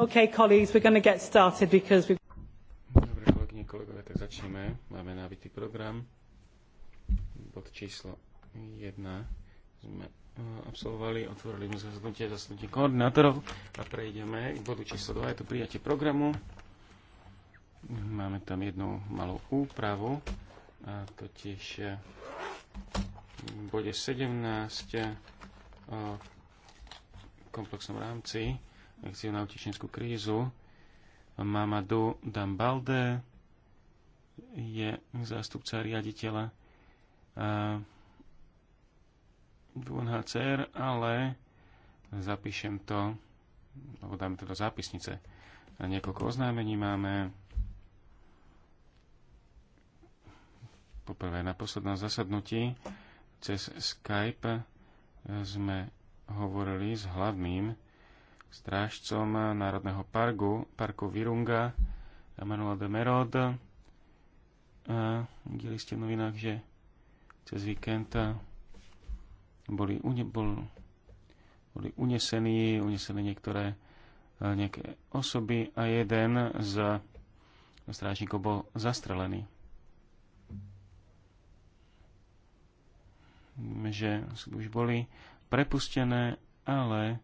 Okay, colleagues, we're going to get started because Dobre, kolegyne, kolegové, tak začneme. Máme nabitý program. Bod číslo 1 sme e, absolvovali, otvorili sme za zasadnutie koordinátorov a prejdeme k bodu číslo 2, je to prijatie programu. Máme tam jednu malú úpravu, a totiž v bode 17 o komplexnom rámci reakciu na utečenskú krízu. Mamadou Dambalde je zástupca riaditeľa UNHCR, ale zapíšem to, alebo dáme to do zápisnice. A niekoľko oznámení máme. Poprvé, na poslednom zasadnutí cez Skype sme hovorili s hlavným strážcom Národného parku, parku Virunga, Emanuel de Merod. A videli ste v novinách, že cez víkend boli, une, bol, boli unesení, unesené niektoré e, nejaké osoby a jeden z strážnikov bol zastrelený. že sú už boli prepustené, ale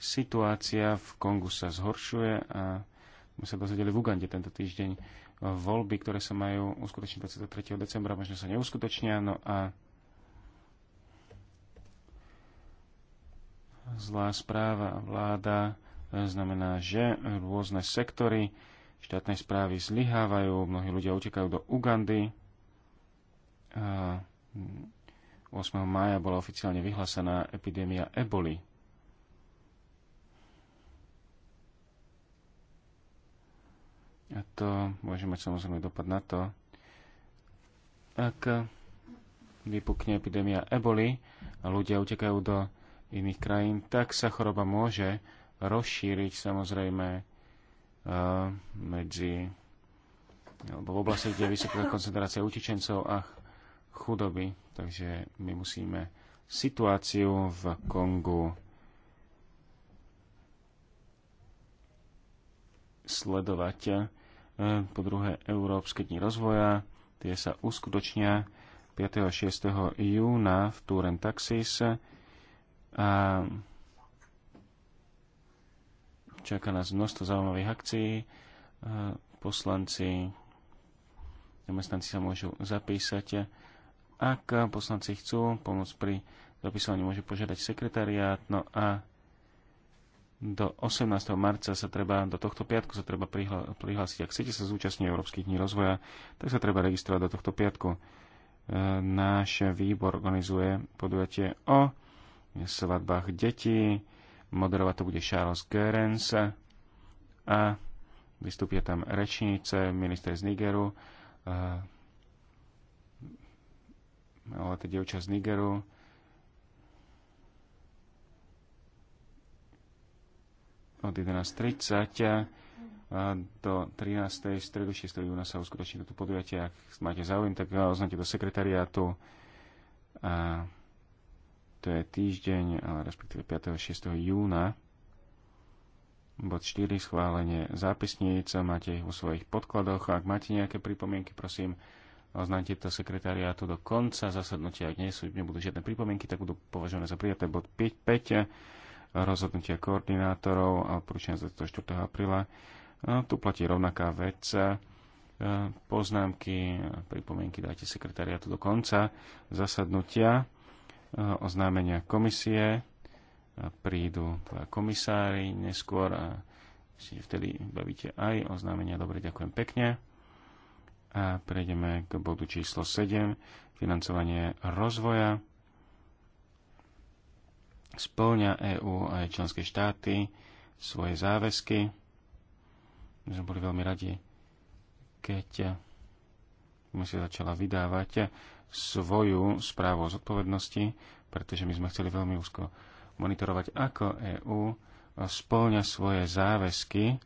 situácia v Kongu sa zhoršuje a my sa dozvedeli v Ugande tento týždeň voľby, ktoré sa majú uskutočniť 23. decembra, možno sa neuskutočnia, no a zlá správa vláda znamená, že rôzne sektory štátnej správy zlyhávajú, mnohí ľudia utekajú do Ugandy. A 8. mája bola oficiálne vyhlásená epidémia eboli. A to môže mať samozrejme dopad na to, ak vypukne epidémia eboli a ľudia utekajú do iných krajín, tak sa choroba môže rozšíriť samozrejme e, medzi alebo v oblasti, kde je vysoká koncentrácia utečencov a chudoby. Takže my musíme situáciu v Kongu sledovať E, po druhé Európske dni rozvoja, tie sa uskutočnia 5. a 6. júna v Turen Taxis a čaká nás množstvo zaujímavých akcií. E, poslanci, zamestnanci sa môžu zapísať. Ak poslanci chcú pomôcť pri zapisovaní, môžu požiadať sekretariát. No a do 18. marca sa treba, do tohto piatku sa treba prihla, prihlásiť. Ak chcete sa zúčastniť Európskych dní rozvoja, tak sa treba registrovať do tohto piatku. E, náš výbor organizuje podujatie o svadbách detí, moderovať to bude Charles Gerens a vystúpia tam rečnice, minister z Nigeru, e, ale to dievča z Nigeru, od 11.30 do 13. stredu 6. júna sa uskutoční toto podujatie. Ak máte záujem, tak oznáte do sekretariátu. A to je týždeň, ale respektíve 5. 6. júna. Bod 4, schválenie zápisníc, máte ich vo svojich podkladoch. Ak máte nejaké pripomienky, prosím, oznámte to sekretariátu do konca zasadnutia. Ak nie sú, nebudú žiadne pripomienky, tak budú považované za prijaté bod 5. 5 rozhodnutia koordinátorov a odporúčania 24. apríla. Tu platí rovnaká vec. E, poznámky, pripomienky dajte sekretariatu do konca zasadnutia, e, oznámenia komisie, prídu komisári neskôr a si vtedy bavíte aj oznámenia. Dobre, ďakujem pekne. A prejdeme k bodu číslo 7, financovanie rozvoja. Spĺňa EÚ aj členské štáty svoje záväzky. My sme boli veľmi radi, keď komisia začala vydávať svoju správu o zodpovednosti, pretože my sme chceli veľmi úzko monitorovať, ako EÚ spĺňa svoje záväzky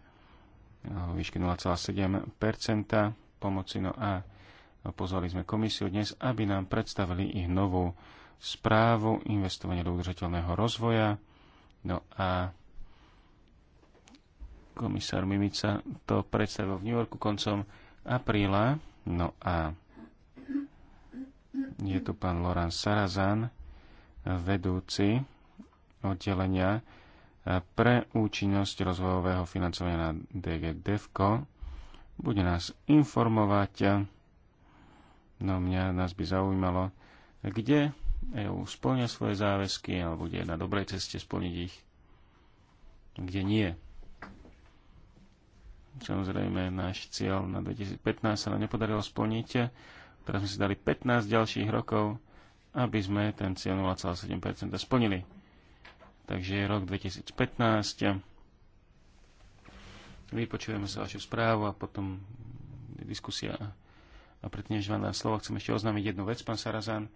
výšky 0,7 pomoci. No a pozvali sme komisiu dnes, aby nám predstavili ich novú správu, investovanie do udržateľného rozvoja. No a komisár Mimica to predstavil v New Yorku koncom apríla. No a je tu pán Loran Sarazan, vedúci oddelenia pre účinnosť rozvojového financovania na DG DEVCO. Bude nás informovať. No mňa nás by zaujímalo, kde EÚ splňa svoje záväzky alebo bude na dobrej ceste splniť ich, kde nie. Samozrejme, náš cieľ na 2015 sa nám nepodarilo splniť. Teraz sme si dali 15 ďalších rokov, aby sme ten cieľ 0,7% splnili. Takže je rok 2015. Vypočujeme sa vašu správu a potom diskusia. A predtým, než vám dám slovo, chcem ešte oznámiť jednu vec, pán Sarazán.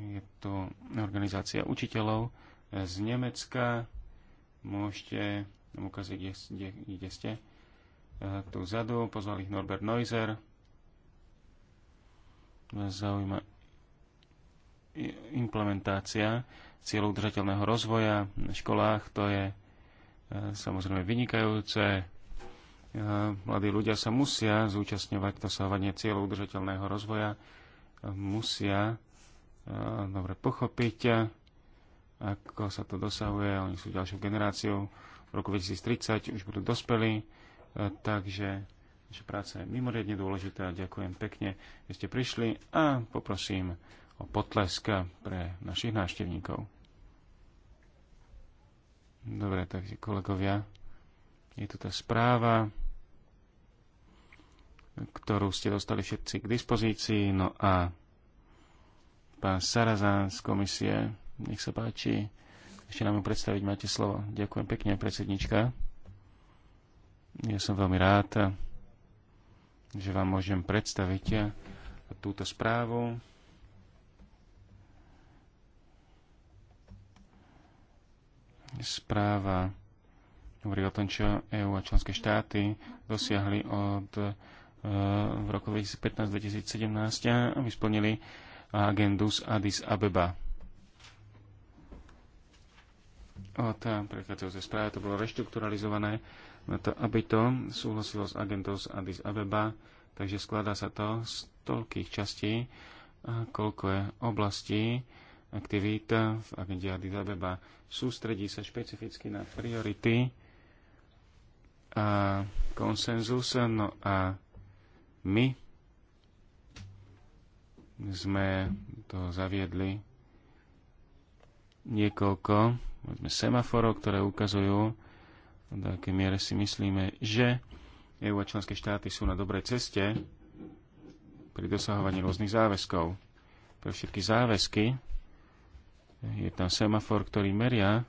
Je tu organizácia učiteľov z Nemecka. Môžete nám ukázať, kde, kde, kde ste. E, tu vzadu pozval ich Norbert Neuser. Vás zaujíma implementácia cieľov udržateľného rozvoja na školách. To je e, samozrejme vynikajúce. E, mladí ľudia sa musia zúčastňovať dosahovanie cieľov udržateľného rozvoja, musia Eh, dobre pochopiť, ako sa to dosahuje. Oni sú ďalšou generáciou. V roku 2030 už budú dospelí, eh, takže naša práca je mimoriadne dôležitá. Ďakujem pekne, že ste prišli a poprosím o potlesk pre našich návštevníkov. Dobre, takže kolegovia, je tu tá správa, ktorú ste dostali všetci k dispozícii. No a Pán Sarazán z komisie, nech sa páči. Ešte nám ju predstaviť, máte slovo. Ďakujem pekne, predsednička. Ja som veľmi rád, že vám môžem predstaviť túto správu. Správa hovorí o tom, čo EÚ a členské štáty dosiahli od eh, v roku 2015-2017, a splnili a agendu z Addis Abeba. O, tá prechádzajúca správa to bolo reštrukturalizované na to, aby to súhlasilo s agentou z Addis Abeba, takže skladá sa to z toľkých častí, koľko je oblastí, aktivít v agende Addis Abeba. Sústredí sa špecificky na priority a konsenzus, no a my sme to zaviedli niekoľko sme semaforov, ktoré ukazujú, do akej miere si myslíme, že EU a členské štáty sú na dobrej ceste pri dosahovaní rôznych záväzkov. Pre všetky záväzky je tam semafor, ktorý meria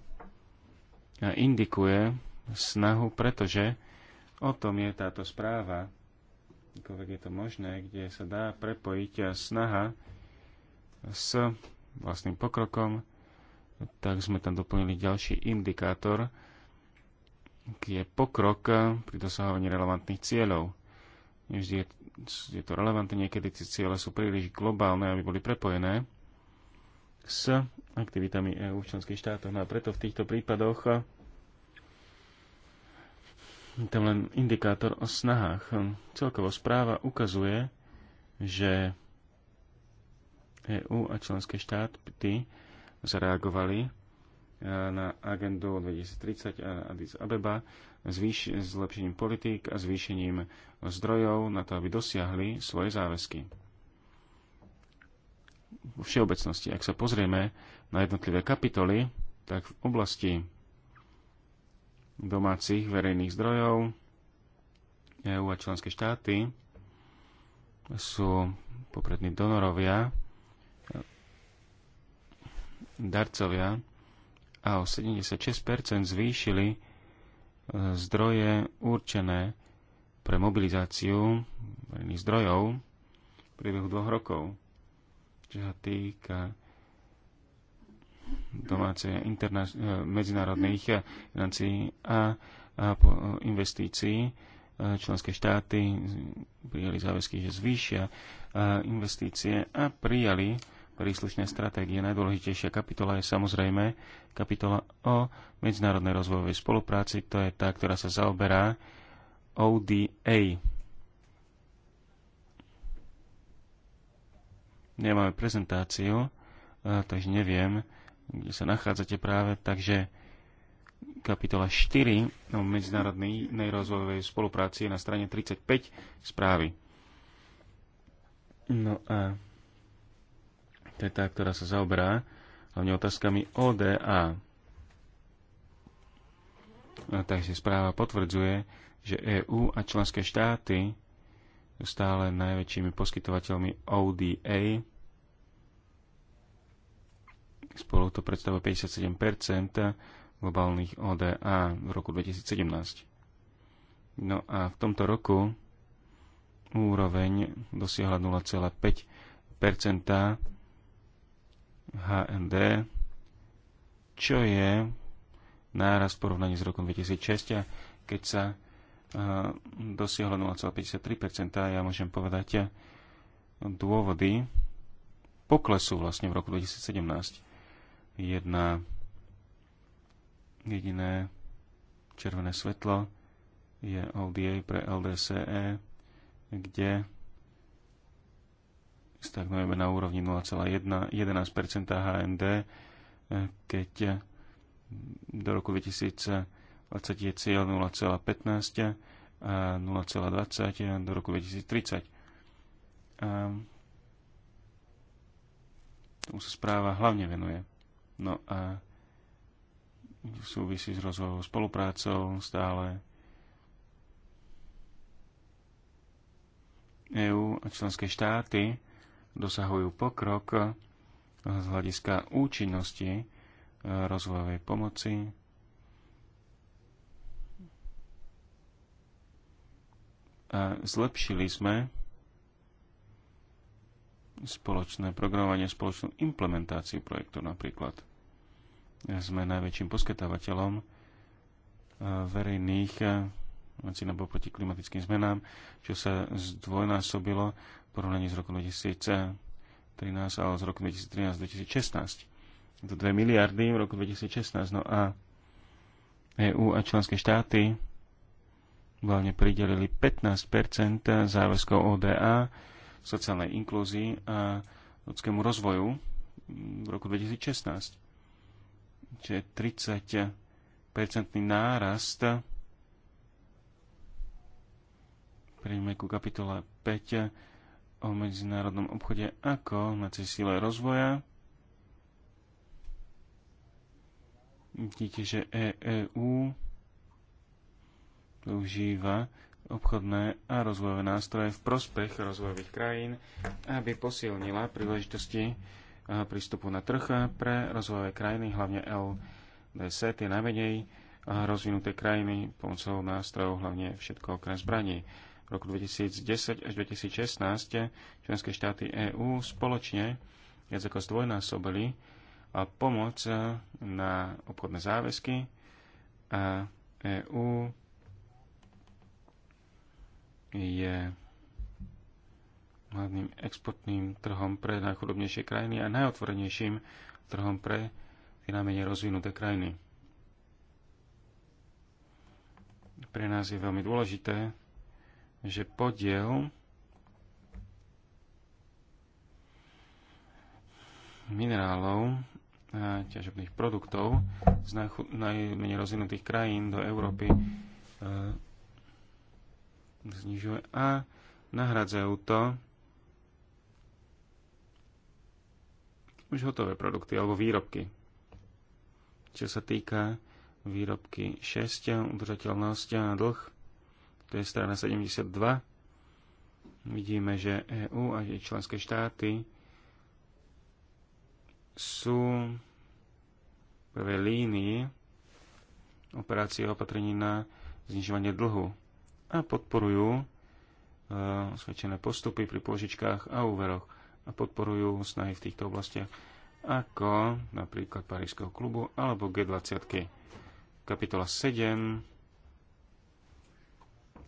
a indikuje snahu, pretože o tom je táto správa koľvek je to možné, kde sa dá prepojiť snaha s vlastným pokrokom, tak sme tam doplnili ďalší indikátor, je pokrok pri dosahovaní relevantných cieľov. Vždy je, je to relevantné, niekedy tie ciele sú príliš globálne, aby boli prepojené s aktivitami EU v členských štátoch. No a preto v týchto prípadoch ten len indikátor o snahách. Celkovo správa ukazuje, že EU a členské štáty zareagovali e, na agendu 2030 a Addis Abeba zvýš- zlepšením politík a zvýšením zdrojov na to, aby dosiahli svoje záväzky. V všeobecnosti, ak sa pozrieme na jednotlivé kapitoly, tak v oblasti domácich verejných zdrojov. EU a členské štáty sú poprední donorovia, darcovia a o 76 zvýšili e, zdroje určené pre mobilizáciu verejných zdrojov v priebehu dvoch rokov. Čo sa týka domáce interna- eh, medzinárodných eh, financií a, a eh, investícií. Členské štáty prijali záväzky, že zvýšia investície a prijali príslušné stratégie. Najdôležitejšia kapitola je samozrejme kapitola o medzinárodnej rozvojovej spolupráci. To je tá, ktorá sa zaoberá ODA. Nemáme prezentáciu, takže neviem, kde sa nachádzate práve, takže kapitola 4 o medzinárodnej rozvojovej spolupráci je na strane 35 správy. No a to je tá, ktorá sa zaoberá hlavne otázkami ODA. A takže správa potvrdzuje, že EÚ a členské štáty sú stále najväčšími poskytovateľmi ODA Spolu to predstavuje 57 globálnych ODA v roku 2017. No a v tomto roku úroveň dosiahla 0,5 HND, čo je náraz v porovnaní s rokom 2006, keď sa dosiahlo 0,53 Ja môžem povedať dôvody poklesu vlastne v roku 2017 jedna jediné červené svetlo je LDA pre LDCE, kde stagnujeme na úrovni 0,11% HND, keď do roku 2020 je cieľ 0,15 a 0,20 do roku 2030. A tomu sa správa hlavne venuje. No a v súvisí s rozvojovou spoluprácou stále EÚ a členské štáty dosahujú pokrok z hľadiska účinnosti e, rozvojovej pomoci. A zlepšili sme spoločné programovanie, spoločnú implementáciu projektov napríklad. Sme najväčším poskytávateľom eh, verejných veci eh, na proti klimatickým zmenám, čo sa zdvojnásobilo v porovnaní s roku 2013 alebo z roku 2013-2016. To 2 miliardy v roku 2016. No a EÚ a členské štáty hlavne pridelili 15 záväzkov ODA sociálnej inklúzii a ľudskému rozvoju v roku 2016. Čiže 30-percentný nárast príjme ku kapitole 5 o medzinárodnom obchode ako na tej síle rozvoja. Vidíte, že EEU využíva obchodné a rozvojové nástroje v prospech rozvojových krajín, aby posilnila príležitosti eh, prístupu na trh pre rozvojové krajiny, hlavne LDC, tie najmenej eh, rozvinuté krajiny pomocou nástrojov, hlavne všetko okrem zbraní. V roku 2010 až 2016 členské štáty EÚ spoločne viac ako zdvojnásobili a eh, pomoc na obchodné záväzky a EÚ je hlavným exportným trhom pre najchudobnejšie krajiny a najotvorenejším trhom pre tie najmenej rozvinuté krajiny. Pre nás je veľmi dôležité, že podiel minerálov a ťažobných produktov z najmenej rozvinutých krajín do Európy e, znižuje a nahradzajú to už hotové produkty alebo výrobky. Čo sa týka výrobky 6, udržateľnosť a dlh, to je strana 72. Vidíme, že EÚ a jej členské štáty sú v prvej línii operácie opatrení na znižovanie dlhu a podporujú e, osvedčené postupy pri pôžičkách a úveroch a podporujú snahy v týchto oblastiach ako napríklad Parížského klubu alebo G20. Kapitola 7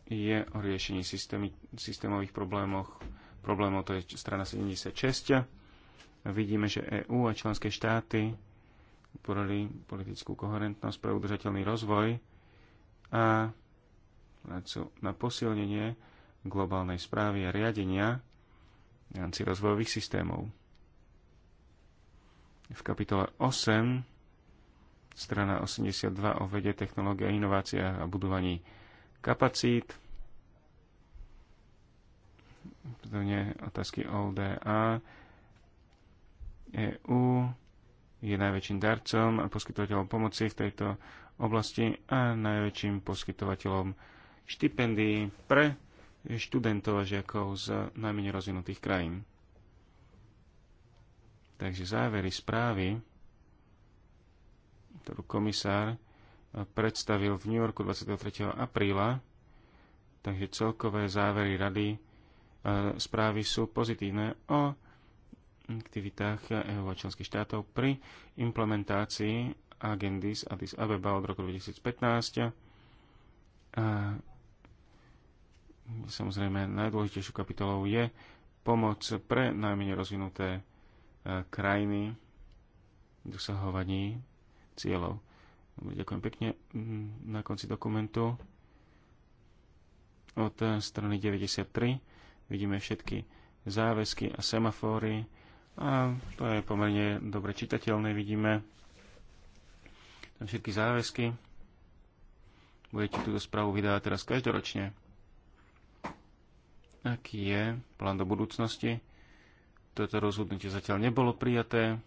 je o riešení systémy, systémových problémoch, problémov, to je strana 76. Vidíme, že EÚ a členské štáty podporili politickú koherentnosť pre udržateľný rozvoj a prácu na posilnenie globálnej správy a riadenia v rámci rozvojových systémov. V kapitole 8, strana 82 o vede, technológia, inováciách a budovaní kapacít, podobne otázky ODA, EU je najväčším darcom a poskytovateľom pomoci v tejto oblasti a najväčším poskytovateľom štipendii pre študentov a žiakov z najmenej rozvinutých krajín. Takže závery správy, ktorú komisár predstavil v New Yorku 23. apríla, takže celkové závery rady e, správy sú pozitívne o aktivitách EU a členských štátov pri implementácii agendy z Addis Abeba od roku 2015 Samozrejme, najdôležitejšou kapitolou je pomoc pre najmenej rozvinuté e, krajiny dosahovaní cieľov. Ďakujem pekne. Mm, na konci dokumentu od strany 93 vidíme všetky záväzky a semafóry a to je pomerne dobre čitateľné. Vidíme tam všetky záväzky. Budete túto správu vydávať teraz každoročne aký je plán do budúcnosti. Toto rozhodnutie zatiaľ nebolo prijaté.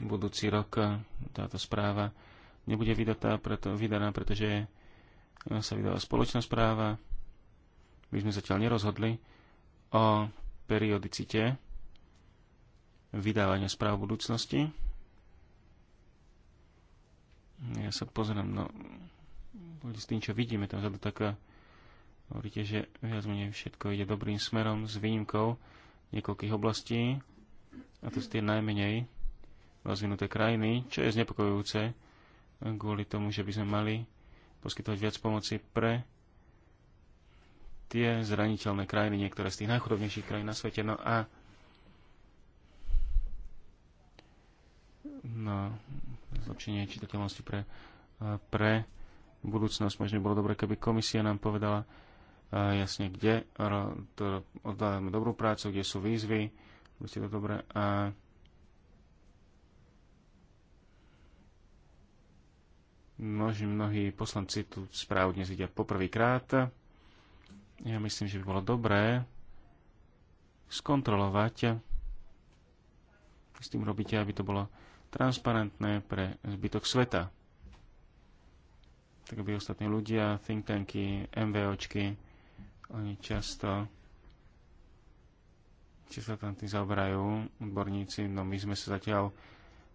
Budúci rok eh, táto správa nebude vydatá, preto, vydaná, pretože eh, sa vydala spoločná správa. My sme zatiaľ nerozhodli o periodicite vydávania správ budúcnosti. Ja sa pozriem, no s tým, čo vidíme tam vzadu, tak eh, hovoríte, že viac menej všetko ide dobrým smerom s výnimkou niekoľkých oblastí a to sú tie najmenej rozvinuté krajiny, čo je znepokojujúce eh, kvôli tomu, že by sme mali poskytovať viac pomoci pre tie zraniteľné krajiny, niektoré z tých najchudobnejších krajín na svete. No a no, zlepšenie čitateľnosti pre, eh, pre budúcnosť. Možno by bolo dobre, keby komisia nám povedala eh, jasne, kde oddávame dobrú prácu, kde sú výzvy, Ste to dobre. A množí, mnohí poslanci tu správu dnes vidia poprvýkrát. Ja myslím, že by bolo dobré skontrolovať, s tým robíte, aby to bolo transparentné pre zbytok sveta tak by ostatní ľudia, think tanky, MVOčky, oni často či sa tam tým zaoberajú odborníci, no my sme sa zatiaľ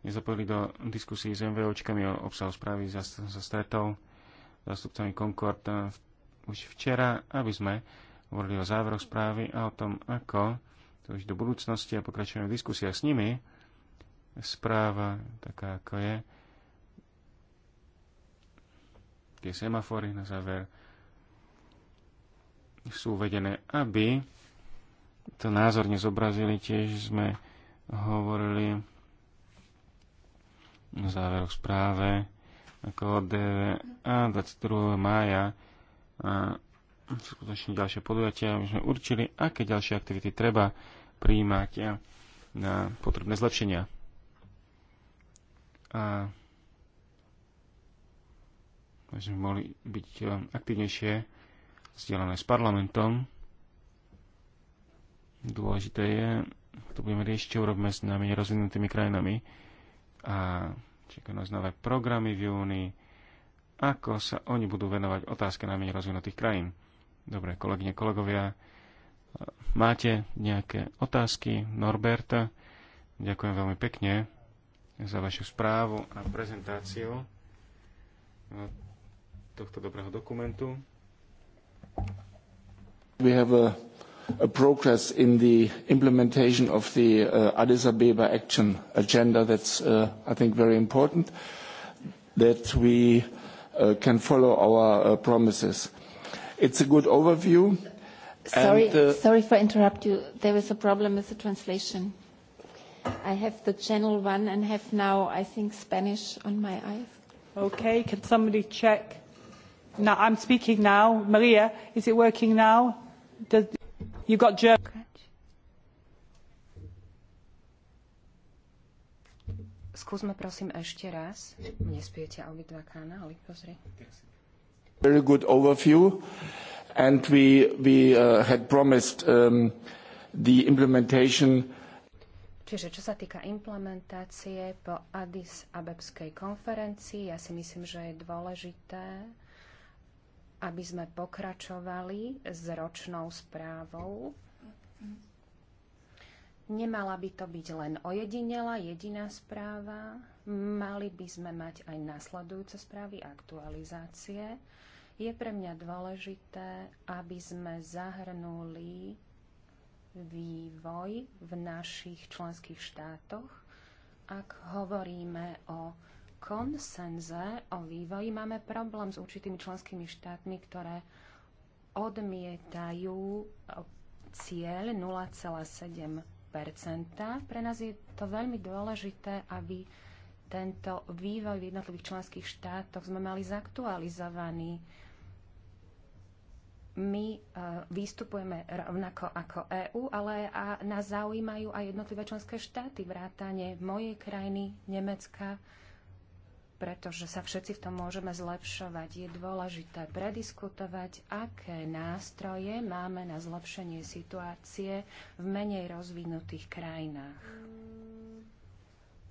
nezapojili do diskusí s MVOčkami o obsahu správy za, za stretol zastupcami Concord eh, už včera, aby sme hovorili o záveroch správy a o tom, ako to už do budúcnosti a pokračujeme v diskusiách s nimi. Správa taká, ako je, tie semafory na záver sú uvedené, aby to názorne zobrazili. Tiež sme hovorili na záveroch správe ako od eh, a 22. mája a skutočne ďalšie podujatia, aby sme určili, aké ďalšie aktivity treba príjmať eh, na potrebné zlepšenia. A sme mohli byť eh, aktívnejšie vzdelané s parlamentom. Dôležité je, to budeme riešiť, čo urobíme s nami rozvinutými krajinami. A čaká nás nové programy v júni, ako sa oni budú venovať otázke najmenej rozvinutých krajín. Dobre, kolegyne, kolegovia, máte nejaké otázky? Norbert, ďakujem veľmi pekne za vašu správu a prezentáciu tohto dobrého dokumentu. We have a, a progress in the implementation of the uh, Addis Abeba action agenda that's, uh, I think, very important, that we uh, can follow our uh, promises. It's a good overview. Sorry, and, uh, sorry for interrupt you. There was a problem with the translation. I have the channel one and have now, I think, Spanish on my eyes. Okay, can somebody check? No, I'm speaking now. Maria, is it working now? Does, you got German. Skúsme prosím ešte raz. Nespiete obidva kanály, pozri. Very good overview. And we, we uh, had promised um, the implementation Čiže čo sa týka implementácie po Addis Abebskej konferencii, ja si myslím, že je dôležité, aby sme pokračovali s ročnou správou. Nemala by to byť len ojedinela, jediná správa. Mali by sme mať aj nasledujúce správy, aktualizácie. Je pre mňa dôležité, aby sme zahrnuli vývoj v našich členských štátoch, ak hovoríme o konsenze o vývoji máme problém s určitými členskými štátmi, ktoré odmietajú cieľ 0,7 Pre nás je to veľmi dôležité, aby tento vývoj v jednotlivých členských štátoch sme mali zaktualizovaný. My e, vystupujeme rovnako ako EÚ, ale a nás zaujímajú aj jednotlivé členské štáty, vrátane mojej krajiny, Nemecka, pretože sa všetci v tom môžeme zlepšovať. Je dôležité prediskutovať, aké nástroje máme na zlepšenie situácie v menej rozvinutých krajinách.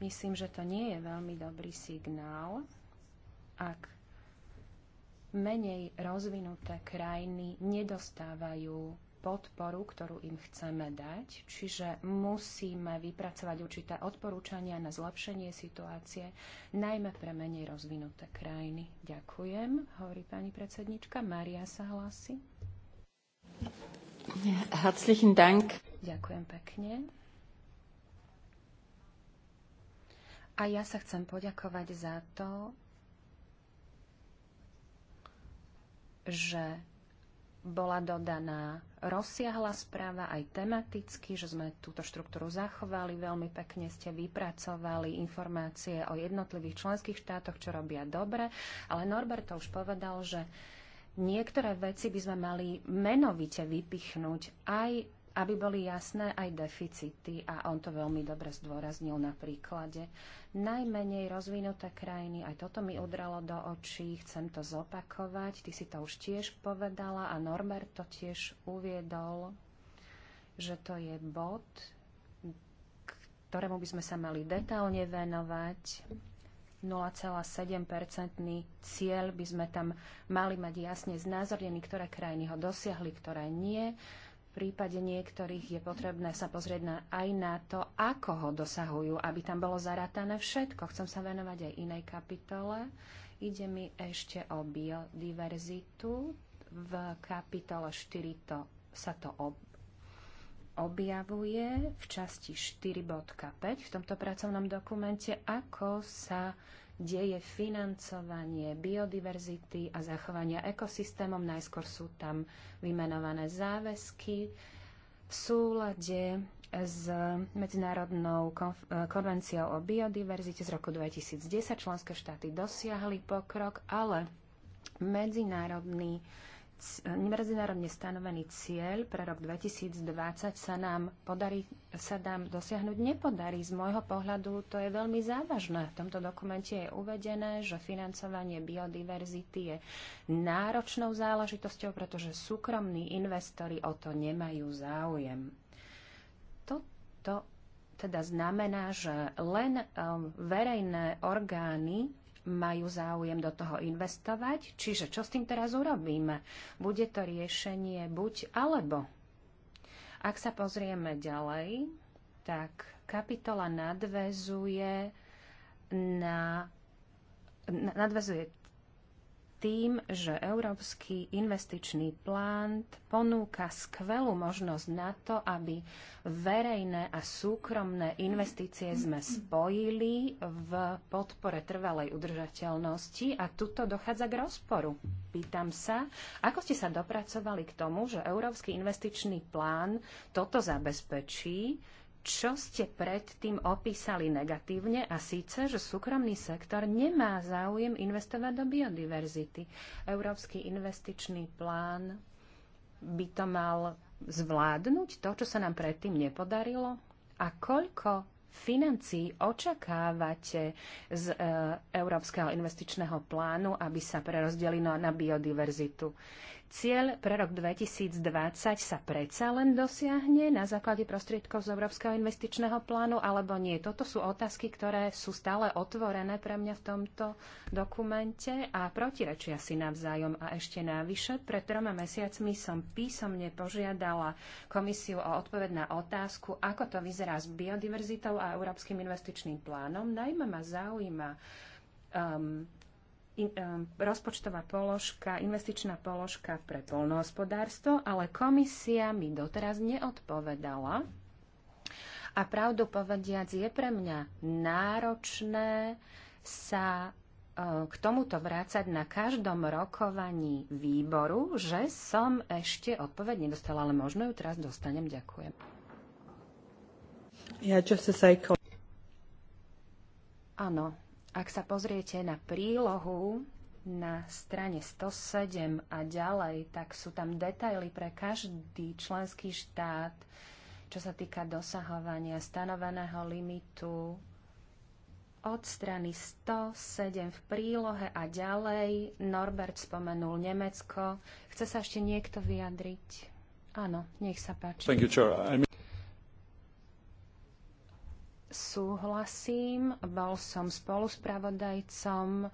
Myslím, že to nie je veľmi dobrý signál, ak menej rozvinuté krajiny nedostávajú podporu, ktorú im chceme dať, čiže musíme vypracovať určité odporúčania na zlepšenie situácie, najmä pre menej rozvinuté krajiny. Ďakujem, hovorí pani predsednička. Maria sa hlási. Herzlichen Dank. Ďakujem pekne. A ja sa chcem poďakovať za to, že bola dodaná rozsiahla správa, aj tematicky, že sme túto štruktúru zachovali. Veľmi pekne ste vypracovali informácie o jednotlivých členských štátoch, čo robia dobre. Ale Norbert to už povedal, že niektoré veci by sme mali menovite vypichnúť aj aby boli jasné aj deficity, a on to veľmi dobre zdôraznil na príklade, najmenej rozvinuté krajiny, aj toto mi udralo do očí, chcem to zopakovať, ty si to už tiež povedala a Norbert to tiež uviedol, že to je bod, ktorému by sme sa mali detálne venovať. 0,7-percentný cieľ by sme tam mali mať jasne znázornený, ktoré krajiny ho dosiahli, ktoré nie prípade niektorých je potrebné sa pozrieť na, aj na to, ako ho dosahujú, aby tam bolo zaratané všetko. Chcem sa venovať aj inej kapitole. Ide mi ešte o biodiverzitu. V kapitole 4 to, sa to ob, objavuje v časti 4.5 v tomto pracovnom dokumente, ako sa deje financovanie biodiverzity a zachovania ekosystémom. Najskôr sú tam vymenované záväzky v súlade s Medzinárodnou e, konvenciou o biodiverzite z roku 2010 členské štáty dosiahli pokrok, ale medzinárodný medzinárodne stanovený cieľ pre rok 2020 sa nám, podarí, sa nám dosiahnuť nepodarí. Z môjho pohľadu to je veľmi závažné. V tomto dokumente je uvedené, že financovanie biodiverzity je náročnou záležitosťou, pretože súkromní investori o to nemajú záujem. Toto teda znamená, že len ehm, verejné orgány majú záujem do toho investovať. Čiže čo s tým teraz urobíme? Bude to riešenie buď alebo. Ak sa pozrieme ďalej, tak kapitola nadvezuje na nadvezuje tým, že Európsky investičný plán ponúka skvelú možnosť na to, aby verejné a súkromné investície sme spojili v podpore trvalej udržateľnosti a tuto dochádza k rozporu. Pýtam sa, ako ste sa dopracovali k tomu, že Európsky investičný plán toto zabezpečí, čo ste predtým opísali negatívne a síce, že súkromný sektor nemá záujem investovať do biodiverzity. Európsky investičný plán by to mal zvládnuť, to, čo sa nám predtým nepodarilo? A koľko financií očakávate z e, Európskeho investičného plánu, aby sa prerozdelilo na biodiverzitu? cieľ pre rok 2020 sa predsa len dosiahne na základe prostriedkov z Európskeho investičného plánu, alebo nie? Toto sú otázky, ktoré sú stále otvorené pre mňa v tomto dokumente a protirečia si navzájom. A ešte návyše, pred troma mesiacmi som písomne požiadala komisiu o odpoveď na otázku, ako to vyzerá s biodiverzitou a Európskym investičným plánom. Najmä ma zaujíma, um, in, um, rozpočtová položka, investičná položka pre polnohospodárstvo, ale komisia mi doteraz neodpovedala. A pravdu povediac, je pre mňa náročné sa e, k tomuto vrácať na každom rokovaní výboru, že som ešte odpoveď nedostala, ale možno ju teraz dostanem. Ďakujem. Ja, just a Áno, ak sa pozriete na prílohu na strane 107 a ďalej, tak sú tam detaily pre každý členský štát, čo sa týka dosahovania stanoveného limitu od strany 107 v prílohe a ďalej. Norbert spomenul Nemecko. Chce sa ešte niekto vyjadriť? Áno, nech sa páči. You, I mean súhlasím, bol som spoluspravodajcom.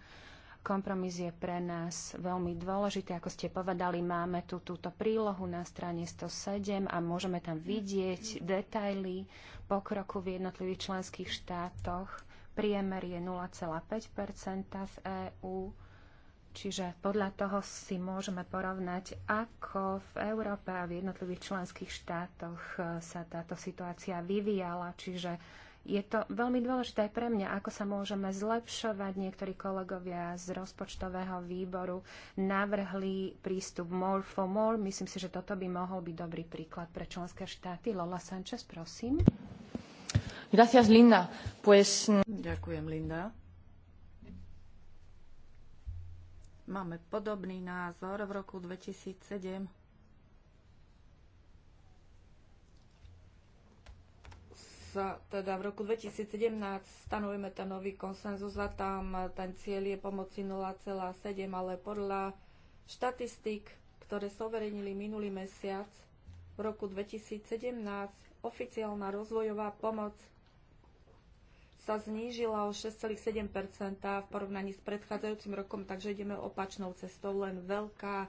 Kompromis je pre nás veľmi dôležitý. Ako ste povedali, máme tu túto prílohu na strane 107 a môžeme tam vidieť detaily pokroku v jednotlivých členských štátoch. Priemer je 0,5 v EÚ. Čiže podľa toho si môžeme porovnať, ako v Európe a v jednotlivých členských štátoch e, sa táto situácia vyvíjala. Čiže je to veľmi dôležité aj pre mňa, ako sa môžeme zlepšovať. Niektorí kolegovia z rozpočtového výboru navrhli prístup more for more. Myslím si, že toto by mohol byť dobrý príklad pre členské štáty. Lola Sanchez, prosím. Gracias, Linda. Pues... Ďakujem, Linda. Máme podobný názor v roku 2007 teda v roku 2017 stanovíme ten nový konsenzus a tam ten cieľ je pomoci 0,7, ale podľa štatistík, ktoré sa overenili minulý mesiac, v roku 2017 oficiálna rozvojová pomoc sa znížila o 6,7 v porovnaní s predchádzajúcim rokom, takže ideme opačnou cestou. Len Veľká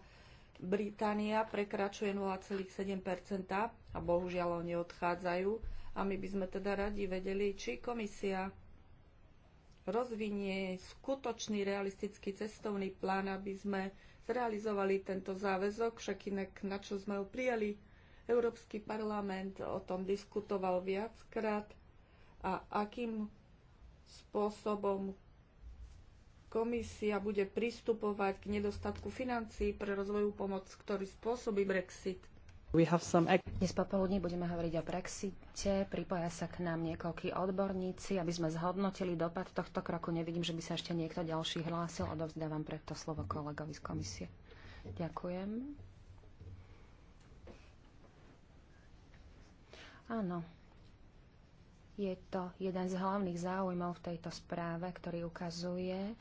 Británia prekračuje 0,7 a bohužiaľ oni odchádzajú. A my by sme teda radi vedeli, či komisia rozvinie skutočný realistický cestovný plán, aby sme zrealizovali tento záväzok, však inak na čo sme ho prijali. Európsky parlament o tom diskutoval viackrát a akým spôsobom komisia bude pristupovať k nedostatku financií pre rozvojovú pomoc, ktorý spôsobí Brexit. Some... Dnes popoludní budeme hovoriť o Brexite. Pripoja sa k nám niekoľkí odborníci, aby sme zhodnotili dopad tohto kroku. Nevidím, že by sa ešte niekto ďalší hlásil. Odovzdávam preto slovo kolegovi z komisie. Ďakujem. Áno. Je to jeden z hlavných záujmov v tejto správe, ktorý ukazuje,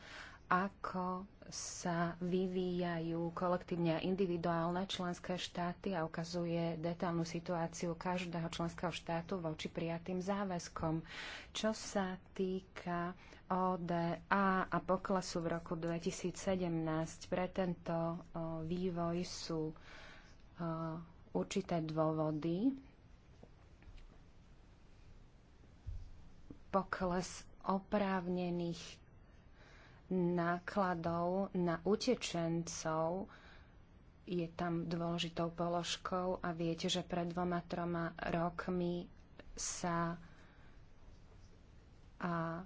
ako sa vyvíjajú kolektívne a individuálne členské štáty a ukazuje detálnu situáciu každého členského štátu voči prijatým záväzkom. Čo sa týka ODA a poklesu v roku 2017, pre tento vývoj sú určité dôvody. Pokles oprávnených nákladov na utečencov je tam dôležitou položkou a viete, že pred dvoma, troma rokmi sa a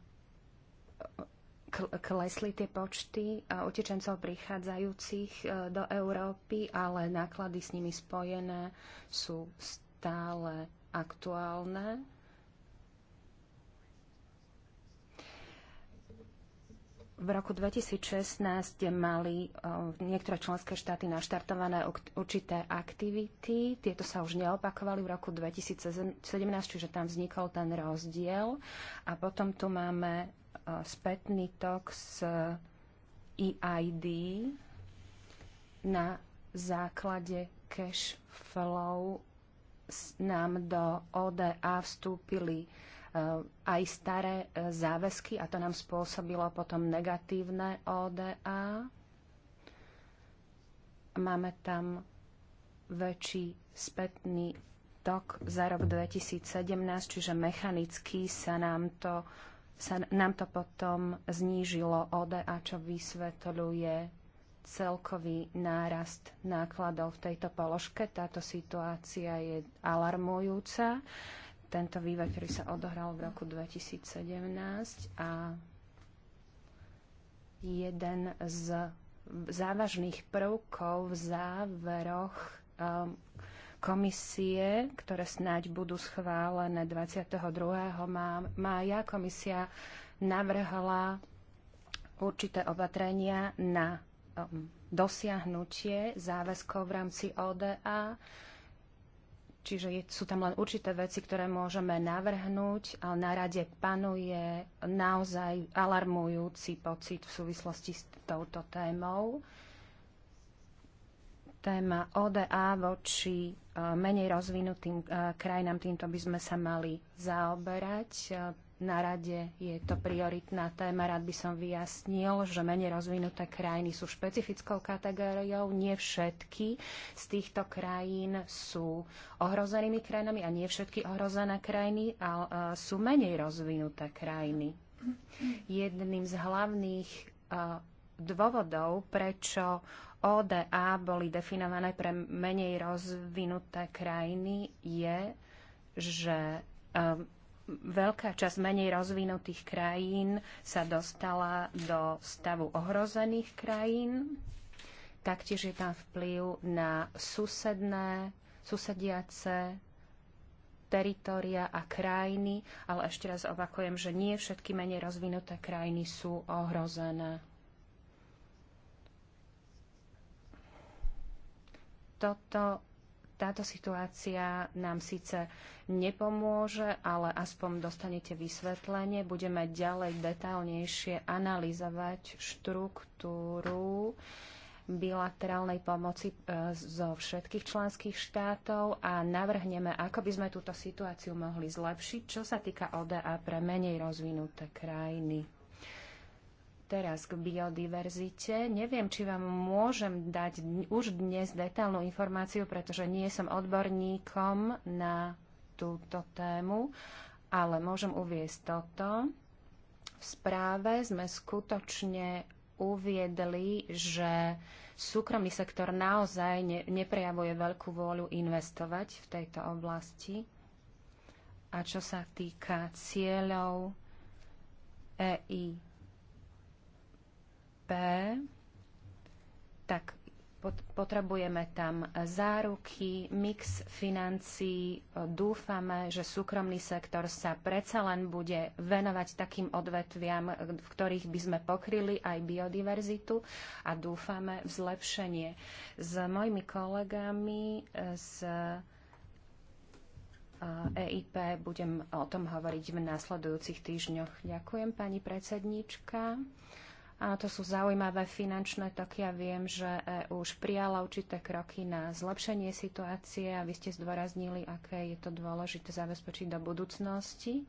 klesli tie počty a utečencov prichádzajúcich e, do Európy, ale náklady s nimi spojené sú stále aktuálne v roku 2016 mali eh, niektoré členské štáty naštartované určité aktivity. Tieto sa už neopakovali v roku 2017, čiže tam vznikol ten rozdiel. A potom tu máme eh, spätný tok z EID na základe cash flow nám do ODA vstúpili Eh, aj staré eh, záväzky a to nám spôsobilo potom negatívne ODA. Máme tam väčší spätný tok za rok 2017, čiže mechanicky sa nám to, sa nám to potom znížilo ODA, čo vysvetľuje celkový nárast nákladov v tejto položke. Táto situácia je alarmujúca tento vývoj, ktorý sa odohral v roku 2017 a jeden z závažných prvkov v záveroch um, komisie, ktoré snáď budú schválené 22. mája. Komisia navrhla určité opatrenia na um, dosiahnutie záväzkov v rámci ODA Čiže je, sú tam len určité veci, ktoré môžeme navrhnúť, ale na rade panuje naozaj alarmujúci pocit v súvislosti s touto témou. Téma ODA voči eh, menej rozvinutým eh, krajinám, týmto by sme sa mali zaoberať. Eh, na rade je to prioritná téma. Rád by som vyjasnil, že menej rozvinuté krajiny sú špecifickou kategóriou. Nie všetky z týchto krajín sú ohrozenými krajinami a nie všetky ohrozené krajiny ale, sú menej rozvinuté krajiny. Jedným z hlavných e, dôvodov, prečo ODA boli definované pre menej rozvinuté krajiny, je, že um, veľká časť menej rozvinutých krajín sa dostala do stavu ohrozených krajín. Taktiež je tam vplyv na susedné, susediace teritoria a krajiny, ale ešte raz opakujem, že nie všetky menej rozvinuté krajiny sú ohrozené. Toto táto situácia nám síce nepomôže, ale aspoň dostanete vysvetlenie. Budeme ďalej detailnejšie analyzovať štruktúru bilaterálnej pomoci e, zo všetkých členských štátov a navrhneme, ako by sme túto situáciu mohli zlepšiť, čo sa týka ODA pre menej rozvinuté krajiny. Teraz k biodiverzite. Neviem, či vám môžem dať už dnes detálnu informáciu, pretože nie som odborníkom na túto tému, ale môžem uviesť toto. V správe sme skutočne uviedli, že súkromný sektor naozaj ne, neprejavuje veľkú vôľu investovať v tejto oblasti. A čo sa týka cieľov EI tak potrebujeme tam záruky, mix financií. Dúfame, že súkromný sektor sa predsa len bude venovať takým odvetviam, v ktorých by sme pokryli aj biodiverzitu a dúfame v zlepšenie. S mojimi kolegami z EIP budem o tom hovoriť v následujúcich týždňoch. Ďakujem, pani predsedníčka. Áno, to sú zaujímavé finančné toky a ja viem, že EU už prijala určité kroky na zlepšenie situácie a vy ste zdôraznili, aké je to dôležité zabezpečiť do budúcnosti.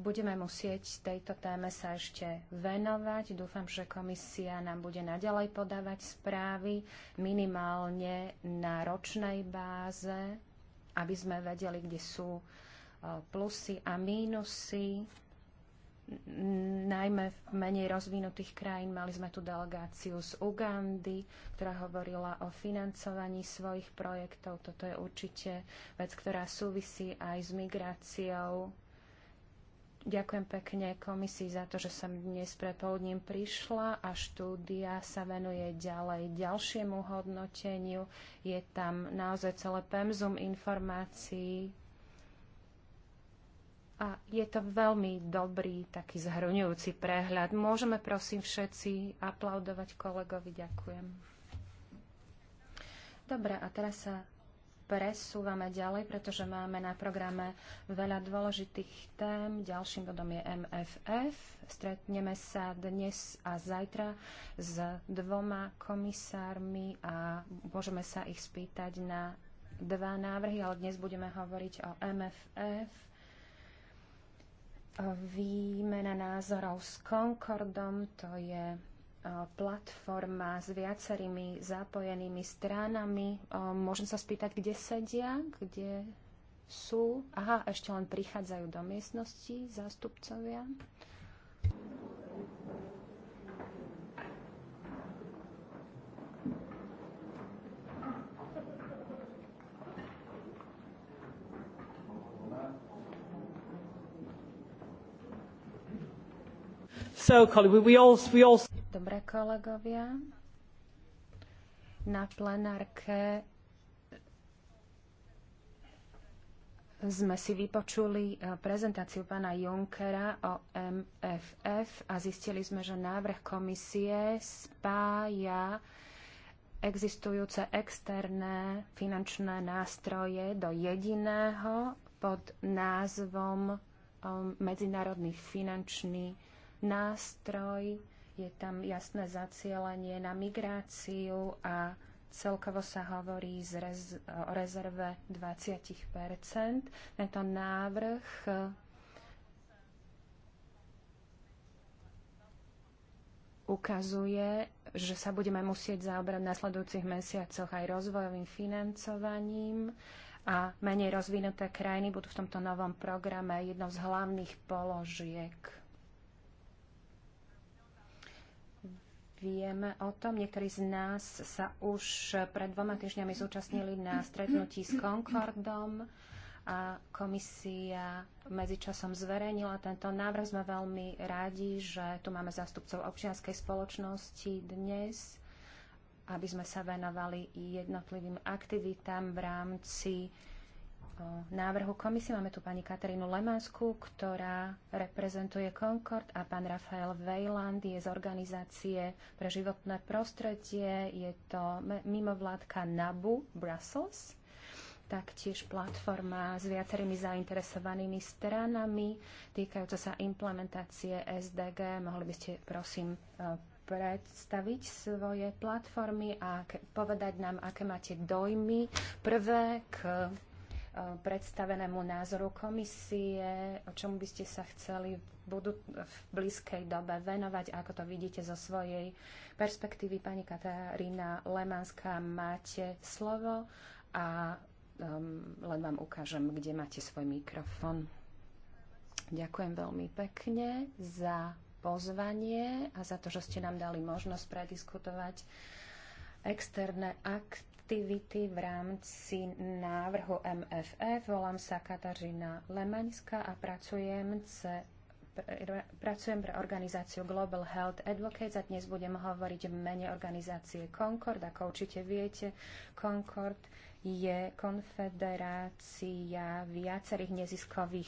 Budeme musieť tejto téme sa ešte venovať. Dúfam, že komisia nám bude naďalej podávať správy minimálne na ročnej báze, aby sme vedeli, kde sú e, plusy a mínusy najmä v menej rozvinutých krajín. Mali sme tu delegáciu z Ugandy, ktorá hovorila o financovaní svojich projektov. Toto je určite vec, ktorá súvisí aj s migráciou. Ďakujem pekne komisii za to, že som dnes prepoludním prišla a štúdia sa venuje ďalej ďalšiemu hodnoteniu. Je tam naozaj celé pemzum informácií a je to veľmi dobrý, taký zhrňujúci prehľad. Môžeme prosím všetci aplaudovať kolegovi. Ďakujem. Dobre, a teraz sa presúvame ďalej, pretože máme na programe veľa dôležitých tém. Ďalším bodom je MFF. Stretneme sa dnes a zajtra s dvoma komisármi a môžeme sa ich spýtať na dva návrhy, ale dnes budeme hovoriť o MFF výmena názorov s Concordom, to je e, platforma s viacerými zapojenými stranami. E, môžem sa spýtať, kde sedia, kde sú. Aha, ešte len prichádzajú do miestnosti zástupcovia. So, we all, we all... Dobre, kolegovia. Na plenárke sme si vypočuli e, prezentáciu pána Junckera o MFF a zistili sme, že návrh komisie spája existujúce externé finančné nástroje do jediného pod názvom e, Medzinárodný finančný nástroj, je tam jasné zacielenie na migráciu a celkovo sa hovorí z rez- o rezerve 20 Tento návrh eh, ukazuje, že sa budeme musieť zaoberať v nasledujúcich mesiacoch aj rozvojovým financovaním a menej rozvinuté krajiny budú v tomto novom programe jednou z hlavných položiek vieme o tom. Niektorí z nás sa už pred dvoma týždňami zúčastnili na stretnutí s Concordom a komisia medzičasom zverejnila tento návrh. Sme veľmi radi, že tu máme zástupcov občianskej spoločnosti dnes, aby sme sa venovali jednotlivým aktivitám v rámci návrhu komisie. Máme tu pani Katarínu Lemansku, ktorá reprezentuje Concord a pán Rafael Vejland je z organizácie pre životné prostredie. Je to mimovládka NABU Brussels, taktiež platforma s viacerými zainteresovanými stranami týkajúca sa implementácie SDG. Mohli by ste prosím e, predstaviť svoje platformy a povedať nám, aké máte dojmy prvé k predstavenému názoru komisie, o čom by ste sa chceli budú v blízkej dobe venovať, ako to vidíte zo svojej perspektívy. Pani Katarína Lemanská, máte slovo a um, len vám ukážem, kde máte svoj mikrofón. Ďakujem veľmi pekne za pozvanie a za to, že ste nám dali možnosť prediskutovať externé akty aktivity v rámci návrhu MFF. E. Volám sa Katažina Lemaňská a pracujem ce pracujem pre organizáciu Global Health Advocates a dnes budem hovoriť v mene organizácie Concord. Ako určite viete, Concord je konfederácia viacerých neziskových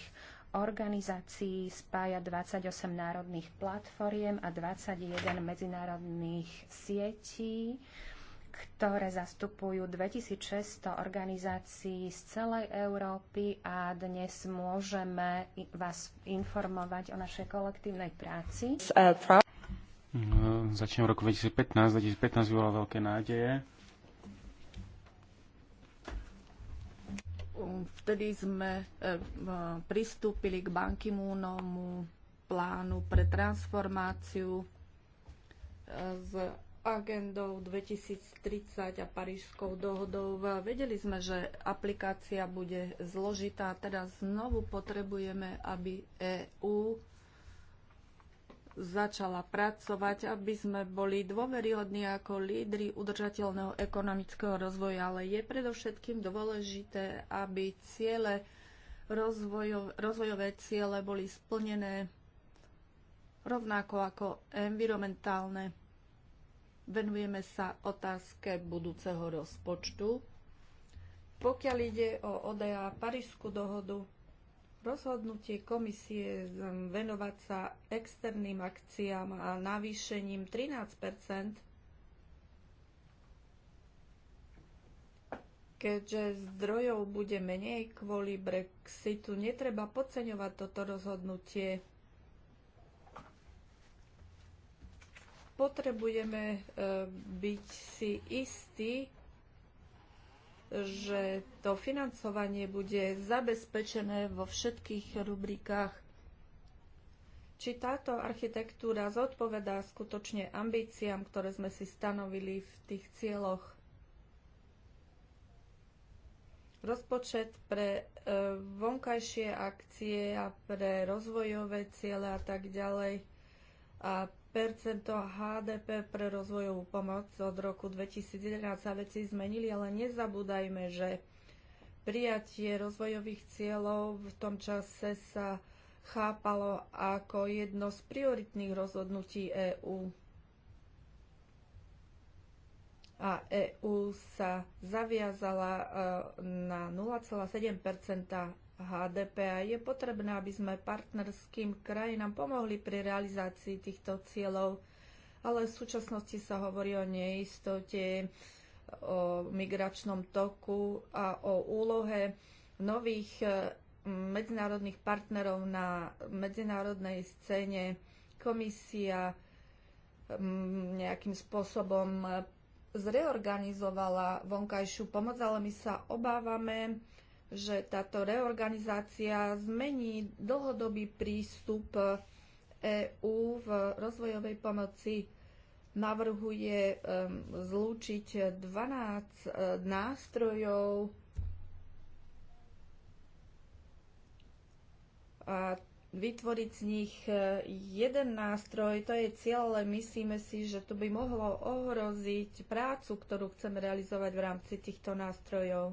organizácií, spája 28 národných platformiem a 21 medzinárodných sietí ktoré zastupujú 2600 organizácií z celej Európy a dnes môžeme vás informovať o našej kolektívnej práci. Eh, no, začnem v roku 2015. 2015 vyvolalo veľké nádeje. Vtedy sme eh, pristúpili k Banky plánu pre transformáciu eh, z agendou 2030 a Parížskou dohodou. Vedeli sme, že aplikácia bude zložitá, teda znovu potrebujeme, aby EÚ začala pracovať, aby sme boli dôveryhodní ako lídry udržateľného ekonomického rozvoja, ale je predovšetkým dôležité, aby ciele rozvojov, rozvojové ciele boli splnené rovnako ako environmentálne Venujeme sa otázke budúceho rozpočtu. Pokiaľ ide o ODA Parížskú dohodu, rozhodnutie komisie venovať sa externým akciám a navýšením 13 Keďže zdrojov bude menej kvôli Brexitu, netreba podceňovať toto rozhodnutie. potrebujeme e, byť si istí, že to financovanie bude zabezpečené vo všetkých rubrikách. Či táto architektúra zodpovedá skutočne ambíciám, ktoré sme si stanovili v tých cieľoch? Rozpočet pre e, vonkajšie akcie a pre rozvojové ciele a tak ďalej a percento HDP pre rozvojovú pomoc od roku 2011 sa veci zmenili, ale nezabúdajme, že prijatie rozvojových cieľov v tom čase sa chápalo ako jedno z prioritných rozhodnutí EÚ. A EÚ sa zaviazala e, na 0,7 HDP a je potrebné, aby sme partnerským krajinám pomohli pri realizácii týchto cieľov, ale v súčasnosti sa hovorí o neistote, o migračnom toku a o úlohe nových eh, medzinárodných partnerov na medzinárodnej scéne. Komisia mm, nejakým spôsobom eh, zreorganizovala vonkajšiu pomoc, ale my sa obávame, že táto reorganizácia zmení dlhodobý prístup EÚ v rozvojovej pomoci. Navrhuje zlúčiť 12 e, nástrojov a vytvoriť z nich e, jeden nástroj. To je cieľ, ale myslíme si, že to by mohlo ohroziť prácu, ktorú chceme realizovať v rámci týchto nástrojov.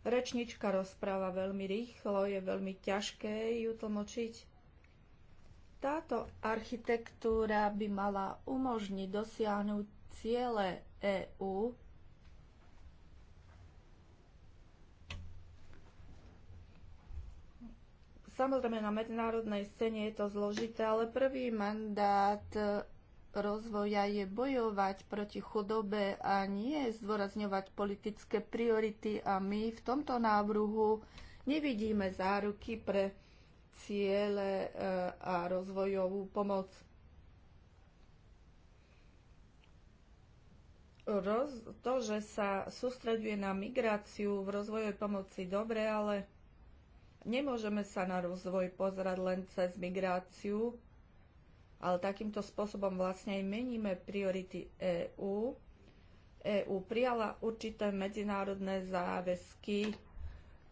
Rečnička rozpráva veľmi rýchlo, je veľmi ťažké ju tlmočiť. Táto architektúra by mala umožniť dosiahnuť ciele EÚ Samozrejme, na medzinárodnej scéne je to zložité, ale prvý mandát rozvoja je bojovať proti chudobe a nie zdôrazňovať politické priority a my v tomto návrhu nevidíme záruky pre ciele e, a rozvojovú pomoc. Roz, to, že sa sústreďuje na migráciu v rozvojovej pomoci, dobre, ale nemôžeme sa na rozvoj pozerať len cez migráciu, ale takýmto spôsobom vlastne aj meníme priority EÚ. EÚ prijala určité medzinárodné záväzky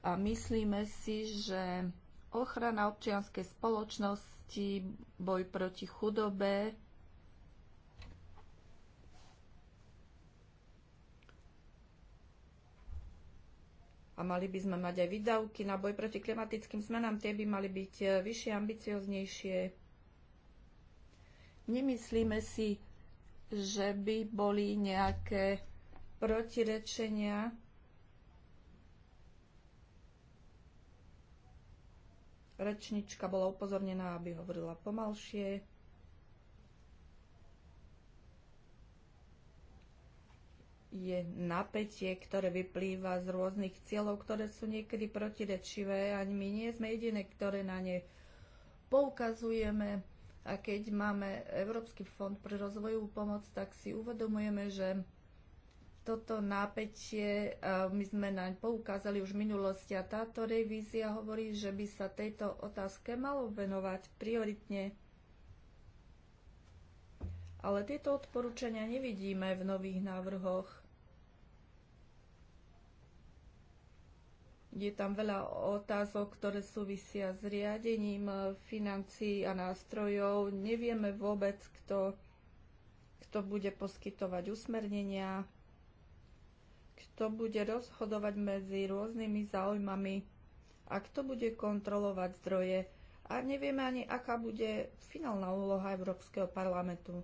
a myslíme si, že ochrana občianskej spoločnosti, boj proti chudobe, a mali by sme mať aj výdavky na boj proti klimatickým zmenám, tie by mali byť e, vyššie, ambicioznejšie. Nemyslíme si, že by boli nejaké protirečenia. Rečnička bola upozornená, aby hovorila pomalšie. Je napätie, ktoré vyplýva z rôznych cieľov, ktoré sú niekedy protirečivé. Ani my nie sme jediné, ktoré na ne poukazujeme a keď máme Európsky fond pre rozvojovú pomoc, tak si uvedomujeme, že toto napätie my sme naň poukázali už v minulosti a táto revízia hovorí, že by sa tejto otázke malo venovať prioritne. Ale tieto odporúčania nevidíme v nových návrhoch. Je tam veľa otázok, ktoré súvisia s riadením eh, financií a nástrojov. Nevieme vôbec, kto, kto bude poskytovať usmernenia, kto bude rozhodovať medzi rôznymi záujmami a kto bude kontrolovať zdroje. A nevieme ani, aká bude finálna úloha Európskeho parlamentu.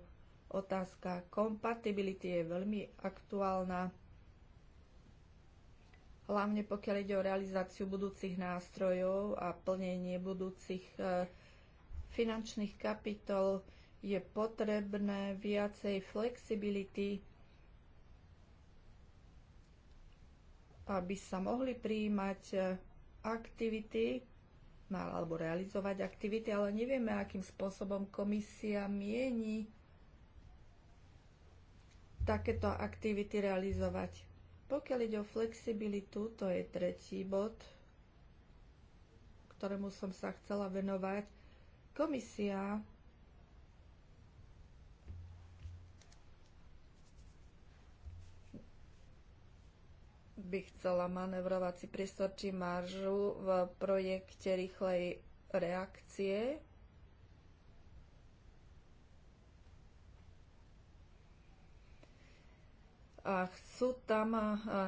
Otázka kompatibility je veľmi aktuálna hlavne pokiaľ ide o realizáciu budúcich nástrojov a plnenie budúcich e, finančných kapitol, je potrebné viacej flexibility, aby sa mohli prijímať e, aktivity alebo realizovať aktivity, ale nevieme, akým spôsobom komisia mieni takéto aktivity realizovať. Pokiaľ ide o flexibilitu, to je tretí bod, ktorému som sa chcela venovať. Komisia by chcela manevrovací priestor či maržu v projekte rýchlej reakcie A chcú tam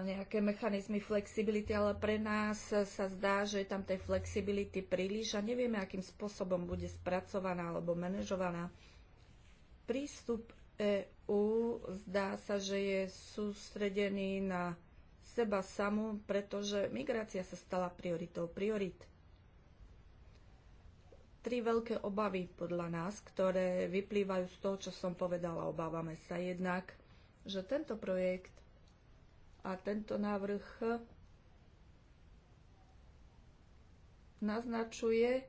nejaké mechanizmy flexibility, ale pre nás sa zdá, že je tam tej flexibility príliš a nevieme, akým spôsobom bude spracovaná alebo manažovaná. Prístup EÚ zdá sa, že je sústredený na seba samú, pretože migrácia sa stala prioritou priorit. Tri veľké obavy podľa nás, ktoré vyplývajú z toho, čo som povedala. Obávame sa jednak – že tento projekt a tento návrh naznačuje, e,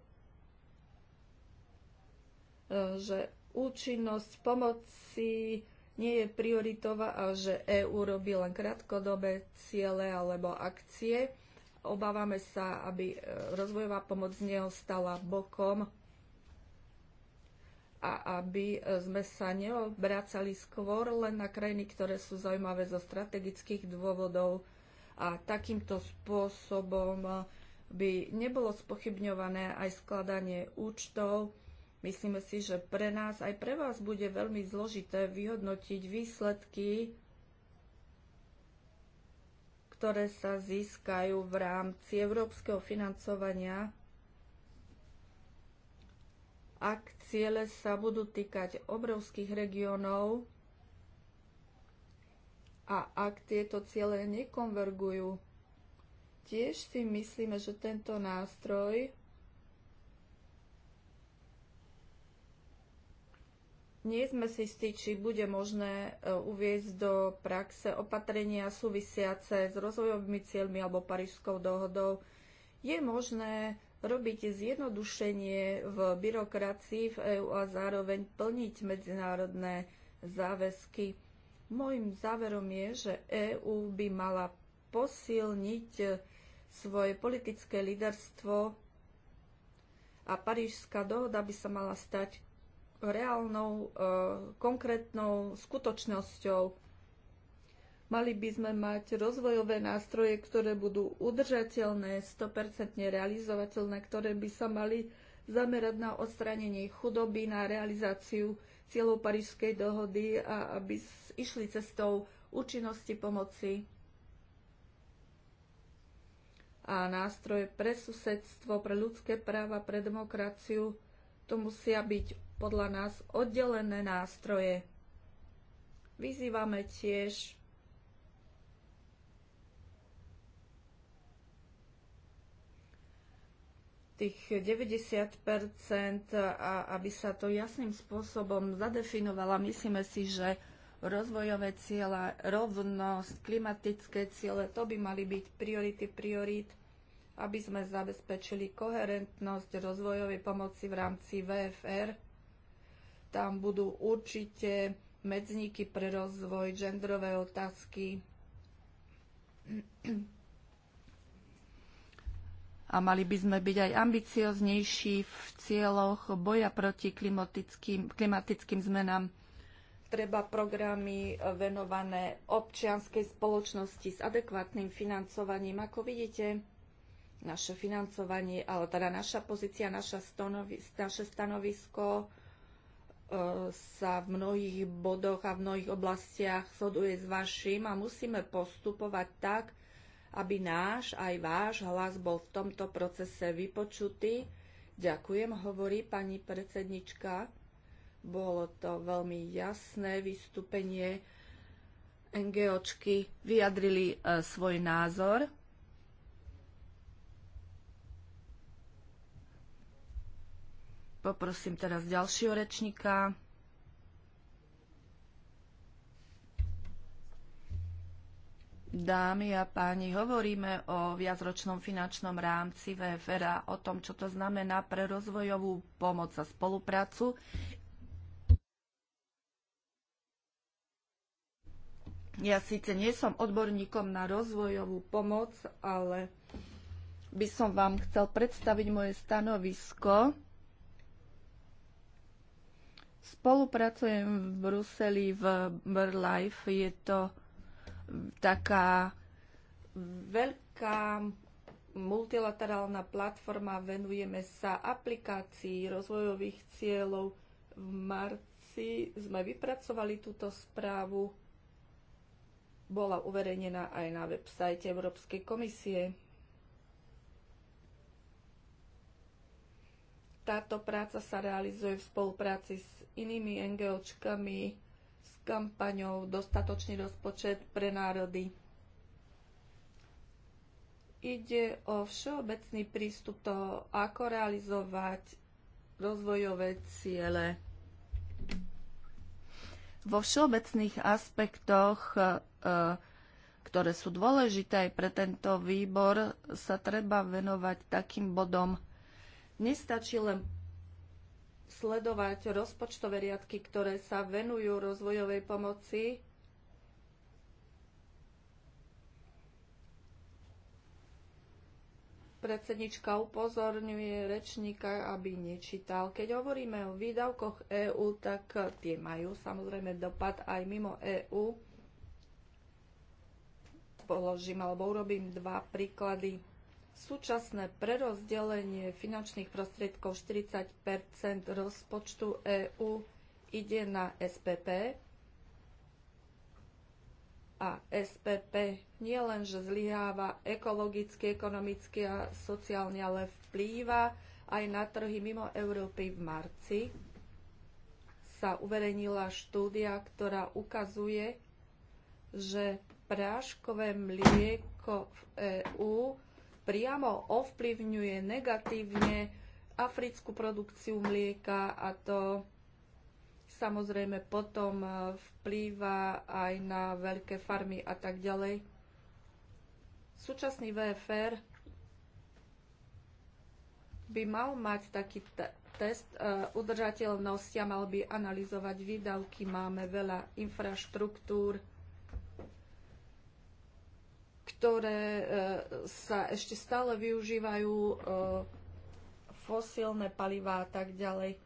že účinnosť pomoci nie je prioritová a že EÚ robí len krátkodobé ciele alebo akcie. Obávame sa, aby e, rozvojová pomoc neostala bokom a aby e, sme sa neobracali skôr len na krajiny, ktoré sú zaujímavé zo strategických dôvodov a takýmto spôsobom e, by nebolo spochybňované aj skladanie účtov. Myslíme si, že pre nás aj pre vás bude veľmi zložité vyhodnotiť výsledky, ktoré sa získajú v rámci európskeho financovania, ak ciele sa budú týkať obrovských regiónov a ak tieto ciele nekonvergujú, tiež si myslíme, že tento nástroj nie sme si istí, či bude možné e, uviezť do praxe opatrenia súvisiace s rozvojovými cieľmi alebo Parížskou dohodou. Je možné robiť zjednodušenie v byrokracii v EÚ a zároveň plniť medzinárodné záväzky. Mojím záverom je, že EÚ by mala posilniť e, svoje politické líderstvo a Parížská dohoda by sa mala stať reálnou, e, konkrétnou skutočnosťou. Mali by sme mať rozvojové nástroje, ktoré budú udržateľné, 100% realizovateľné, ktoré by sa mali zamerať na odstranenie chudoby, na realizáciu cieľov Parížskej dohody a aby išli cestou účinnosti pomoci a nástroje pre susedstvo, pre ľudské práva, pre demokraciu. To musia byť podľa nás oddelené nástroje. Vyzývame tiež tých 90 a aby sa to jasným spôsobom zadefinovala. Myslíme si, že rozvojové cieľa, rovnosť, klimatické ciele, to by mali byť priority priorít, aby sme zabezpečili koherentnosť rozvojovej pomoci v rámci VFR. Tam budú určite medzníky pre rozvoj, genderové otázky a mali by sme byť aj ambicioznejší v cieľoch boja proti klimatickým, klimatickým zmenám. Treba programy venované občianskej spoločnosti s adekvátnym financovaním. Ako vidíte, naše financovanie, ale teda naša pozícia, naša stanovi, naše stanovisko e, sa v mnohých bodoch a v mnohých oblastiach soduje s vašim a musíme postupovať tak, aby náš aj váš hlas bol v tomto procese vypočutý. Ďakujem, hovorí pani predsednička. Bolo to veľmi jasné vystúpenie. NGOčky vyjadrili e, svoj názor. Poprosím teraz ďalšieho rečníka. Dámy a páni, hovoríme o viacročnom finančnom rámci VFR a o tom, čo to znamená pre rozvojovú pomoc a spoluprácu. Ja síce nie som odborníkom na rozvojovú pomoc, ale by som vám chcel predstaviť moje stanovisko. Spolupracujem v Bruseli v BirdLife. Je to taká veľká multilaterálna platforma. Venujeme sa aplikácii rozvojových cieľov. V marci sme vypracovali túto správu. Bola uverejnená aj na websajte Európskej komisie. Táto práca sa realizuje v spolupráci s inými NGOčkami, kampaňou, dostatočný rozpočet pre národy. Ide o všeobecný prístup toho, ako realizovať rozvojové ciele. Vo všeobecných aspektoch, e, ktoré sú dôležité aj pre tento výbor, sa treba venovať takým bodom. Nestačí len sledovať rozpočtové riadky, ktoré sa venujú rozvojovej pomoci. Predsednička upozorňuje rečníka, aby nečítal. Keď hovoríme o výdavkoch EÚ, tak tie majú samozrejme dopad aj mimo EÚ. Položím alebo urobím dva príklady Súčasné prerozdelenie finančných prostriedkov 40 rozpočtu EÚ ide na SPP a SPP nie len, že zlyháva ekologicky, ekonomicky a sociálne, ale vplýva aj na trhy mimo Európy v marci sa uverejnila štúdia, ktorá ukazuje, že práškové mlieko v EÚ priamo ovplyvňuje negatívne africkú produkciu mlieka a to samozrejme potom e, vplýva aj na veľké farmy a tak ďalej. Súčasný VFR by mal mať taký test e, udržateľnosti a mal by analyzovať výdavky. Máme veľa infraštruktúr, ktoré e, sa ešte stále využívajú e, fosílne palivá a tak ďalej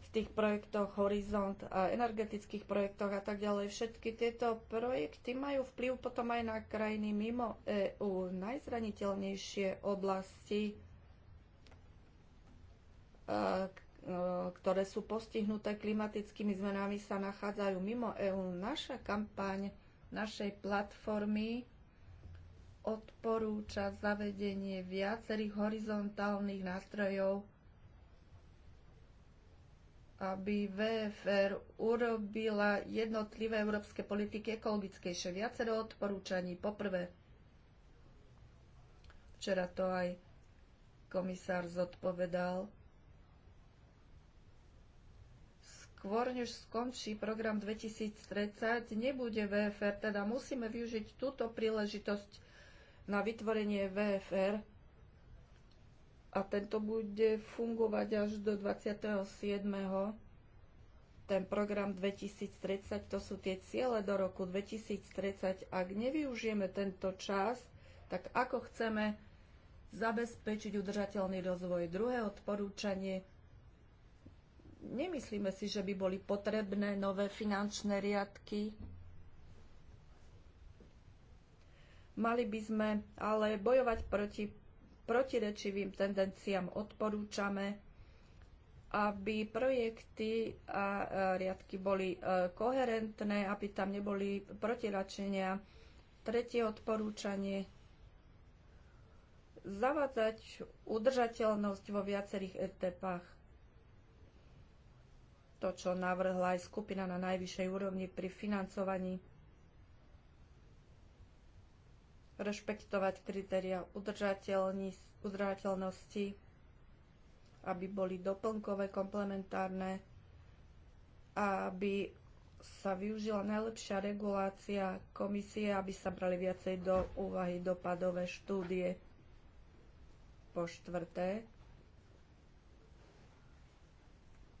v tých projektoch Horizont, a energetických projektoch a tak ďalej. Všetky tieto projekty majú vplyv potom aj na krajiny mimo EÚ. Najzraniteľnejšie oblasti, e, ktoré sú postihnuté klimatickými zmenami, sa nachádzajú mimo EÚ. Naša kampaň našej platformy odporúča zavedenie viacerých horizontálnych nástrojov, aby VFR urobila jednotlivé európske politiky ekologickejšie. Viacero odporúčaní. Poprvé, včera to aj komisár zodpovedal, skôr než skončí program 2030, nebude VFR, teda musíme využiť túto príležitosť na vytvorenie VFR a tento bude fungovať až do 27. Ten program 2030, to sú tie ciele do roku 2030. Ak nevyužijeme tento čas, tak ako chceme zabezpečiť udržateľný rozvoj? Druhé odporúčanie – Nemyslíme si, že by boli potrebné nové finančné riadky. Mali by sme ale bojovať proti protirečivým tendenciám. Odporúčame, aby projekty a riadky boli e, koherentné, aby tam neboli protiračenia. Tretie odporúčanie zavádzať udržateľnosť vo viacerých etapách to, čo navrhla aj skupina na najvyššej úrovni pri financovaní, rešpektovať kritéria udržateľnosti, aby boli doplnkové, komplementárne a aby sa využila najlepšia regulácia komisie, aby sa brali viacej do úvahy dopadové štúdie. Po štvrté,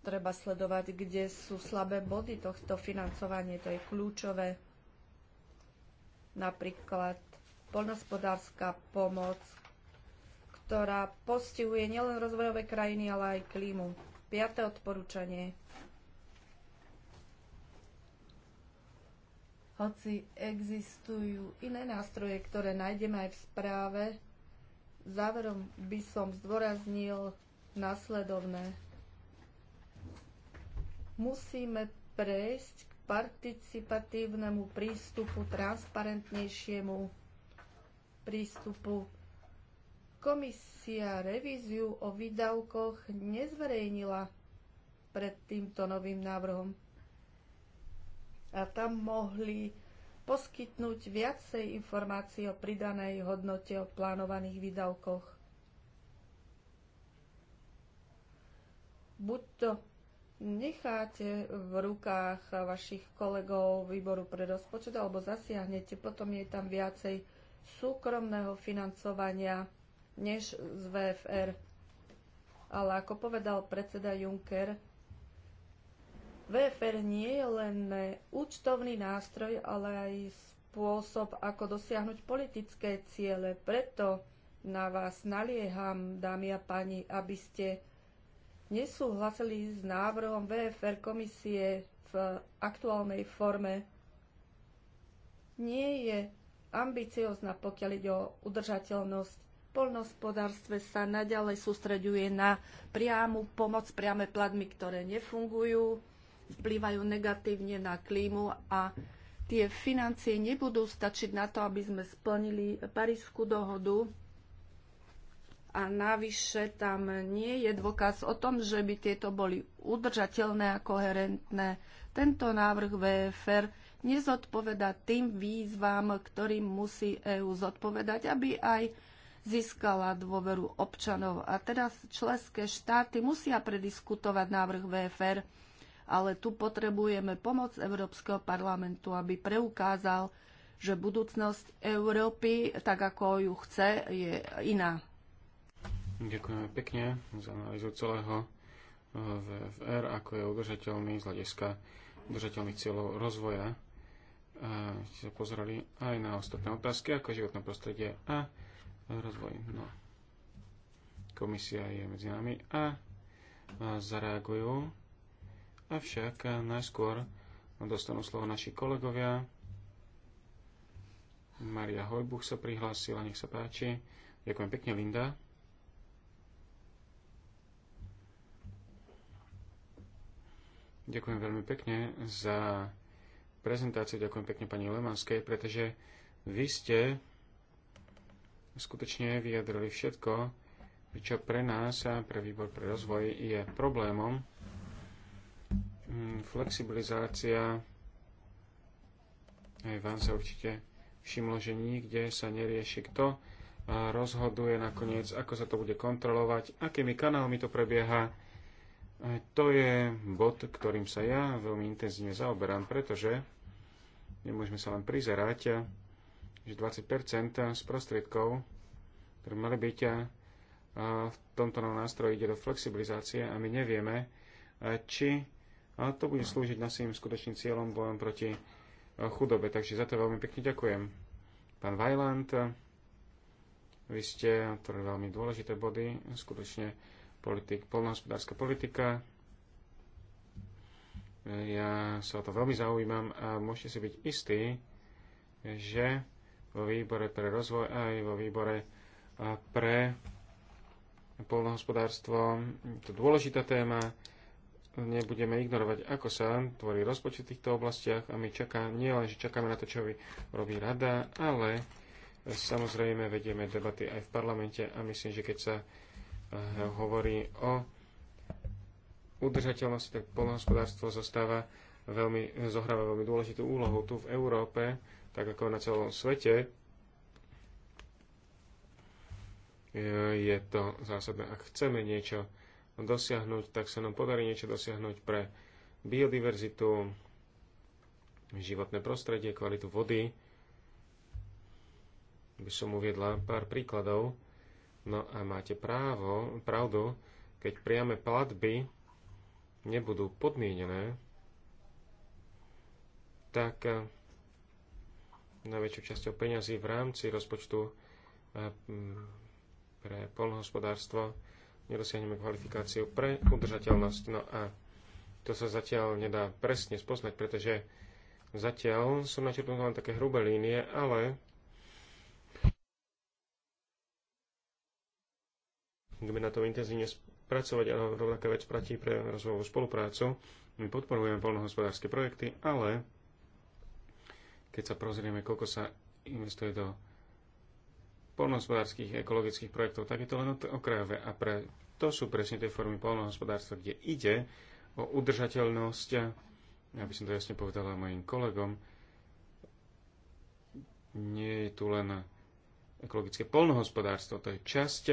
treba sledovať, kde sú slabé body tohto financovanie, to je kľúčové. Napríklad poľnospodárska pomoc, ktorá postihuje nielen rozvojové krajiny, ale aj klímu. Piaté odporúčanie. Hoci existujú iné nástroje, ktoré nájdeme aj v správe, záverom by som zdôraznil nasledovné Musíme prejsť k participatívnemu prístupu, transparentnejšiemu prístupu. Komisia revíziu o výdavkoch nezverejnila pred týmto novým návrhom. A tam mohli poskytnúť viacej informácií o pridanej hodnote o plánovaných výdavkoch. Buď to necháte v rukách vašich kolegov výboru pre rozpočet alebo zasiahnete, potom je tam viacej súkromného financovania než z VFR. Ale ako povedal predseda Juncker, VFR nie je len účtovný nástroj, ale aj spôsob, ako dosiahnuť politické ciele. Preto na vás nalieham, dámy a páni, aby ste nesúhlasili s návrhom VFR komisie v aktuálnej forme. Nie je ambiciozna, pokiaľ ide o udržateľnosť. Polnospodárstve sa naďalej sústreďuje na priamu pomoc, priame platmi, ktoré nefungujú, vplývajú negatívne na klímu a tie financie nebudú stačiť na to, aby sme splnili Parísku dohodu a navyše tam nie je dôkaz o tom, že by tieto boli udržateľné a koherentné. Tento návrh VFR nezodpoveda tým výzvam, ktorým musí EÚ zodpovedať, aby aj získala dôveru občanov. A teraz členské štáty musia prediskutovať návrh VFR, ale tu potrebujeme pomoc Európskeho parlamentu, aby preukázal, že budúcnosť Európy, tak ako ju chce, je iná. Ďakujeme pekne za analýzu celého e, VFR, ako je udržateľný z hľadiska udržateľných cieľov rozvoja. A e, ste sa pozerali aj na ostatné otázky, ako životné prostredie a rozvoj. No. Komisia je medzi nami a zareagujú. Avšak najskôr dostanú slovo naši kolegovia. Maria Hojbuch sa prihlásila, nech sa páči. Ďakujem pekne, Linda. Ďakujem veľmi pekne za prezentáciu, ďakujem pekne pani Lemanskej, pretože vy ste skutočne vyjadrili všetko, čo pre nás a pre výbor pre rozvoj je problémom. Mm, flexibilizácia aj vám sa určite všimlo, že nikde sa nerieši kto rozhoduje nakoniec, ako sa to bude kontrolovať, akými kanálmi to prebieha, to je bod, ktorým sa ja veľmi intenzívne zaoberám, pretože nemôžeme sa len prizerať, že 20 z prostriedkov, ktoré mali byť v tomto novom nástroji, ide do flexibilizácie a my nevieme, či to bude slúžiť našim skutočným cieľom bojom proti chudobe. Takže za to veľmi pekne ďakujem. Pán Vajland, vy ste otvorili veľmi dôležité body, skutočne politik, polnohospodárska politika. Ja sa o to veľmi zaujímam a môžete si byť istí, že vo výbore pre rozvoj aj vo výbore pre polnohospodárstvo to dôležitá téma. Nebudeme ignorovať, ako sa tvorí rozpočet v týchto oblastiach a my čaká, nie len, že čakáme na to, čo robí rada, ale samozrejme vedieme debaty aj v parlamente a myslím, že keď sa hovorí o udržateľnosti, tak polnohospodárstvo zostáva veľmi, zohráva veľmi dôležitú úlohu tu v Európe, tak ako na celom svete. Je to zásadné. Ak chceme niečo dosiahnuť, tak sa nám podarí niečo dosiahnuť pre biodiverzitu, životné prostredie, kvalitu vody. By som uviedla pár príkladov No a máte právo, pravdu, keď priame platby nebudú podmienené, tak eh, najväčšou časťou peňazí v rámci rozpočtu eh, pre polnohospodárstvo nedosiahneme kvalifikáciu pre udržateľnosť. No a to sa zatiaľ nedá presne spoznať, pretože zatiaľ sú načrtnuté len také hrubé línie, ale budeme na tom intenzívne pracovať a rovnaká vec platí pre rozvojovú spoluprácu. My podporujeme poľnohospodárske projekty, ale keď sa prozrieme, koľko sa investuje do poľnohospodárskych ekologických projektov, tak je to len okrajové. A pre, to sú presne tie formy poľnohospodárstva, kde ide o udržateľnosť, ja by som to jasne povedala mojim kolegom, nie je tu len ekologické poľnohospodárstvo, to je časť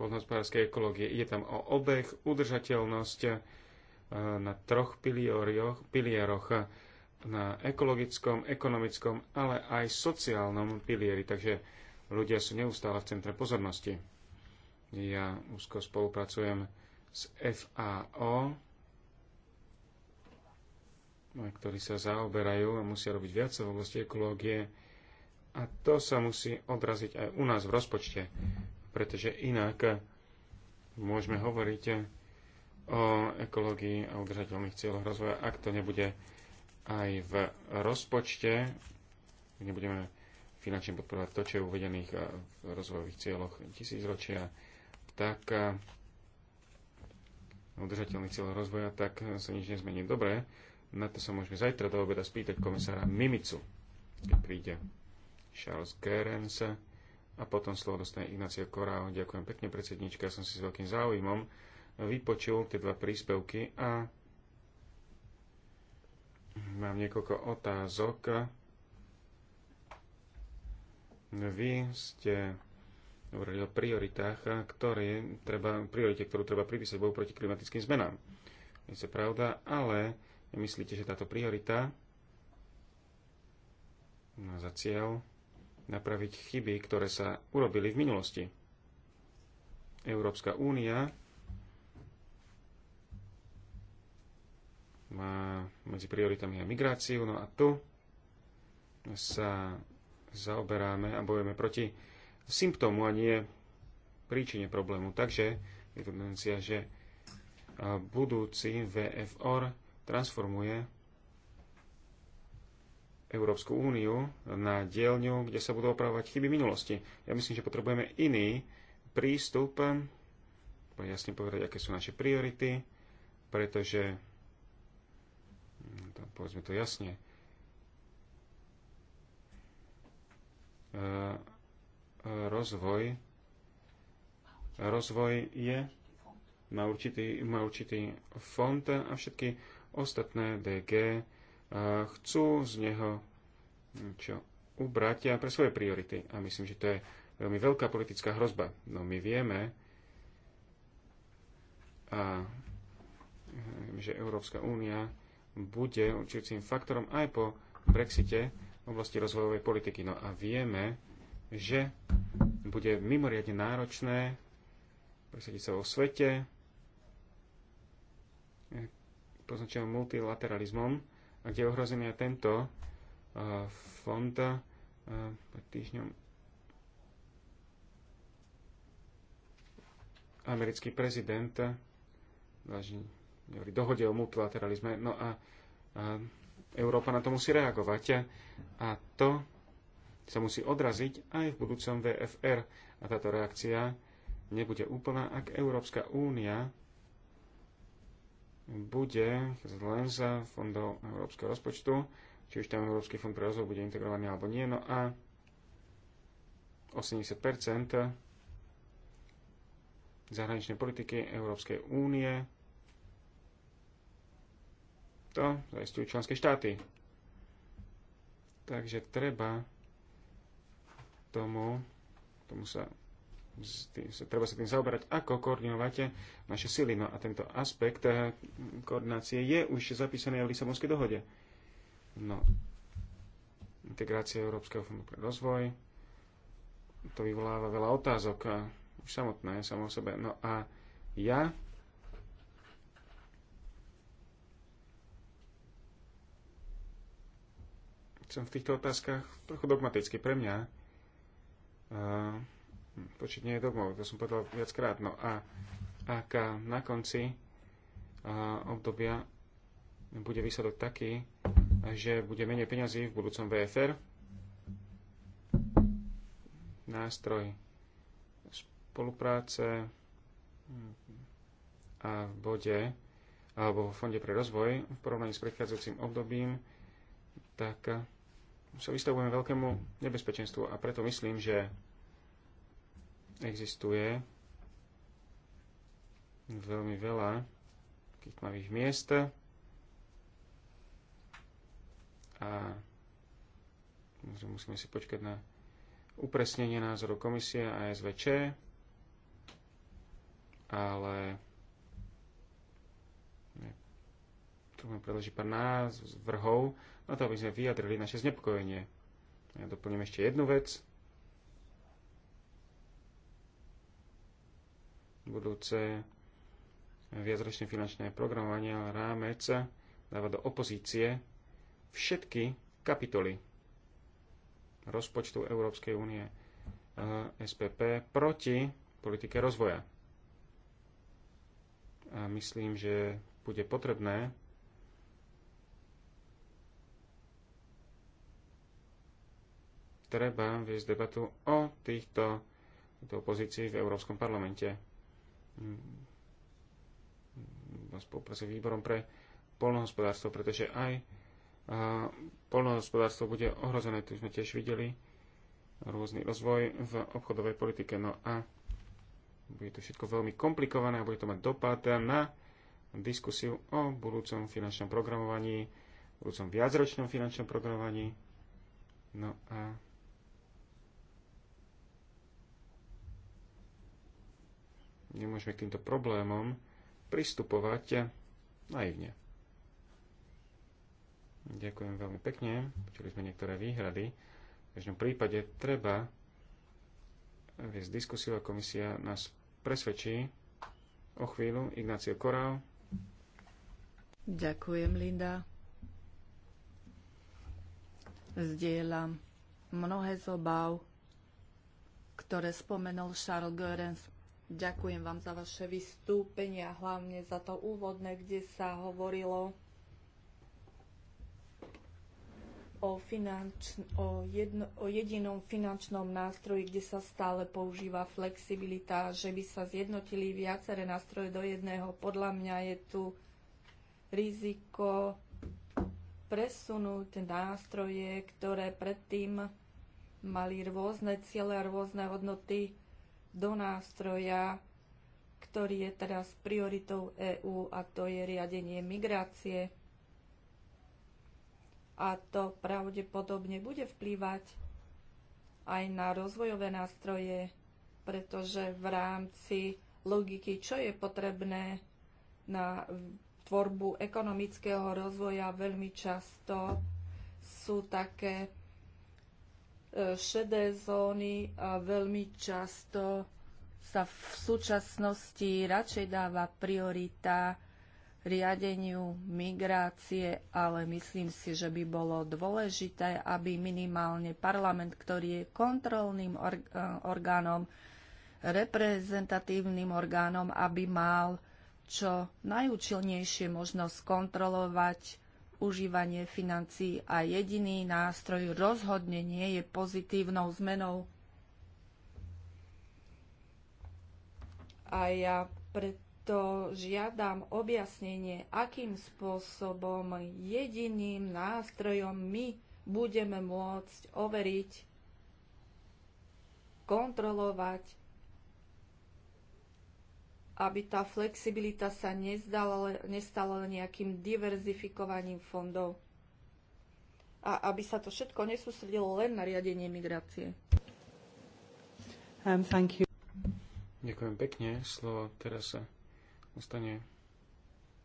poľnohospodárskej ekológie. Ide tam o obeh, udržateľnosť e, na troch pilieroch, e, na ekologickom, ekonomickom, ale aj sociálnom pilieri. Takže ľudia sú neustále v centre pozornosti. Ja úzko spolupracujem s FAO, ktorí sa zaoberajú a musia robiť viac v oblasti ekológie. A to sa musí odraziť aj u nás v rozpočte pretože inak môžeme hovoriť o ekológii a udržateľných cieľoch rozvoja, ak to nebude aj v rozpočte, nebudeme finančne podporovať to, čo je uvedených v rozvojových cieľoch tisícročia, tak eh, udržateľných cieľov rozvoja, tak eh, sa nič nezmení. Dobre, na to sa môžeme zajtra do obeda spýtať komisára Mimicu, keď príde Charles Gerens a potom slovo dostane Ignácia Korál. Ďakujem pekne, predsednička, ja som si s veľkým záujmom vypočul tie dva príspevky a mám niekoľko otázok. Vy ste hovorili o prioritách, ktoré treba, priorite, ktorú treba pripísať boju proti klimatickým zmenám. Je to pravda, ale myslíte, že táto priorita má za cieľ napraviť chyby, ktoré sa urobili v minulosti. Európska únia má medzi prioritami aj migráciu, no a tu sa zaoberáme a bojujeme proti symptómu a nie príčine problému. Takže je to tendencia, že budúci VFR transformuje Európsku úniu na dielňu, kde sa budú opravovať chyby minulosti. Ja myslím, že potrebujeme iný prístup, jasne povedať, aké sú naše priority, pretože, mm, to, povedzme to jasne, e, rozvoj, rozvoj je, má určitý, má určitý fond a všetky ostatné DG chcú z neho čo ubrať pre svoje priority. A myslím, že to je veľmi veľká politická hrozba. No my vieme, a, že Európska únia bude určitým faktorom aj po Brexite v oblasti rozvojovej politiky. No a vieme, že bude mimoriadne náročné presadiť sa vo svete, eh, poznačenom multilateralizmom, ak je ohrozený aj tento fond pod týždňom americký prezident vážne, dohode o multilateralizme. No a, a Európa na to musí reagovať a to sa musí odraziť aj v budúcom VFR. A táto reakcia nebude úplná, ak Európska únia bude len za fondov európskeho rozpočtu, či už tam Európsky fond pre rozvoj bude integrovaný alebo nie. No a 80 zahraničnej politiky Európskej únie to zaistujú členské štáty. Takže treba tomu, tomu sa treba sa tým zaoberať, ako koordinovate naše sily. No a tento aspekt eh, koordinácie je už zapísaný v Lisabonskej dohode. No, integrácia Európskeho fondu pre rozvoj, to vyvoláva veľa otázok, a eh, už samotné, samo o sebe. No a ja som v týchto otázkach trochu dogmaticky pre mňa. Uh, Hm, počet nie je domov, to som povedal viackrát. No a ak eh, na konci eh, obdobia bude výsledok taký, že bude menej peňazí v budúcom VFR, nástroj spolupráce hm, a v bode alebo vo Fonde pre rozvoj v porovnaní s predchádzajúcim obdobím, tak eh, sa vystavujeme veľkému nebezpečenstvu a preto myslím, že existuje veľmi veľa takých tmavých miest a musíme si počkať na upresnenie názoru komisie a SVČ, ale tu mi predloží pár návrhov na to, aby sme vyjadrili naše znepokojenie. Ja doplním ešte jednu vec. budúce viacročné finančné programovanie, ale rámec dáva do opozície všetky kapitoly rozpočtu Európskej únie eh, SPP proti politike rozvoja. A myslím, že bude potrebné treba viesť debatu o týchto, týchto opozícii v Európskom parlamente Mm. spolupráci s výborom pre polnohospodárstvo, pretože aj polnohospodárstvo bude ohrozené. Tu sme tiež videli rôzny rozvoj v obchodovej politike. No a bude to všetko veľmi komplikované a bude to mať dopad na diskusiu o budúcom finančnom programovaní, budúcom viacročnom finančnom programovaní. No a nemôžeme k týmto problémom pristupovať naivne. Ďakujem veľmi pekne. Počuli sme niektoré výhrady. V každom prípade treba viesť diskusiu a komisia nás presvedčí o chvíľu. Ignácio Korál. Ďakujem, Linda. Zdieľam mnohé z obav, ktoré spomenul Charles Görens Ďakujem vám za vaše vystúpenie a hlavne za to úvodné, kde sa hovorilo o, finanč, o, jedno, o jedinom finančnom nástroji, kde sa stále používa flexibilita, že by sa zjednotili viaceré nástroje do jedného. Podľa mňa je tu riziko presunúť nástroje, ktoré predtým mali rôzne ciele a rôzne hodnoty do nástroja, ktorý je teraz prioritou EÚ a to je riadenie migrácie. A to pravdepodobne bude vplývať aj na rozvojové nástroje, pretože v rámci logiky, čo je potrebné na tvorbu ekonomického rozvoja, veľmi často sú také E, šedé zóny a veľmi často sa v súčasnosti radšej dáva priorita riadeniu migrácie, ale myslím si, že by bolo dôležité, aby minimálne parlament, ktorý je kontrolným org e, orgánom, reprezentatívnym orgánom, aby mal čo najúčilnejšie možnosť kontrolovať užívanie financií a jediný nástroj rozhodne nie je pozitívnou zmenou. A ja preto žiadam objasnenie, akým spôsobom jediným nástrojom my budeme môcť overiť, kontrolovať aby tá flexibilita sa nezdala, nestala nejakým diverzifikovaním fondov a aby sa to všetko nesústredilo len na riadenie migrácie. Um, thank you. Ďakujem pekne. Slovo teraz sa ostane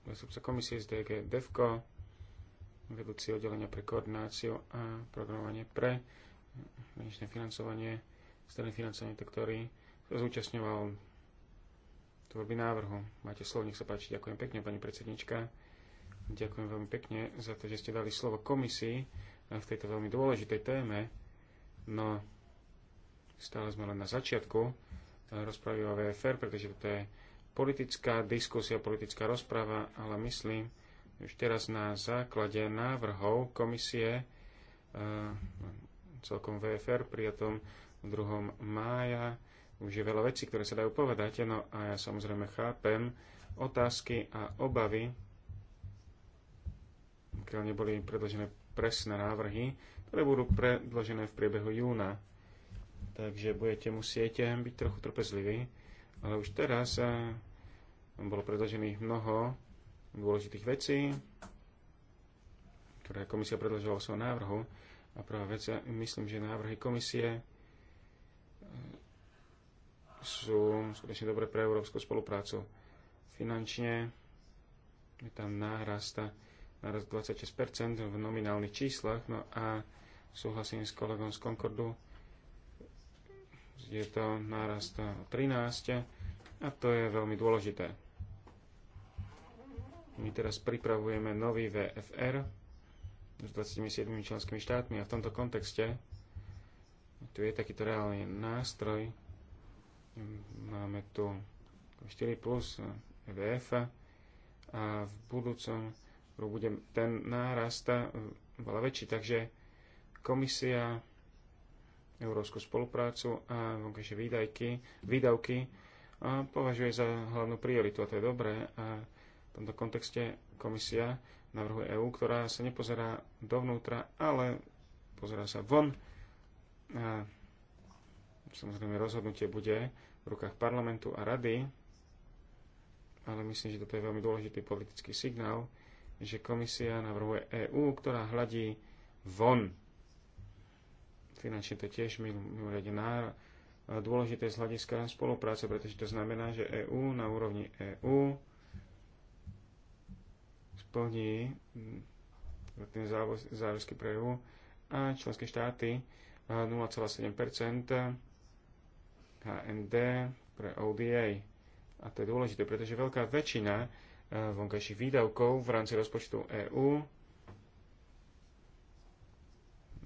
zástupca komisie z DG DEVCO, vedúci oddelenia pre koordináciu a programovanie pre finančné financovanie, strany financovanie, ktorý sa zúčastňoval tvorby návrhu. Máte slovo, nech sa páči. Ďakujem pekne, pani predsednička. Ďakujem veľmi pekne za to, že ste dali slovo komisii v tejto veľmi dôležitej téme. No, stále sme len na začiatku rozpravy o VFR, pretože to je politická diskusia, politická rozprava, ale myslím, už teraz na základe návrhov komisie eh, celkom VFR prijatom 2. mája už je veľa vecí, ktoré sa dajú povedať, no a ja samozrejme chápem otázky a obavy, keď neboli predložené presné návrhy, ktoré budú predložené v priebehu júna. Takže budete musieť byť trochu trpezliví, ale už teraz eh, bolo predložených mnoho dôležitých vecí, ktoré komisia predložila vo svojom návrhu. A prvá vec, eh, myslím, že návrhy komisie sú skutočne dobré pre európsku spoluprácu. Finančne je tam nárast, nárast 26% v nominálnych číslach, no a súhlasím s kolegom z Concordu, je to nárast 13 a to je veľmi dôležité. My teraz pripravujeme nový VFR s 27 členskými štátmi a v tomto kontexte tu je takýto reálny nástroj, Máme tu 4 plus EVF a v budúcom bude ten nárast veľa väčší, takže komisia európsku spoluprácu a vonkajšie výdajky, výdavky a považuje za hlavnú prioritu a to je dobré. A v tomto kontexte komisia navrhuje EÚ, ktorá sa nepozerá dovnútra, ale pozerá sa von. A samozrejme rozhodnutie bude v rukách parlamentu a rady, ale myslím, že toto je veľmi dôležitý politický signál, že komisia navrhuje EÚ, ktorá hľadí von. Finančne to tiež mimoriadne na dôležité z hľadiska spolupráce, pretože to znamená, že EÚ na úrovni EÚ splní mm, ten záväzky pre EÚ a členské štáty 0,7 eh, HMD pre ODA. A to je dôležité, pretože veľká väčšina eh, vonkajších výdavkov v rámci rozpočtu EÚ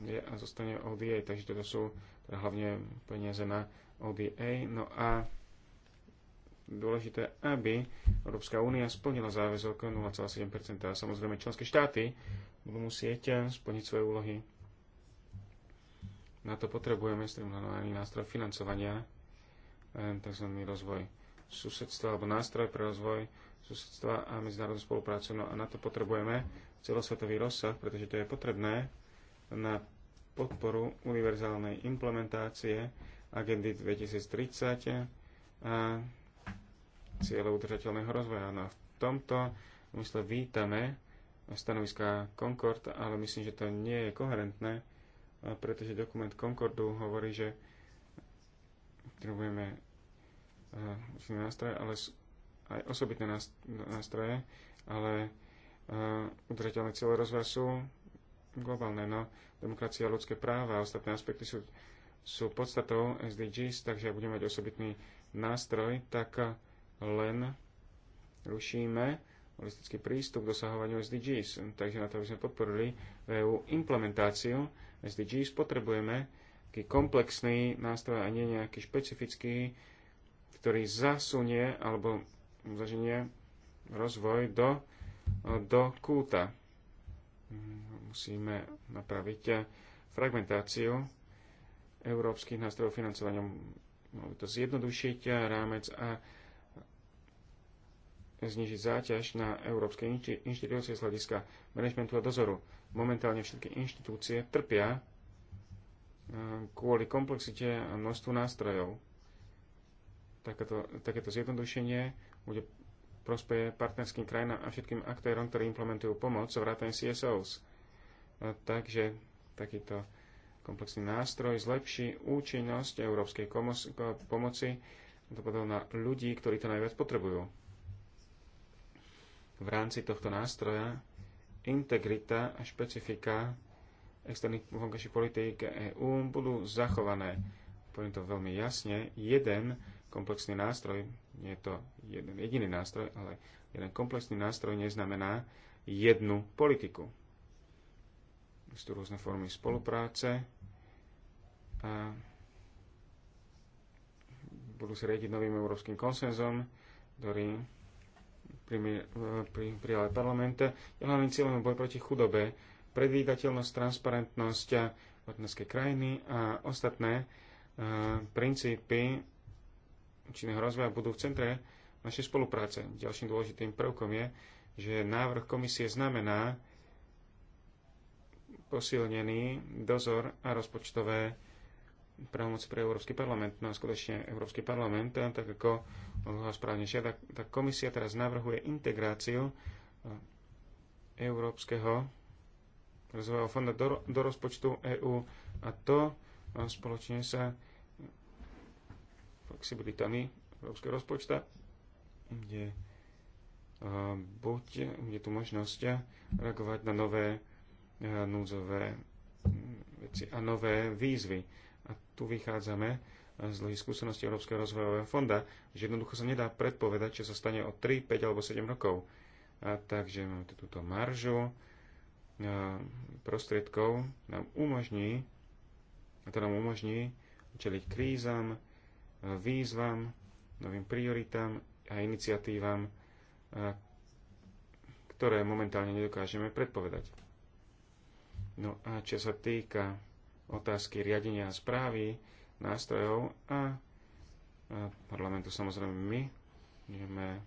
je a zostane ODA, takže toto sú teda hlavne peniaze na ODA. No a dôležité, aby Európska únia splnila záväzok 0,7%. A samozrejme členské štáty budú musieť eh, splniť svoje úlohy. Na to potrebujeme streamlinovaný nástroj financovania tzv. rozvoj susedstva alebo nástroj pre rozvoj susedstva a medzinárodnú spoluprácu. No a na to potrebujeme celosvetový rozsah, pretože to je potrebné na podporu univerzálnej implementácie agendy 2030 a cieľe udržateľného rozvoja. No a v tomto mysle vítame stanoviská Concord, ale myslím, že to nie je koherentné, pretože dokument Concordu hovorí, že potrebujeme uh, nástroje, ale aj osobitné nástroje, ale uh, udržateľné cieľe rozvoja sú globálne. No, demokracia, ľudské práva a ostatné aspekty sú, sú podstatou SDGs, takže ak budeme mať osobitný nástroj, tak eh, len rušíme holistický prístup k dosahovaniu SDGs. Takže na to, aby sme podporili EU implementáciu SDGs, potrebujeme taký komplexný nástroj a nie nejaký špecifický, ktorý zasunie alebo zaženie rozvoj do, do kúta. Musíme napraviť fragmentáciu európskych nástrojov financovania. Môžeme to zjednodušiť rámec a znižiť záťaž na európske inštitúcie z hľadiska manažmentu a dozoru. Momentálne všetky inštitúcie trpia kvôli komplexite a množstvu nástrojov. Takéto, takéto zjednodušenie bude prospeje partnerským krajinám a všetkým aktérom, ktorí implementujú pomoc, rátane CSOs. Takže takýto komplexný nástroj zlepší účinnosť európskej pomoci na ľudí, ktorí to najviac potrebujú. V rámci tohto nástroja integrita a špecifika externých vonkajších politík EÚ budú zachované. Poviem to veľmi jasne. Jeden komplexný nástroj, nie je to jeden jediný nástroj, ale jeden komplexný nástroj neznamená jednu politiku. Sú tu rôzne formy spolupráce a budú sa riediť novým európskym konsenzom, ktorý e, pri, pri, pri parlamente. Je hlavným cieľom boj proti chudobe predvídateľnosť, transparentnosť partnerskej krajiny a ostatné e, princípy činného rozvoja budú v centre našej spolupráce. Ďalším dôležitým prvkom je, že návrh komisie znamená posilnený dozor a rozpočtové právomoci pre Európsky parlament. No a skutočne Európsky parlament, e, tak ako ho správne žiada, tak komisia teraz navrhuje integráciu e, európskeho rozvojového fonda do, do rozpočtu EÚ a to e, spoločne sa flexibilitami európskeho rozpočta, kde e, buď je tu možnosť reagovať na nové e, núdzové mm, veci a nové výzvy. A tu vychádzame z dlhých skúseností Európskeho rozvojového fonda, že jednoducho sa nedá predpovedať, čo sa stane o 3, 5 alebo 7 rokov. A takže máme tu túto maržu, E, prostriedkov nám umožní, a to nám umožní čeliť krízam, e, výzvam, novým prioritám a iniciatívam, e, ktoré momentálne nedokážeme predpovedať. No a čo sa týka otázky riadenia a správy, nástrojov a parlamentu samozrejme my, budeme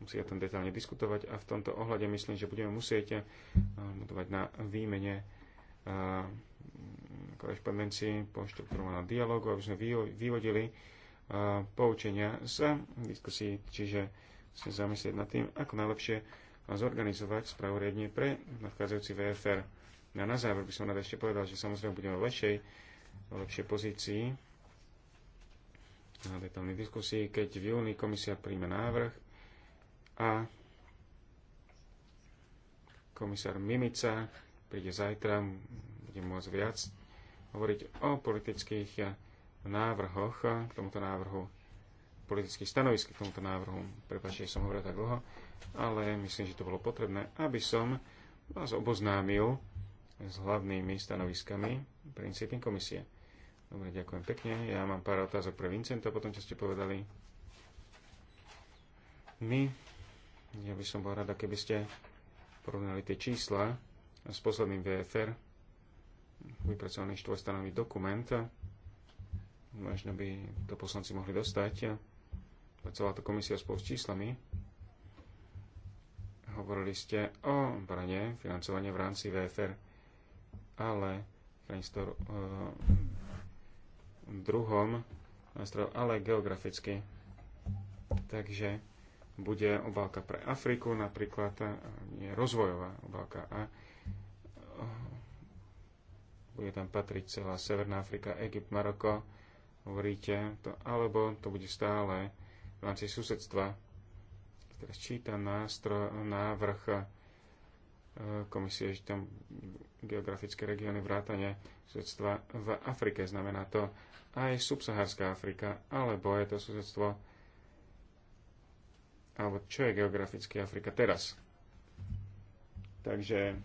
musí o tom detálne diskutovať a v tomto ohľade myslím, že budeme musieť eh, budovať na výmene eh, korešpondencii po štruktúrovanom dialogu, aby sme vyvodili eh, poučenia z diskusí, čiže sa zamyslieť nad tým, ako najlepšie zorganizovať spravoriadne pre nadchádzajúci VFR. A na záver by som rád ešte povedal, že samozrejme budeme v lepšej, v lepšej pozícii na detálnej diskusii, keď v júni komisia príjme návrh a komisár Mimica príde zajtra, bude môcť viac hovoriť o politických návrhoch k tomuto návrhu, politických stanovisk k tomuto návrhu. Prepačte, že som hovoril tak dlho, ale myslím, že to bolo potrebné, aby som vás oboznámil s hlavnými stanoviskami princípy komisie. Dobre, ďakujem pekne. Ja mám pár otázok pre Vincenta potom čo ste povedali. My ja by som bol rada, keby ste porovnali tie čísla s posledným VFR, vypracovaný štvorstanový dokument. Možno by to poslanci mohli dostať. Celá tá komisia spolu s číslami. Hovorili ste o brane financovania v rámci VFR, ale Krainstor uh, eh, druhom ale geograficky. Takže bude obálka pre Afriku, napríklad eh, nie rozvojová obálka a eh, bude tam patriť celá Severná Afrika, Egypt, Maroko, hovoríte, to, alebo to bude stále v rámci susedstva. Teraz čítam nástroj, návrh eh, komisie, že tam geografické regióny vrátane susedstva v Afrike. Znamená to aj subsahárska Afrika, alebo je to susedstvo alebo čo je geografická Afrika teraz. Takže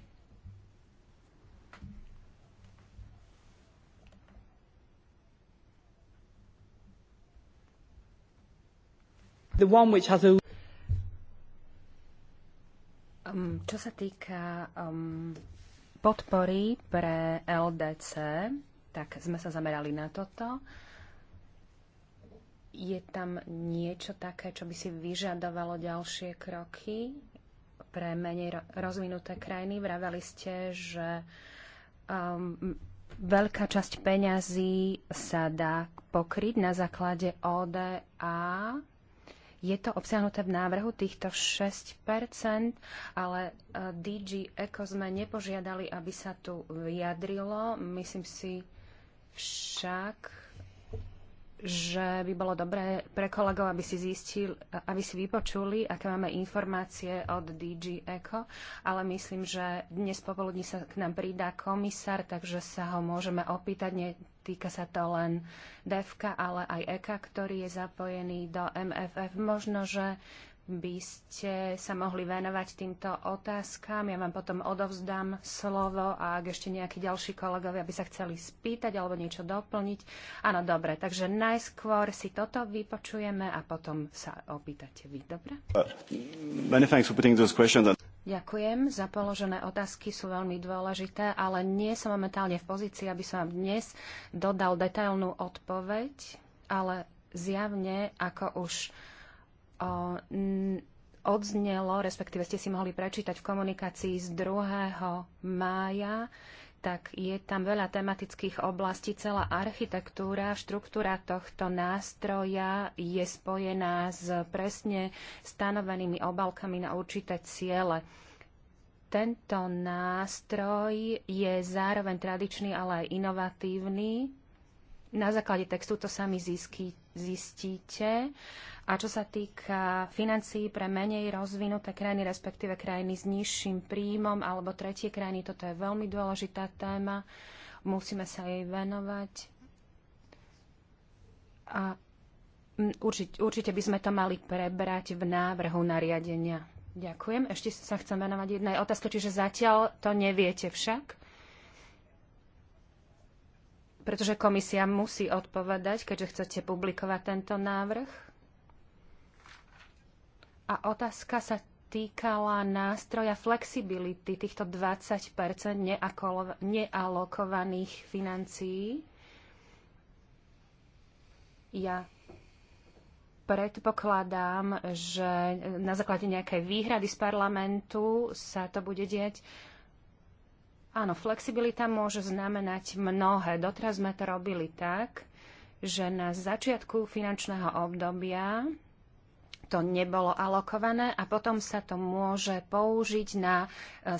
The one which has a... um, čo sa týka um, podpory pre LDC, tak sme sa zamerali na toto. Uh, je tam niečo také, čo by si vyžadovalo ďalšie kroky pre menej rozvinuté krajiny? Vraveli ste, že um, veľká časť peňazí sa dá pokryť na základe ODA. Je to obsiahnuté v návrhu týchto 6%, ale uh, DG Eco sme nepožiadali, aby sa tu vyjadrilo. Myslím si však, že by bolo dobré pre kolegov, aby si, zistil, aby si vypočuli, aké máme informácie od DG Eco, ale myslím, že dnes popoludní sa k nám pridá komisár, takže sa ho môžeme opýtať. Netýka sa to len DEFKA, ale aj EKA, ktorý je zapojený do MFF. Možno, že by ste sa mohli venovať týmto otázkam. Ja vám potom odovzdám slovo a ak ešte nejakí ďalší kolegovia by sa chceli spýtať alebo niečo doplniť. Áno, dobre, takže najskôr si toto vypočujeme a potom sa opýtate vy, dobre? Ďakujem za položené otázky, sú veľmi dôležité, ale nie som momentálne v pozícii, aby som vám dnes dodal detailnú odpoveď, ale zjavne, ako už odznelo, respektíve ste si mohli prečítať v komunikácii z 2. mája, tak je tam veľa tematických oblastí. Celá architektúra, štruktúra tohto nástroja je spojená s presne stanovenými obalkami na určité ciele. Tento nástroj je zároveň tradičný, ale aj inovatívny. Na základe textu to sami zistíte a čo sa týka financií pre menej rozvinuté krajiny, respektíve krajiny s nižším príjmom alebo tretie krajiny, toto je veľmi dôležitá téma. Musíme sa jej venovať. A určite, určite by sme to mali prebrať v návrhu nariadenia. Ďakujem. Ešte sa chcem venovať jednej otázke, čiže zatiaľ to neviete však pretože komisia musí odpovedať, keďže chcete publikovať tento návrh? A otázka sa týkala nástroja flexibility týchto 20 nealokovaných financií. Ja predpokladám, že na základe nejakej výhrady z parlamentu sa to bude dieť. Áno, flexibilita môže znamenať mnohé. Doteraz sme to robili tak, že na začiatku finančného obdobia to nebolo alokované a potom sa to môže použiť na e, e,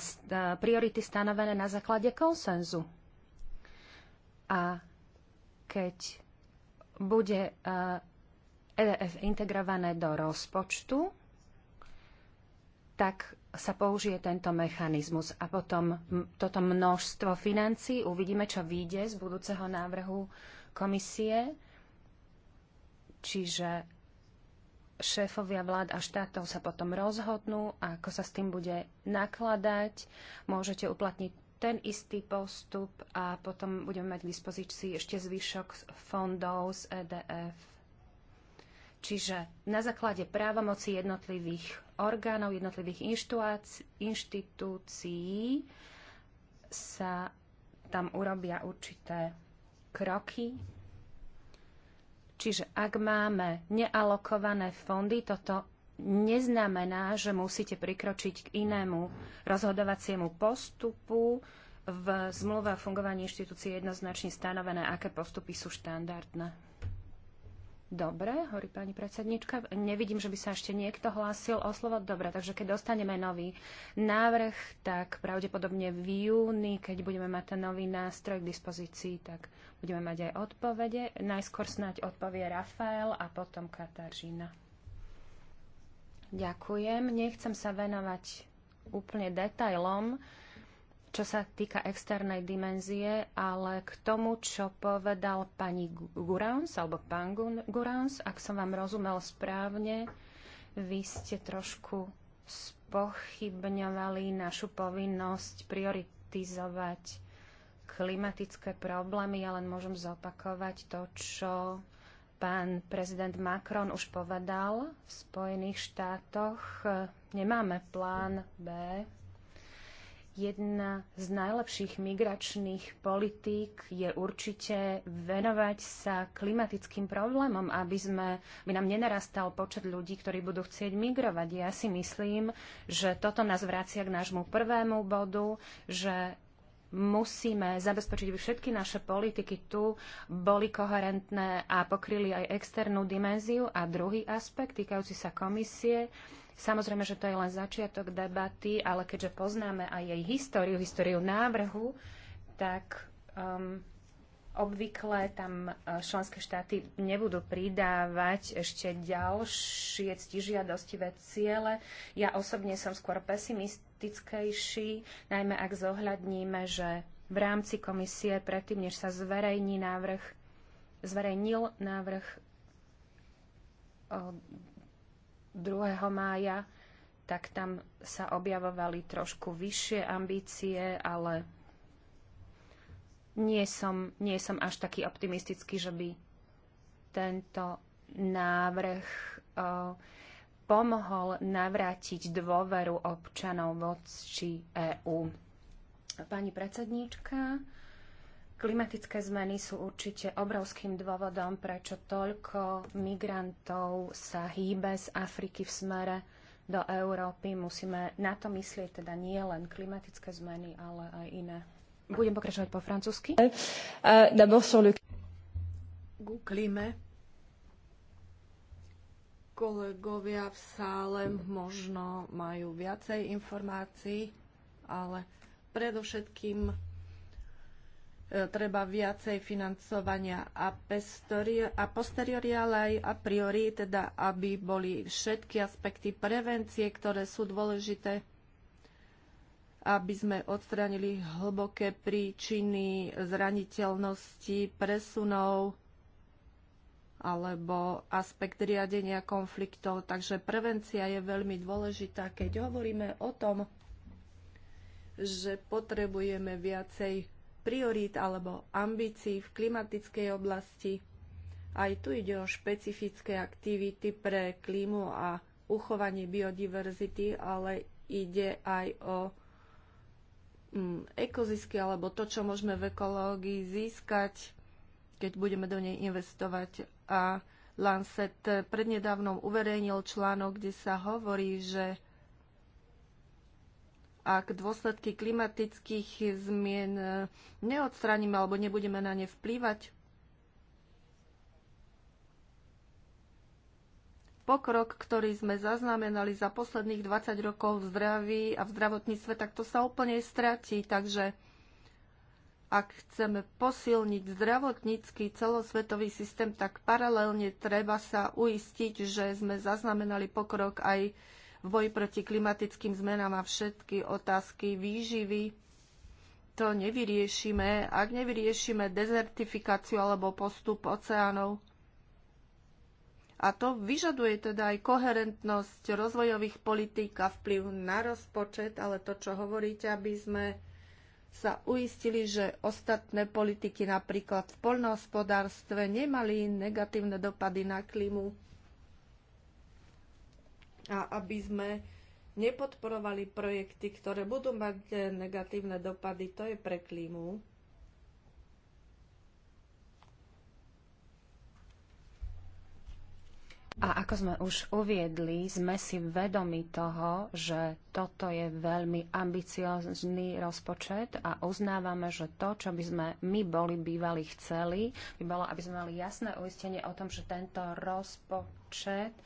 priority stanovené na základe konsenzu. A keď bude EDF e integrované do rozpočtu, tak sa použije tento mechanizmus a potom toto množstvo financií uvidíme, čo vyjde z budúceho návrhu komisie. Čiže šéfovia vlád a štátov sa potom rozhodnú, ako sa s tým bude nakladať. Môžete uplatniť ten istý postup a potom budeme mať k dispozícii ešte zvyšok fondov z EDF. Čiže na základe právomoci jednotlivých orgánov, jednotlivých inštitúcií sa tam urobia určité kroky, Čiže ak máme nealokované fondy, toto neznamená, že musíte prikročiť k inému rozhodovaciemu postupu. V zmluve o fungovaní inštitúcie je jednoznačne stanovené, aké postupy sú štandardné. Dobre, hovorí pani predsednička. Nevidím, že by sa ešte niekto hlásil o slovo. Dobre, takže keď dostaneme nový návrh, tak pravdepodobne v júni, keď budeme mať ten nový nástroj k dispozícii, tak budeme mať aj odpovede. Najskôr snáď odpovie Rafael a potom Katarína. Ďakujem. Nechcem sa venovať úplne detailom čo sa týka externej dimenzie, ale k tomu, čo povedal pani Gurans, alebo pán Gurans, ak som vám rozumel správne, vy ste trošku spochybňovali našu povinnosť prioritizovať klimatické problémy. Ja len môžem zopakovať to, čo pán prezident Macron už povedal v Spojených štátoch. Eh, nemáme plán B, Jedna z najlepších migračných politík je určite venovať sa klimatickým problémom, aby, sme, aby nám nenarastal počet ľudí, ktorí budú chcieť migrovať. Ja si myslím, že toto nás vracia k nášmu prvému bodu, že musíme zabezpečiť, aby všetky naše politiky tu boli koherentné a pokryli aj externú dimenziu. A druhý aspekt týkajúci sa komisie, Samozrejme, že to je len začiatok debaty, ale keďže poznáme aj jej históriu, históriu návrhu, tak um, obvykle tam uh, členské štáty nebudú pridávať ešte ďalšie ctižiadostivé ciele. Ja osobne som skôr pesimistickejší, najmä ak zohľadníme, že v rámci komisie predtým, než sa zverejní návrh, zverejnil návrh uh, 2. mája, tak tam sa objavovali trošku vyššie ambície, ale nie som, nie som až taký optimistický, že by tento návrh o, e, pomohol navrátiť dôveru občanov voči EÚ. Pani predsedníčka, Klimatické zmeny sú určite obrovským dôvodom, prečo toľko migrantov sa hýbe z Afriky v smere do Európy. Musíme na to myslieť, teda nie len klimatické zmeny, ale aj iné. Budem pokračovať po francúzsky. Uh, Ku klíme kolegovia v sále možno majú viacej informácií, ale predovšetkým treba viacej financovania a, pestori, a posteriori, ale aj a priori, teda aby boli všetky aspekty prevencie, ktoré sú dôležité, aby sme odstránili hlboké príčiny zraniteľnosti, presunov alebo aspekt riadenia konfliktov. Takže prevencia je veľmi dôležitá, keď hovoríme o tom, že potrebujeme viacej priorít alebo ambícií v klimatickej oblasti. Aj tu ide o špecifické aktivity pre klímu a uchovanie biodiverzity, ale ide aj o mm, ekozisky alebo to, čo môžeme v ekológii získať, keď budeme do nej investovať. A Lancet prednedávnom uverejnil článok, kde sa hovorí, že ak dôsledky klimatických zmien neodstraníme alebo nebudeme na ne vplývať? Pokrok, ktorý sme zaznamenali za posledných 20 rokov v zdraví a v zdravotníctve, tak to sa úplne stratí. Takže ak chceme posilniť zdravotnícky celosvetový systém, tak paralelne treba sa uistiť, že sme zaznamenali pokrok aj v boji proti klimatickým zmenám a všetky otázky výživy. To nevyriešime, ak nevyriešime dezertifikáciu alebo postup oceánov. A to vyžaduje teda aj koherentnosť rozvojových politík a vplyv na rozpočet, ale to, čo hovoríte, aby sme sa uistili, že ostatné politiky napríklad v poľnohospodárstve nemali negatívne dopady na klímu a aby sme nepodporovali projekty, ktoré budú mať negatívne dopady, to je pre klímu. A ako sme už uviedli, sme si vedomi toho, že toto je veľmi ambiciózny rozpočet a uznávame, že to, čo by sme my boli bývali chceli, by bolo, aby sme mali jasné uistenie o tom, že tento rozpočet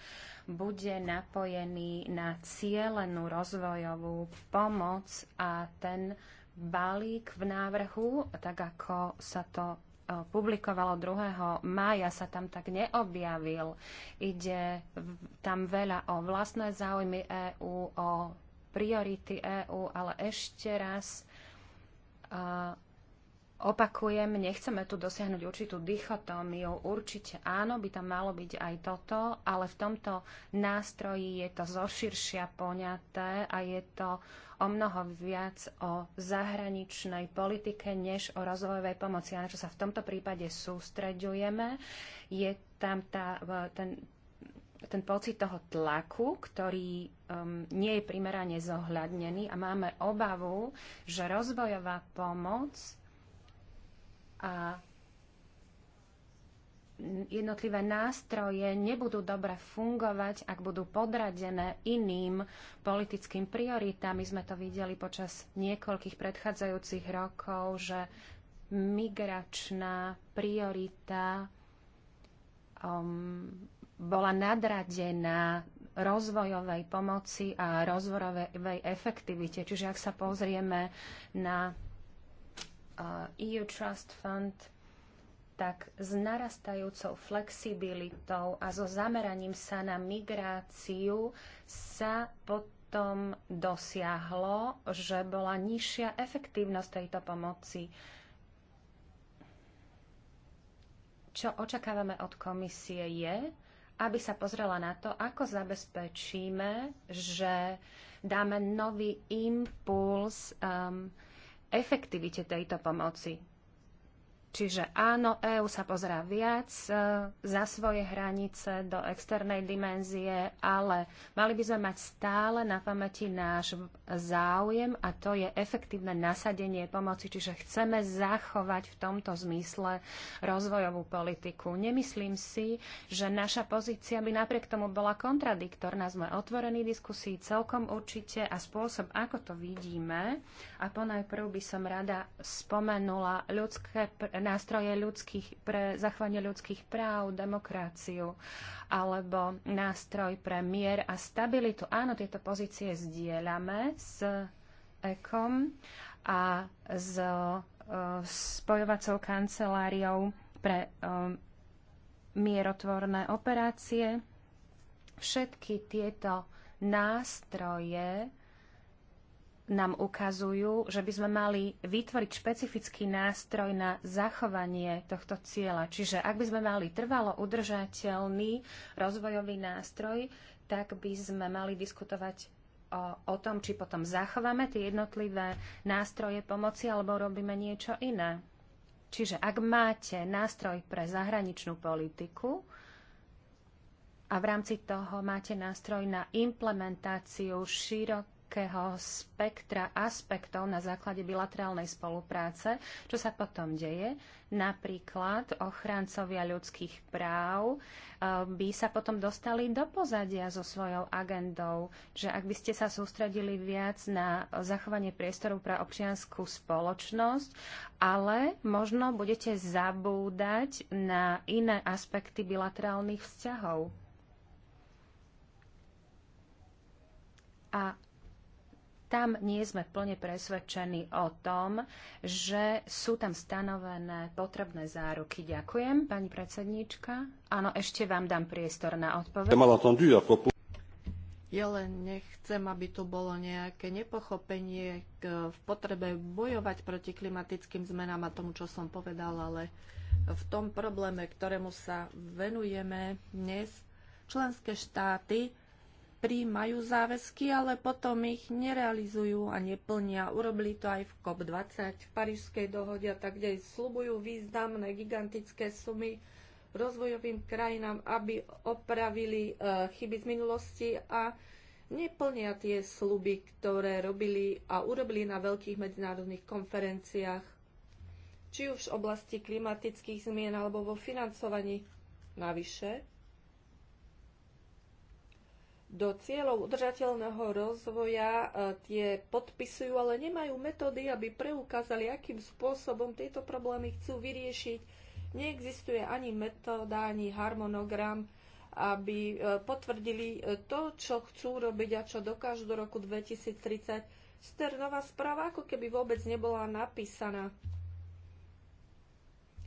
bude napojený na cielenú rozvojovú pomoc a ten balík v návrhu, tak ako sa to publikovalo 2. mája, sa tam tak neobjavil. Ide tam veľa o vlastné záujmy EÚ, o priority EÚ, ale ešte raz Opakujem, nechceme tu dosiahnuť určitú dichotómiu. Určite áno, by tam malo byť aj toto, ale v tomto nástroji je to zoširšia poňaté a je to o mnoho viac o zahraničnej politike, než o rozvojovej pomoci. A na čo sa v tomto prípade sústreďujeme, je tam tá, ten, ten pocit toho tlaku, ktorý um, nie je primerane zohľadnený a máme obavu, že rozvojová pomoc a jednotlivé nástroje nebudú dobre fungovať, ak budú podradené iným politickým prioritám. My sme to videli počas niekoľkých predchádzajúcich rokov, že migračná priorita um, bola nadradená rozvojovej pomoci a rozvojovej efektivite. Čiže ak sa pozrieme na EU Trust Fund, tak s narastajúcou flexibilitou a so zameraním sa na migráciu sa potom dosiahlo, že bola nižšia efektívnosť tejto pomoci. Čo očakávame od komisie je, aby sa pozrela na to, ako zabezpečíme, že dáme nový impuls um, efektivite tejto pomoci. Čiže áno, EÚ sa pozerá viac e, za svoje hranice do externej dimenzie, ale mali by sme mať stále na pamäti náš záujem a to je efektívne nasadenie pomoci, čiže chceme zachovať v tomto zmysle rozvojovú politiku. Nemyslím si, že naša pozícia by napriek tomu bola kontradiktorná. Sme otvorení diskusii celkom určite a spôsob, ako to vidíme, a ponajprv by som rada spomenula ľudské nástroje ľudských, pre zachovanie ľudských práv, demokraciu alebo nástroj pre mier a stabilitu. Áno, tieto pozície zdieľame s ECOM a s e, spojovacou kanceláriou pre e, mierotvorné operácie. Všetky tieto nástroje nám ukazujú, že by sme mali vytvoriť špecifický nástroj na zachovanie tohto cieľa. Čiže ak by sme mali trvalo udržateľný rozvojový nástroj, tak by sme mali diskutovať o, o tom, či potom zachováme tie jednotlivé nástroje pomoci alebo robíme niečo iné. Čiže ak máte nástroj pre zahraničnú politiku, a v rámci toho máte nástroj na implementáciu širok širokého spektra aspektov na základe bilaterálnej spolupráce, čo sa potom deje. Napríklad ochrancovia ľudských práv eh, by sa potom dostali do pozadia so svojou agendou, že ak by ste sa sústredili viac na zachovanie priestoru pre občianskú spoločnosť, ale možno budete zabúdať na iné aspekty bilaterálnych vzťahov. A tam nie sme plne presvedčení o tom, že sú tam stanovené potrebné záruky. Ďakujem, pani predsedníčka. Áno, ešte vám dám priestor na odpoveď. Ja len nechcem, aby tu bolo nejaké nepochopenie k, v potrebe bojovať proti klimatickým zmenám a tomu, čo som povedal, ale v tom probléme, ktorému sa venujeme dnes, členské štáty príjmajú záväzky, ale potom ich nerealizujú a neplnia. Urobili to aj v COP20, v Parížskej dohode a tak ďalej. Slubujú významné, gigantické sumy rozvojovým krajinám, aby opravili e, chyby z minulosti a neplnia tie sluby, ktoré robili a urobili na veľkých medzinárodných konferenciách, či už v oblasti klimatických zmien alebo vo financovaní. Navyše, do cieľov udržateľného rozvoja e, tie podpisujú, ale nemajú metódy, aby preukázali, akým spôsobom tieto problémy chcú vyriešiť. Neexistuje ani metóda, ani harmonogram, aby e, potvrdili e, to, čo chcú robiť a čo dokážu do roku 2030. Sternová správa ako keby vôbec nebola napísaná.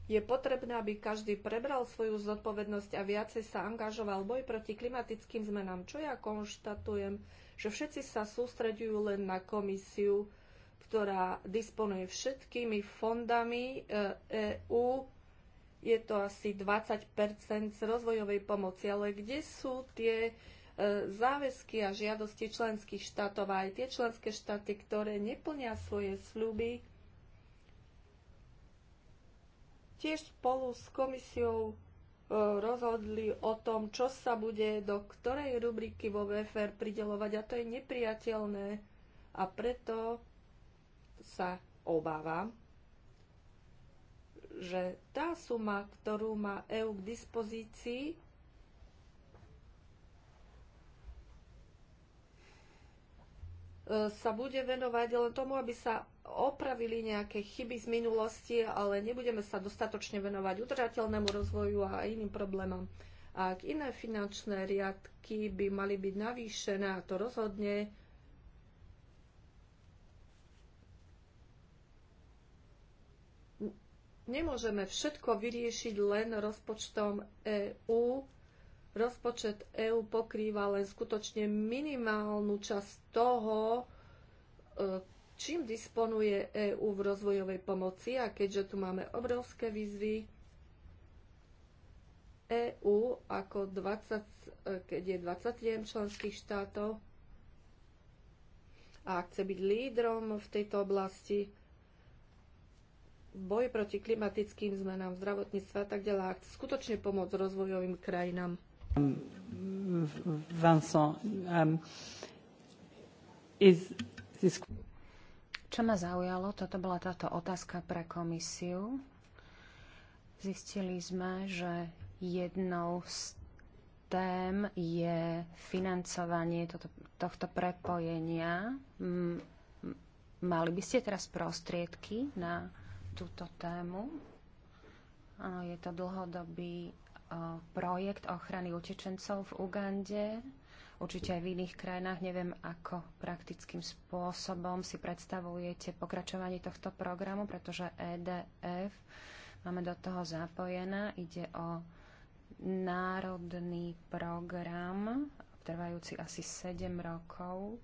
Je potrebné, aby každý prebral svoju zodpovednosť a viacej sa angažoval boj proti klimatickým zmenám, čo ja konštatujem, že všetci sa sústreďujú len na komisiu, ktorá disponuje všetkými fondami EÚ. E Je to asi 20 z rozvojovej pomoci, ale kde sú tie e, záväzky a žiadosti členských štátov a aj tie členské štáty, ktoré neplnia svoje sľuby, tiež spolu s komisiou e, rozhodli o tom, čo sa bude do ktorej rubriky vo VFR pridelovať a to je nepriateľné a preto sa obávam, že tá suma, ktorú má EU k dispozícii, e, sa bude venovať len tomu, aby sa opravili nejaké chyby z minulosti, ale nebudeme sa dostatočne venovať udržateľnému rozvoju a iným problémom. Ak iné finančné riadky by mali byť navýšené, a to rozhodne, nemôžeme všetko vyriešiť len rozpočtom EÚ. Rozpočet EÚ pokrýva len skutočne minimálnu časť toho, e, čím disponuje EÚ v rozvojovej pomoci a keďže tu máme obrovské výzvy, EÚ ako 20, keď je 27 členských štátov a chce byť lídrom v tejto oblasti v boji proti klimatickým zmenám, zdravotníctva a tak ďalej a chce skutočne pomôcť rozvojovým krajinám. Vincent, um, is this... Čo ma zaujalo, toto bola táto otázka pre komisiu. Zistili sme, že jednou z tém je financovanie toto, tohto prepojenia. Mali by ste teraz prostriedky na túto tému? Áno, je to dlhodobý eh, projekt ochrany utečencov v Ugande určite aj v iných krajinách. Neviem, ako praktickým spôsobom si predstavujete pokračovanie tohto programu, pretože EDF máme do toho zapojená. Ide o národný program, trvajúci asi 7 rokov.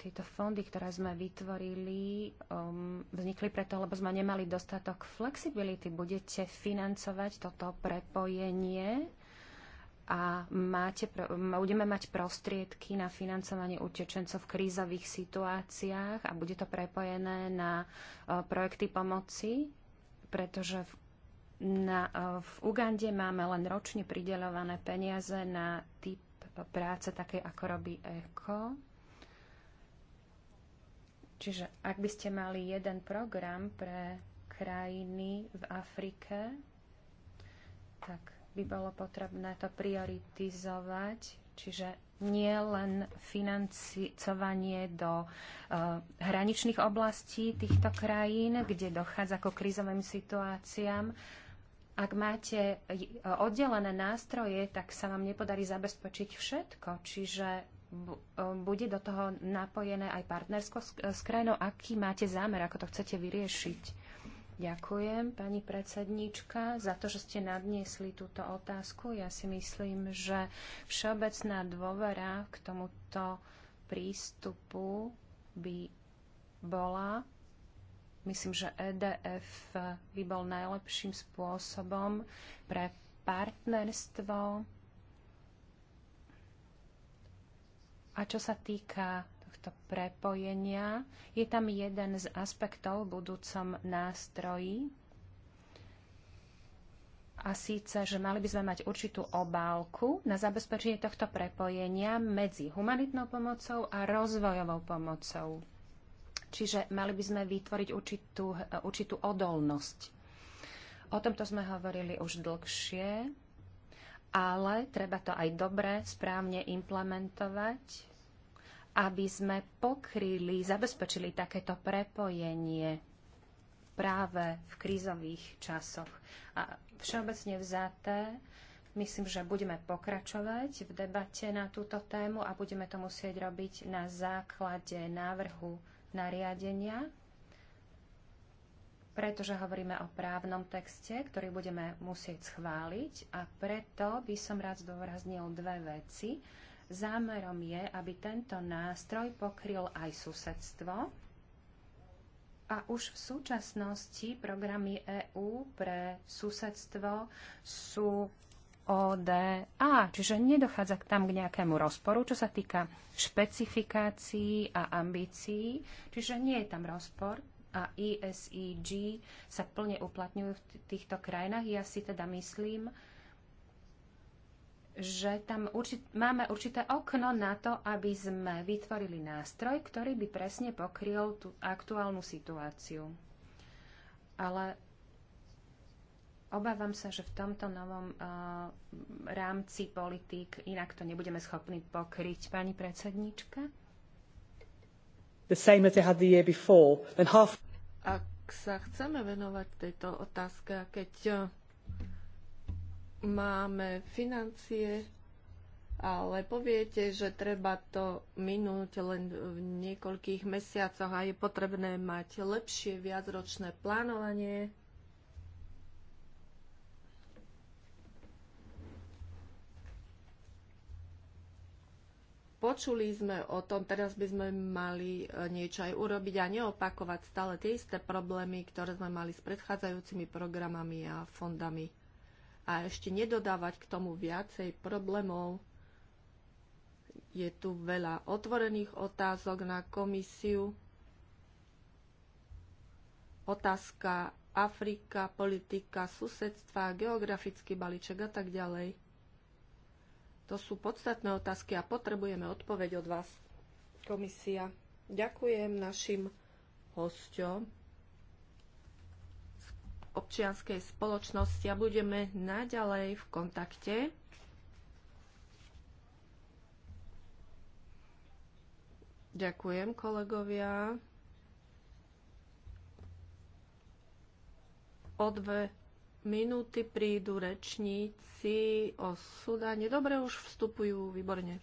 tieto fondy, ktoré sme vytvorili, um, vznikli preto, lebo sme nemali dostatok flexibility. Budete financovať toto prepojenie a máte, budeme mať prostriedky na financovanie utečencov v krízových situáciách a bude to prepojené na e, projekty pomoci, pretože v, na, e, v Ugande máme len ročne prideľované peniaze na typ práce také, ako robí ECO. Čiže ak by ste mali jeden program pre krajiny v Afrike, tak by bolo potrebné to prioritizovať, čiže nie len financovanie do uh, hraničných oblastí týchto krajín, kde dochádza ako krízovým situáciám. Ak máte eh, oddelené nástroje, tak sa vám nepodarí zabezpečiť všetko, čiže eh, bude do toho napojené aj partnersko s krajinou, aký máte zámer, ako to chcete vyriešiť. Ďakujem, pani predsedníčka, za to, že ste nadniesli túto otázku. Ja si myslím, že všeobecná dôvera k tomuto prístupu by bola, myslím, že EDF by bol najlepším spôsobom pre partnerstvo. A čo sa týka tohto prepojenia. Je tam jeden z aspektov v budúcom nástroji, a síce, že mali by sme mať určitú obálku na zabezpečenie tohto prepojenia medzi humanitnou pomocou a rozvojovou pomocou. Čiže mali by sme vytvoriť určitú, určitú odolnosť. O tomto sme hovorili už dlhšie, ale treba to aj dobre, správne implementovať aby sme pokryli, zabezpečili takéto prepojenie práve v krízových časoch. A všeobecne vzaté, myslím, že budeme pokračovať v debate na túto tému a budeme to musieť robiť na základe návrhu nariadenia, pretože hovoríme o právnom texte, ktorý budeme musieť schváliť a preto by som rád zdôraznil dve veci. Zámerom je, aby tento nástroj pokryl aj susedstvo a už v súčasnosti programy EÚ pre susedstvo sú ODA, čiže nedochádza k tam k nejakému rozporu, čo sa týka špecifikácií a ambícií, čiže nie je tam rozpor a ESEG sa plne uplatňujú v týchto krajinách. Ja si teda myslím, že tam určit, máme určité okno na to, aby sme vytvorili nástroj, ktorý by presne pokryl tú aktuálnu situáciu. Ale obávam sa, že v tomto novom uh, rámci politík inak to nebudeme schopní pokryť, pani predsednička. The same as they had the year before. Then half... Ak sa chceme venovať tejto otázke, keď eh, máme financie, ale poviete, že treba to minúť len v niekoľkých mesiacoch a je potrebné mať lepšie viacročné plánovanie. Počuli sme o tom, teraz by sme mali eh, niečo aj urobiť a neopakovať stále tie isté problémy, ktoré sme mali s predchádzajúcimi programami a fondami a ešte nedodávať k tomu viacej problémov. Je tu veľa otvorených otázok na komisiu. Otázka Afrika, politika, susedstva, geografický balíček a tak ďalej. To sú podstatné otázky a potrebujeme odpoveď od vás, komisia. Ďakujem našim hosťom občianskej spoločnosti a budeme naďalej v kontakte. Ďakujem, kolegovia. O dve minúty prídu rečníci o Sudáne. Dobre, už vstupujú, výborne.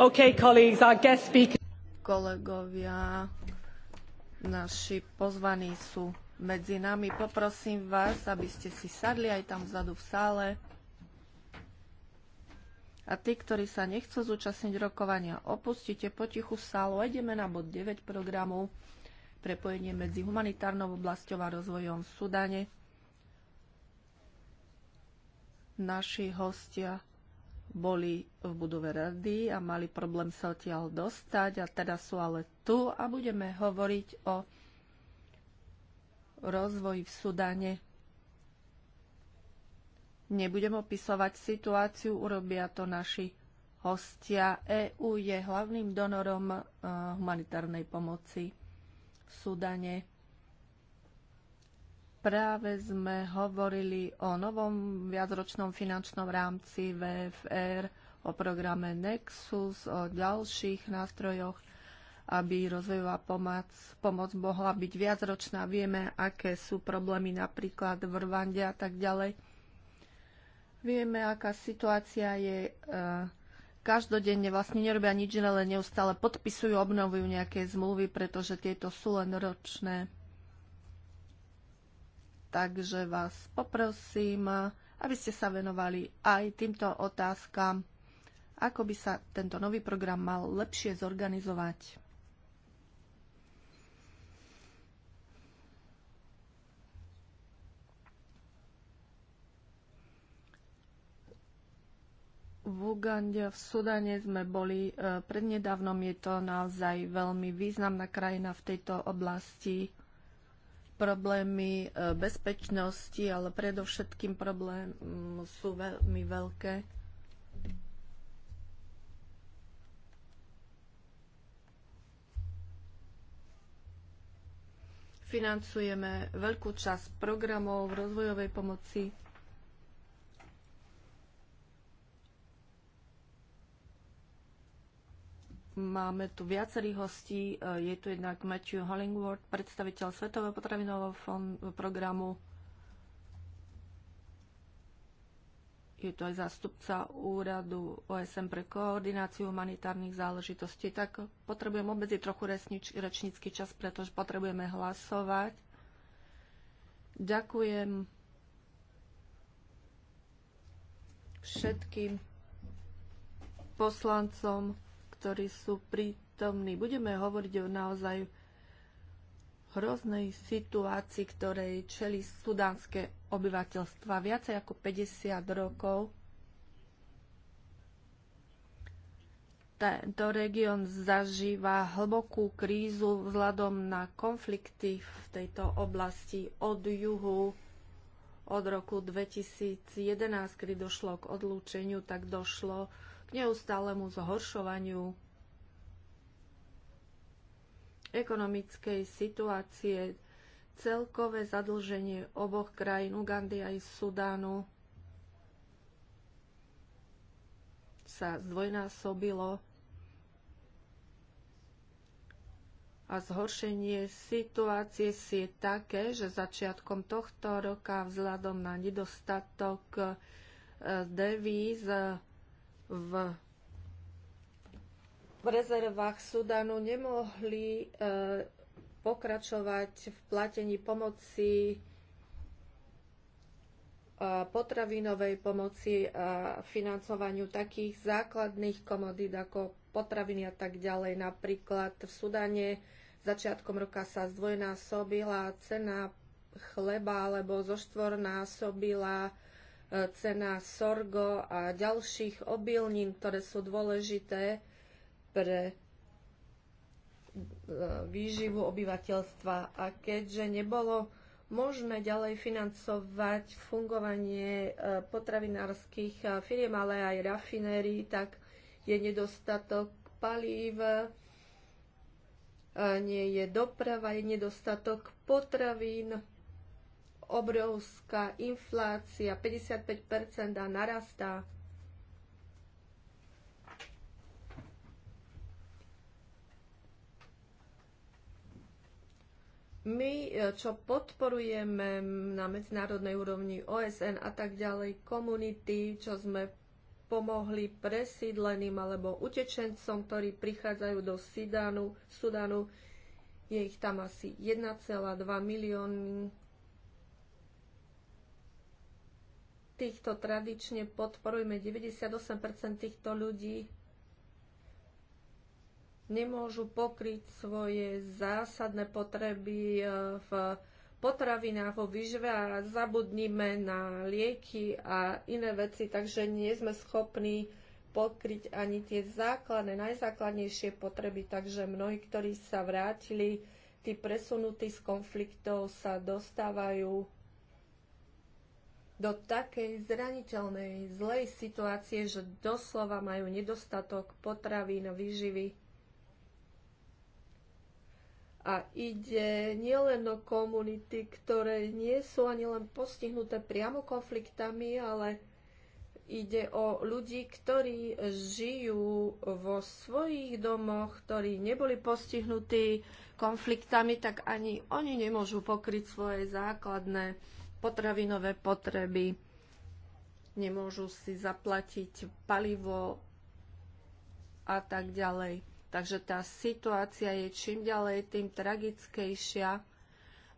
Okay, colleagues, our guest speaker... Kolegovia, naši pozvaní sú medzi nami. Poprosím vás, aby ste si sadli aj tam vzadu v sále. A tí, ktorí sa nechcú zúčastniť rokovania, opustite potichu sálu. Ideme na bod 9 programu prepojenie medzi humanitárnou oblasťou a rozvojom v Sudane. Naši hostia boli v budove rady a mali problém sa odtiaľ dostať a teraz sú ale tu a budeme hovoriť o rozvoji v Sudane. Nebudem opisovať situáciu, urobia to naši hostia. EÚ je hlavným donorom eh, humanitárnej pomoci v Sudane. Práve sme hovorili o novom viacročnom finančnom rámci VFR, o programe Nexus, o ďalších nástrojoch, aby rozvojová pomoc, pomoc mohla byť viacročná. Vieme, aké sú problémy napríklad v Rwande a tak ďalej. Vieme, aká situácia je. E, každodenne vlastne nerobia nič ale len neustále podpisujú, obnovujú nejaké zmluvy, pretože tieto sú len ročné Takže vás poprosím, aby ste sa venovali aj týmto otázkam, ako by sa tento nový program mal lepšie zorganizovať. v Ugande, v Sudane sme boli e, prednedávnom. Je to naozaj veľmi významná krajina v tejto oblasti problémy e, bezpečnosti, ale predovšetkým problém mm, sú veľmi veľké. Financujeme veľkú časť programov v rozvojovej pomoci Máme tu viacerých hostí. E, je tu jednak Matthew Hollingworth, predstaviteľ Svetového potravinového programu. Je tu aj zástupca úradu OSM pre koordináciu humanitárnych záležitostí. Tak potrebujem obmedziť trochu resnič, rečnícky čas, pretože potrebujeme hlasovať. Ďakujem všetkým poslancom ktorí sú prítomní. Budeme hovoriť o naozaj hroznej situácii, ktorej čeli sudánske obyvateľstva viacej ako 50 rokov. Tento región zažíva hlbokú krízu vzhľadom na konflikty v tejto oblasti od juhu od roku 2011, kedy došlo k odlúčeniu, tak došlo neustálemu zhoršovaniu ekonomickej situácie. Celkové zadlženie oboch krajín Ugandy aj Sudánu sa zdvojnásobilo a zhoršenie situácie si je také, že začiatkom tohto roka vzhľadom na nedostatok eh, devíz v v rezervách Sudanu nemohli e, pokračovať v platení pomoci e, potravinovej pomoci a financovaniu takých základných komodít ako potraviny a tak ďalej. Napríklad v Sudane začiatkom roka sa zdvojnásobila cena chleba alebo zoštvornásobila cena sorgo a ďalších obilnín, ktoré sú dôležité pre e, výživu obyvateľstva. A keďže nebolo možné ďalej financovať fungovanie e, potravinárskych e, firiem, ale aj rafinérií, tak je nedostatok palív, nie je doprava, je nedostatok potravín, obrovská inflácia, 55% a narastá. My, e, čo podporujeme na medzinárodnej úrovni OSN a tak ďalej, komunity, čo sme pomohli presídleným alebo utečencom, ktorí prichádzajú do Sudanu. je ich tam asi 1,2 milióny týchto tradične podporujeme. 98% týchto ľudí nemôžu pokryť svoje zásadné potreby eh, v potravinách, vo výžve a zabudnime na lieky a iné veci, takže nie sme schopní pokryť ani tie základné, najzákladnejšie potreby. Takže mnohí, ktorí sa vrátili, tí presunutí z konfliktov sa dostávajú do takej zraniteľnej, zlej situácie, že doslova majú nedostatok potravín, výživy. A ide nielen o komunity, ktoré nie sú ani len postihnuté priamo konfliktami, ale ide o ľudí, ktorí žijú vo svojich domoch, ktorí neboli postihnutí konfliktami, tak ani oni nemôžu pokryť svoje základné potravinové potreby, nemôžu si zaplatiť palivo a tak ďalej. Takže tá situácia je čím ďalej tým tragickejšia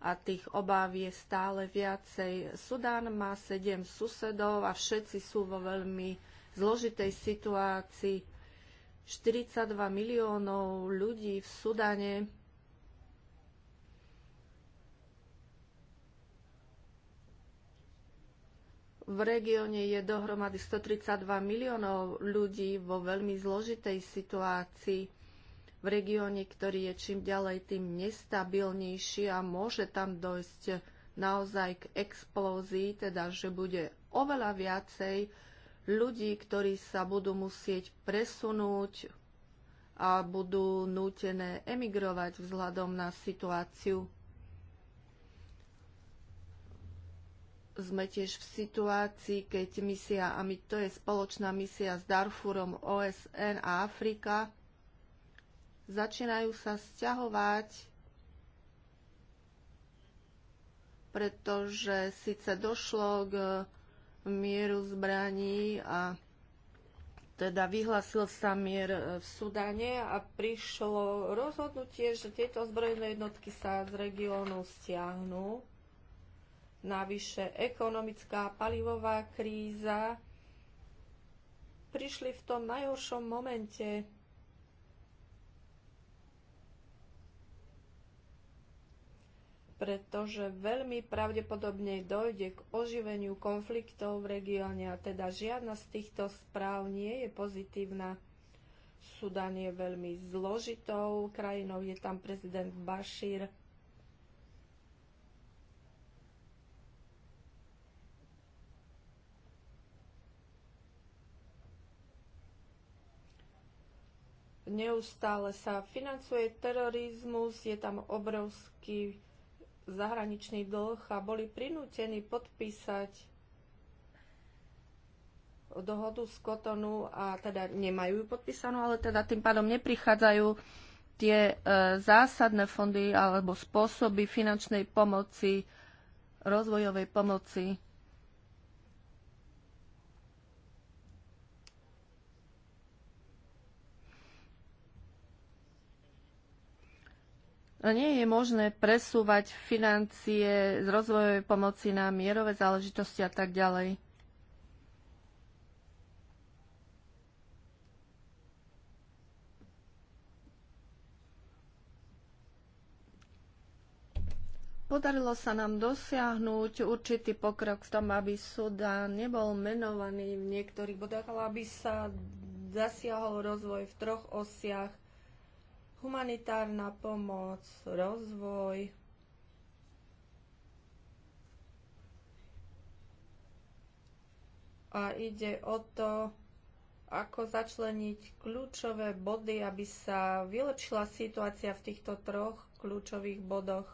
a tých obáv je stále viacej. Sudán má sedem susedov a všetci sú vo veľmi zložitej situácii. 42 miliónov ľudí v Sudane V regióne je dohromady 132 miliónov ľudí vo veľmi zložitej situácii. V regióne, ktorý je čím ďalej tým nestabilnejší a môže tam dojsť naozaj k explózii, teda že bude oveľa viacej ľudí, ktorí sa budú musieť presunúť a budú nútené emigrovať vzhľadom na situáciu. sme tiež v situácii, keď misia, a my, to je spoločná misia s Darfurom, OSN a Afrika, začínajú sa sťahovať, pretože síce došlo k mieru zbraní a teda vyhlásil sa mier e, v Sudane a prišlo rozhodnutie, že tieto zbrojné jednotky sa z regiónu stiahnu Navyše ekonomická palivová kríza prišli v tom najhoršom momente. pretože veľmi pravdepodobne dojde k oživeniu konfliktov v regióne a teda žiadna z týchto správ nie je pozitívna. Sudan je veľmi zložitou krajinou, je tam prezident Bashir, neustále sa financuje terorizmus, je tam obrovský zahraničný dlh a boli prinútení podpísať dohodu z Kotonu a teda nemajú ju podpísanú, ale teda tým pádom neprichádzajú tie e, zásadné fondy alebo spôsoby finančnej pomoci, rozvojovej pomoci nie je možné presúvať financie z rozvojovej pomoci na mierové záležitosti a tak ďalej. Podarilo sa nám dosiahnuť určitý pokrok v tom, aby Sudán nebol menovaný v niektorých bodoch, ale aby sa zasiahol rozvoj v troch osiach humanitárna pomoc, rozvoj, a ide o to, ako začleniť kľúčové body, aby sa vylepšila situácia v týchto troch kľúčových bodoch.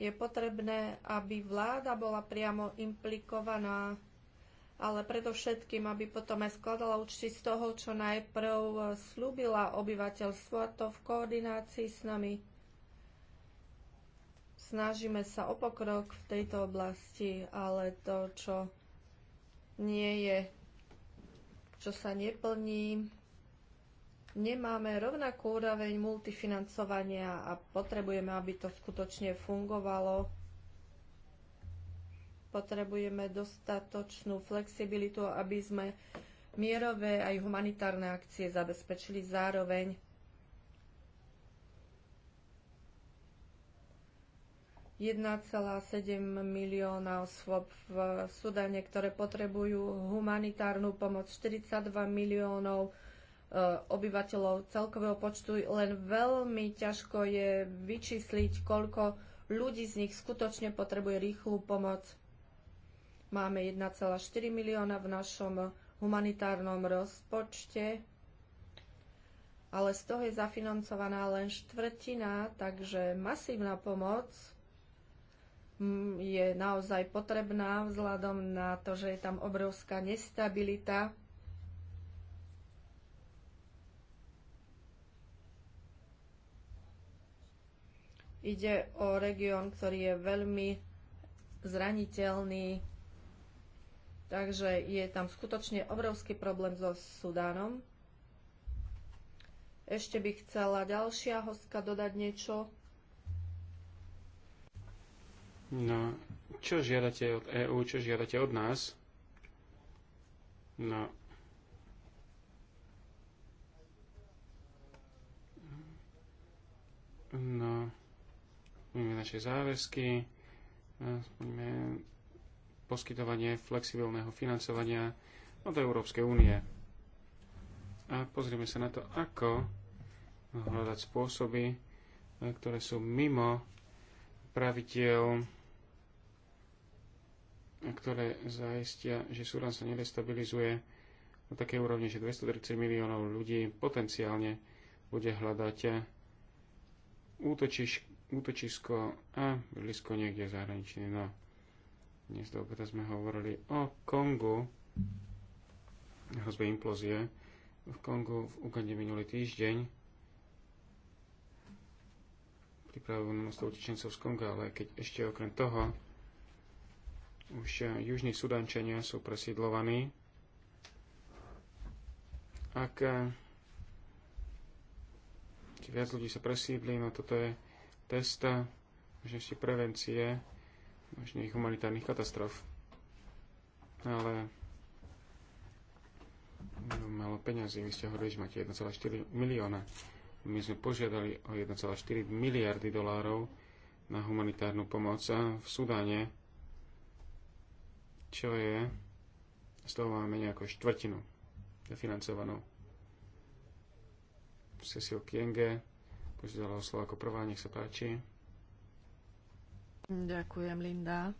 Je potrebné, aby vláda bola priamo implikovaná ale predovšetkým, aby potom aj skladala účty z toho, čo najprv e, slúbila obyvateľstvo a to v koordinácii s nami. Snažíme sa o pokrok v tejto oblasti, ale to, čo nie je, čo sa neplní, nemáme rovnakú úroveň multifinancovania a potrebujeme, aby to skutočne fungovalo Potrebujeme dostatočnú flexibilitu, aby sme mierové aj humanitárne akcie zabezpečili zároveň. 1,7 milióna osôb v Sudane, ktoré potrebujú humanitárnu pomoc, 42 miliónov e, obyvateľov celkového počtu. Len veľmi ťažko je vyčísliť, koľko ľudí z nich skutočne potrebuje rýchlu pomoc. Máme 1,4 milióna v našom humanitárnom rozpočte, ale z toho je zafinancovaná len štvrtina, takže masívna pomoc mm, je naozaj potrebná vzhľadom na to, že je tam obrovská nestabilita. Ide o región, ktorý je veľmi zraniteľný Takže je tam skutočne obrovský problém so Sudánom. Ešte by chcela ďalšia hostka dodať niečo. No, čo žiadate od EÚ, čo žiadate od nás? No, no, máme naše záväzky, spomíme poskytovanie flexibilného financovania od Európskej únie. A pozrieme sa na to, ako hľadať spôsoby, ktoré sú mimo pravidel, ktoré zaistia, že Súdan sa nedestabilizuje na také úrovni, že 230 miliónov ľudí potenciálne bude hľadať útočiš, útočisko a blízko niekde zahraničné. No. Dnes do obeda sme hovorili o Kongu, hrozbe implozie. V Kongu v Ugande minulý týždeň pripravujú množstvo utečencov z Konga, ale keď ešte okrem toho už južní Sudančania sú presídlovaní. Ak eh, viac ľudí sa presídli, no toto je testa možnosti prevencie vážnych humanitárnych katastrof. Ale no, malo peňazí, vy ste hovorili, že máte 1,4 milióna. My sme požiadali o 1,4 miliardy dolárov na humanitárnu pomoc v Sudáne, čo je z toho máme nejakú štvrtinu financovanú. Cecil Kienge požiadala o slovo ako prvá, nech sa páči. Ďakujem, Linda.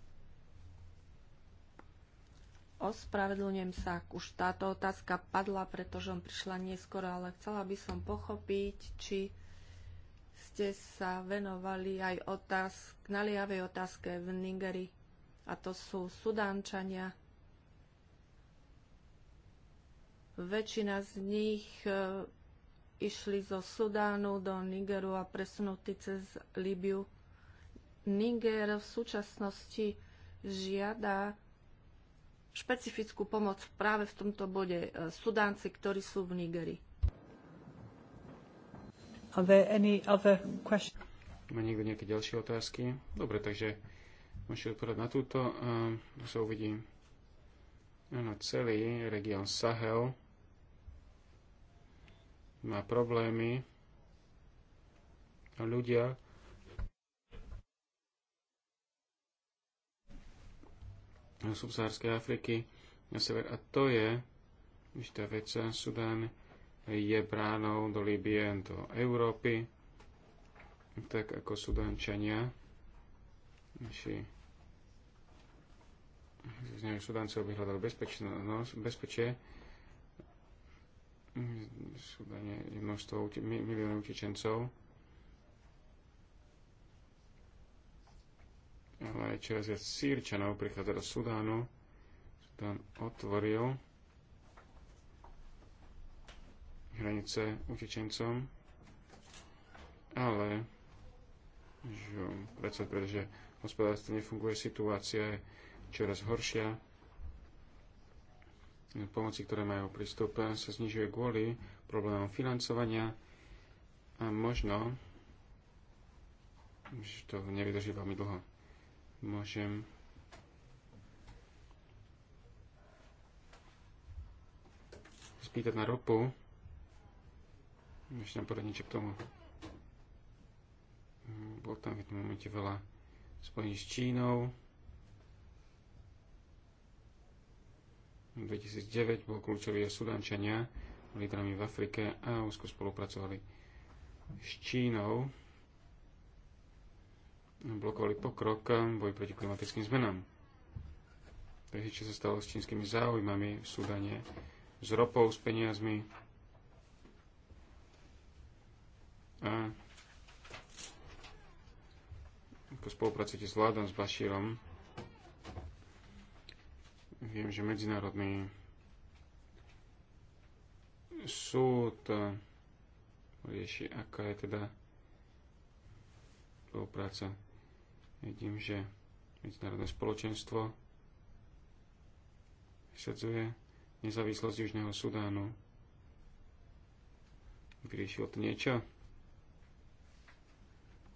Ospravedlňujem sa, už táto otázka padla, pretože on prišla neskoro, ale chcela by som pochopiť, či ste sa venovali aj otázk, naliavej otázke v Nigeri, a to sú Sudánčania. Väčšina z nich e, išli zo Sudánu do Nigeru a presunutí cez Libiu Niger v súčasnosti žiada špecifickú pomoc práve v tomto bode e, Sudánci, ktorí sú v Nigeri. Are there any other questions? Má niekto nejaké ďalšie otázky? Dobre, takže môžete odpovedať na túto. Uh, sa uvidí na celý región Sahel má problémy. A ľudia subsahárskej Afriky na sever. A to je, že tá vec, Sudán je bránou do Líbie, do Európy, tak ako Sudánčania naši z nej Sudáncov by hľadali no, bezpečie. V je množstvo miliónov utečencov ale aj čoraz viac sírčanov prichádza do Sudánu. Sudán otvoril hranice utečencom, ale že predsa, pretože hospodárstvo nefunguje, situácia je čoraz horšia. Pomoci, ktoré majú prístup, sa znižuje kvôli problémom financovania a možno že to nevydrží veľmi dlho môžem spýtať na ropu. Ešte nám povedať niečo k tomu. Hm, bol tam v jednom momente veľa spojení s Čínou. 2009 bol kľúčový Sudančania, lídrami v Afrike a úzko spolupracovali s Čínou blokovali pokrok v eh, boji proti klimatickým zmenám. Takže čo sa stalo s čínskymi záujmami v Sudane, s ropou, s peniazmi a ako spolupracujete s vládom, s Bašírom, viem, že medzinárodný súd rieši, aká je teda spolupráca Vidím, že medzinárodné spoločenstvo vysadzuje nezávislosť Južného Sudánu. Vyriešilo to niečo?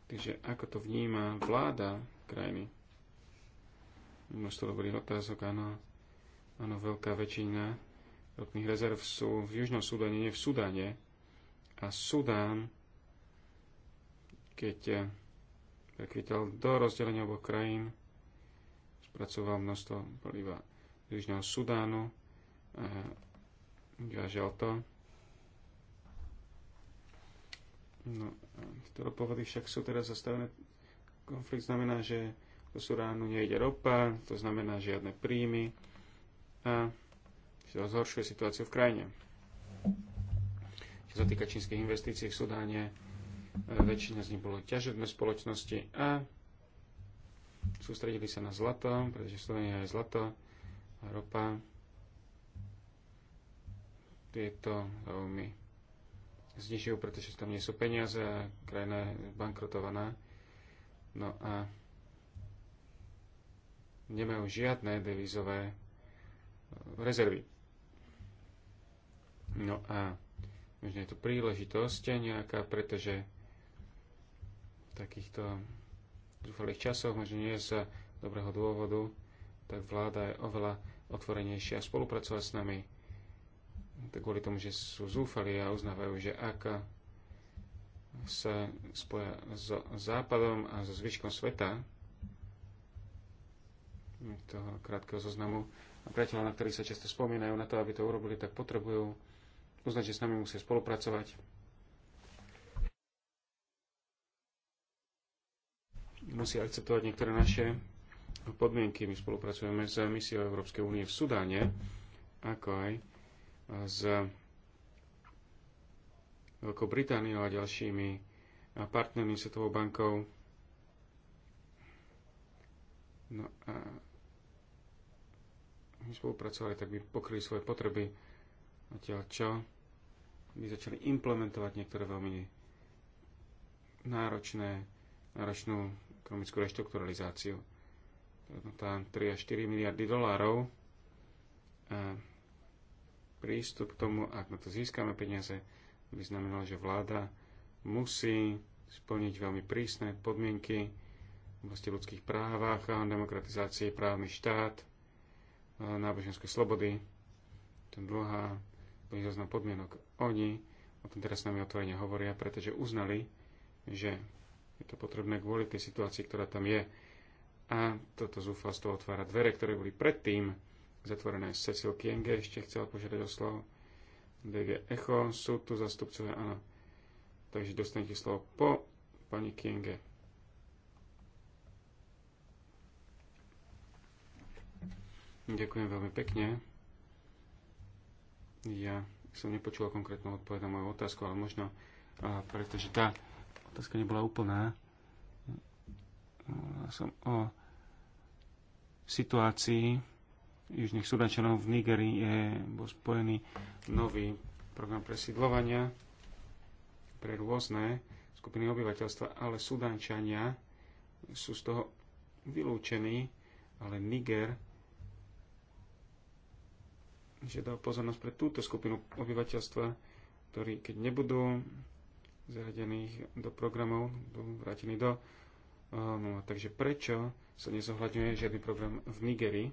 Takže ako to vníma vláda krajiny? Množstvo dobrých otázok, áno. Áno, veľká väčšina ropných rezerv sú v Južnom Sudáne, nie v Sudáne. A Sudán, keď prekvital do rozdelenia oboch krajín, spracoval množstvo paliva z Južného Sudánu, a eh, vyvážal to. No, eh, tieto povody však sú teraz zastavené. Konflikt znamená, že do Sudánu nejde ropa, to znamená žiadne príjmy a to zhoršuje situáciu v krajine. Čo sa týka čínskych investícií v Sudáne, väčšina z nich boli ťažobné spoločnosti a sústredili sa na zlato, pretože Slovenia je zlato, a ropa. Tieto veľmi znižujú, pretože tam nie sú peniaze a krajina je bankrotovaná. No a nemajú žiadne devizové rezervy. No a možno je tu príležitosť nejaká, pretože takýchto zúfalých časoch, možno nie z dobrého dôvodu, tak vláda je oveľa otvorenejšia spolupracovať s nami. Tak kvôli tomu, že sú zúfali a uznávajú, že ak sa spoja s Západom a so zvyškom sveta, toho krátkeho zoznamu a priateľa, na ktorých sa často spomínajú na to, aby to urobili, tak potrebujú uznať, že s nami musia spolupracovať musí akceptovať niektoré naše podmienky. My spolupracujeme s misiou Európskej únie v Sudáne, ako aj s Veľkou Britániou a ďalšími partnermi Svetovou bankou. No a my spolupracovali, tak by pokryli svoje potreby. Zatiaľ čo? By začali implementovať niektoré veľmi náročné, náročnú ekonomickú reštrukturalizáciu. Tam 3 až 4 miliardy dolárov. A prístup k tomu, ak na to získame peniaze, by znamenalo, že vláda musí splniť veľmi prísne podmienky v oblasti ľudských právach a demokratizácie, právny štát, náboženské slobody. To je dlhá zoznam podmienok. Oni o tom teraz s nami otvorene hovoria, pretože uznali, že je to potrebné kvôli tej situácii, ktorá tam je. A toto zúfalstvo otvára dvere, ktoré boli predtým zatvorené. Cecil Kienge ešte chcel požiadať o slovo. DG Echo, sú tu zastupcovia, áno. Takže dostanete slovo po pani Kienge. Ďakujem veľmi pekne. Ja som nepočul konkrétnu odpoveď na moju otázku, ale možno, pretože tá otázka nebola úplná. Som o situácii južných sudančanov v Nigerii je, bol spojený nový program presídlovania pre rôzne skupiny obyvateľstva, ale súdančania sú z toho vylúčení, ale Niger že dal pozornosť pre túto skupinu obyvateľstva, ktorí keď nebudú zaradených do programov, bol vrátený do. No, takže prečo sa nezohľadňuje žiadny program v Nigerii?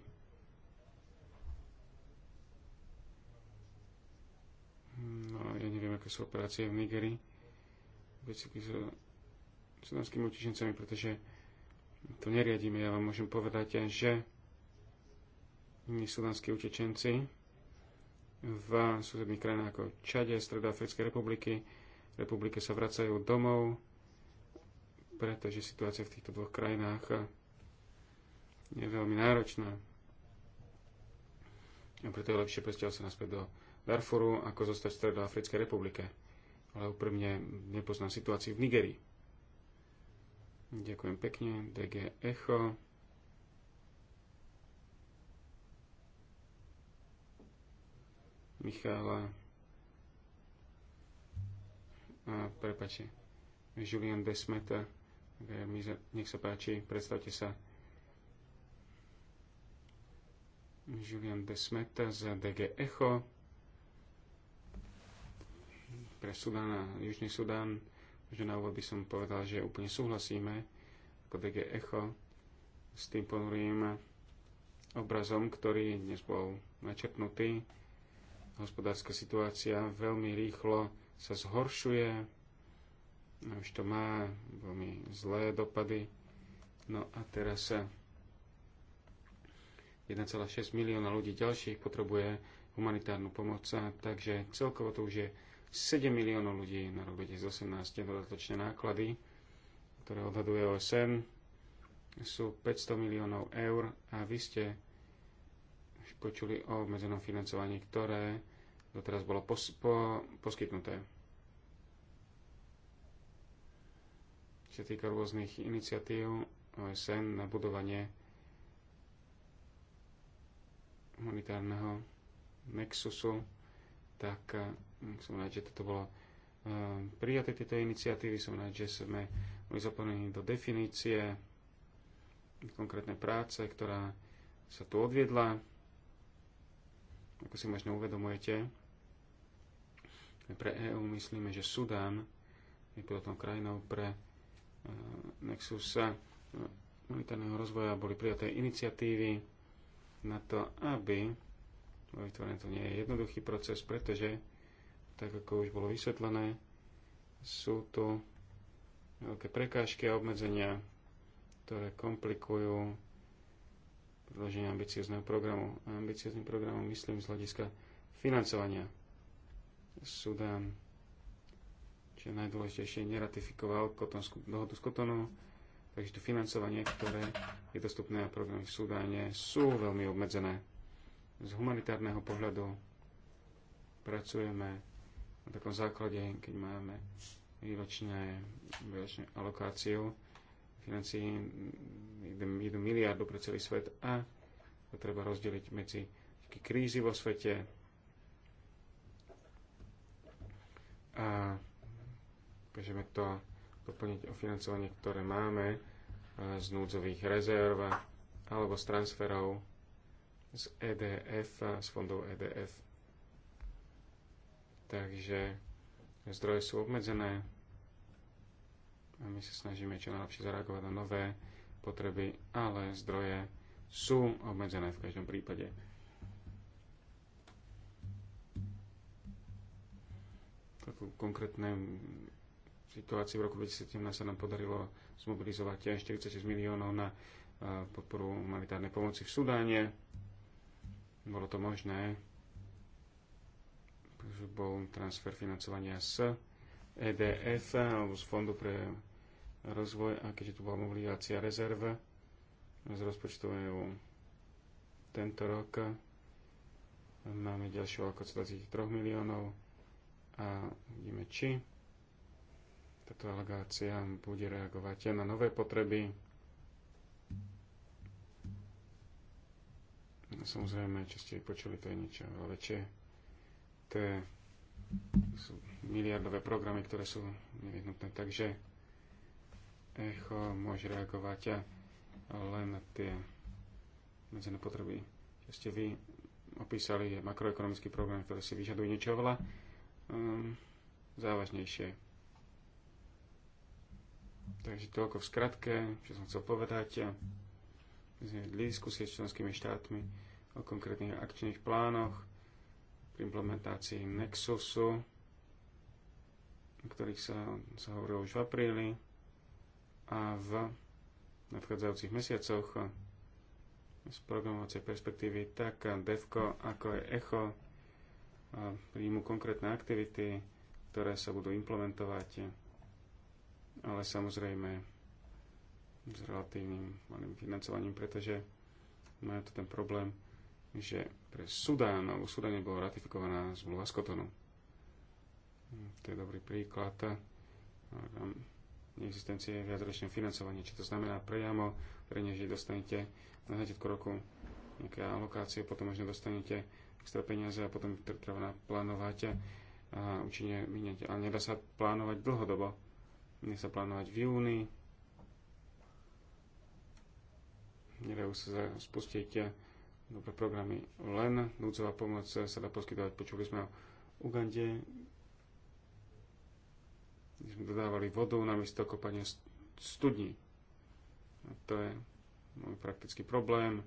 No, ja neviem, aké sú operácie v Nigerii. Veci s sudanskými utečencami, pretože to neriadíme. Ja vám môžem povedať, že sudanskí utečenci v susedných krajinách ako Čade, Stredoafrickej republiky, republike sa vracajú domov, pretože situácia v týchto dvoch krajinách je veľmi náročná. A preto je lepšie presťahovať sa naspäť do Darfuru, ako zostať v Stredoafrickej republike. Ale úprimne nepoznám situáciu v Nigerii. Ďakujem pekne. DG Echo. Michála prepačte, Julian Desmeta, e, nech sa páči, predstavte sa. Julian Desmeta za DG Echo pre Sudán a Južný Sudán. Že na úvod by som povedal, že úplne súhlasíme ako DG Echo s tým ponurým obrazom, ktorý dnes bol načrtnutý. Hospodárska situácia veľmi rýchlo sa zhoršuje, už to má veľmi zlé dopady. No a teraz 1,6 milióna ľudí ďalších potrebuje humanitárnu pomoc, takže celkovo to už je 7 miliónov ľudí na rok 2018 dodatočné náklady, ktoré odhaduje OSN, sú 500 miliónov eur a vy ste už počuli o medzenom financovaní, ktoré doteraz bolo pos, po, poskytnuté. Čo sa týka rôznych iniciatív OSN na budovanie humanitárneho nexusu, tak eh, som rád, že toto bolo eh, prijaté tieto iniciatívy. Som rád, že sme boli zaplnení do definície konkrétnej práce, ktorá sa tu odviedla. Ako si možno uvedomujete, my pre EÚ myslíme, že Sudán je pilotnou krajinou pre e, Nexus e, humanitárneho rozvoja boli prijaté iniciatívy na to, aby bolo vytvorené to nie je jednoduchý proces, pretože tak ako už bolo vysvetlené, sú tu veľké prekážky a obmedzenia, ktoré komplikujú predloženie ambiciozného programu. A ambiciozným programom myslím z hľadiska financovania. Sudán, čo je najdôležitejšie, neratifikoval kotonskú, dohodu z Kotonu, takže to financovanie, ktoré je dostupné na programy v Sudáne, sú veľmi obmedzené. Z humanitárneho pohľadu pracujeme na takom základe, keď máme výročné, výročné alokáciu financí 1 miliardu pre celý svet a to treba rozdeliť medzi krízy vo svete, a môžeme to doplniť o financovanie, ktoré máme e, z núdzových rezerv alebo z transferov z EDF, z fondov EDF. Takže zdroje sú obmedzené a my sa snažíme čo najlepšie zareagovať na nové potreby, ale zdroje sú obmedzené v každom prípade. konkrétne situácii v roku 2017 sa nám podarilo zmobilizovať 46 miliónov na podporu humanitárnej pomoci v Sudáne. Bolo to možné, že bol transfer financovania z EDF alebo z Fondu pre rozvoj a keďže tu bola mobilizácia rezerv z rozpočtu EU tento rok máme ďalšiu alokáciu 23 miliónov a uvidíme, či táto delegácia bude reagovať na nové potreby. No, samozrejme, čo ste počuli, to je niečo veľa väčšie. To je, sú miliardové programy, ktoré sú nevyhnutné, takže echo môže reagovať len na tie medzené potreby, čo ste vy opísali, je makroekonomický program, ktorý si vyžaduje niečo veľa um, závažnejšie. Takže toľko v skratke, čo som chcel povedať. My sme vedli diskusie s členskými štátmi o konkrétnych akčných plánoch pri implementácii Nexusu, o ktorých sa, sa hovorilo už v apríli a v nadchádzajúcich mesiacoch z programovacej perspektívy tak DEVKO ako je ECHO príjmu konkrétne aktivity, ktoré sa budú implementovať, ale samozrejme s relatívnym malým financovaním, pretože majú tu ten problém, že pre Sudán, alebo Sudáne bola ratifikovaná zmluva z Kotonu. To je dobrý príklad neexistencie viacročného financovania, či to znamená priamo, pre že dostanete na začiatku roku nejaké alokácie, potom možno dostanete extra peniaze a potom na plánovať a účinne miniať Ale nedá sa plánovať dlhodobo. Nedá sa plánovať v júni. Nedajú sa spustiť e, dobré programy len. Núdzová pomoc sa dá poskytovať. Počuli sme o Ugande, kde sme dodávali vodu namiesto kopania studní. A to je môj praktický problém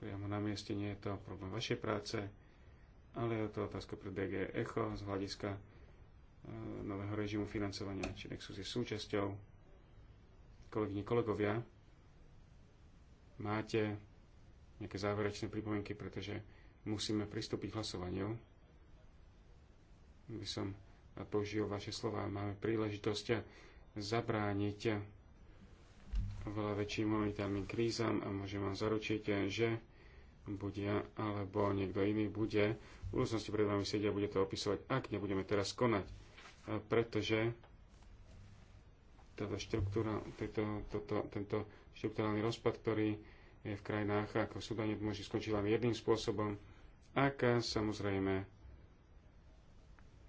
priamo na mieste, nie je to problém vašej práce, ale je to otázka pre DG ECHO z hľadiska e, nového režimu financovania. Či Nexus je súčasťou. Kolegyne, kolegovia, máte nejaké záverečné pripomienky, pretože musíme pristúpiť k hlasovaniu. By som použil vaše slova. Máme príležitosť zabrániť veľa väčším humanitárnym krízam a môžem vám zaručiť, že bude, alebo niekto iný bude v budúcnosti pred vami sedieť a bude to opisovať, ak nebudeme teraz konať. Pretože táto štruktúra, tejto, toto, tento štruktúrálny rozpad, ktorý je v krajinách ako v Sudane, môže skončiť len jedným spôsobom, ak samozrejme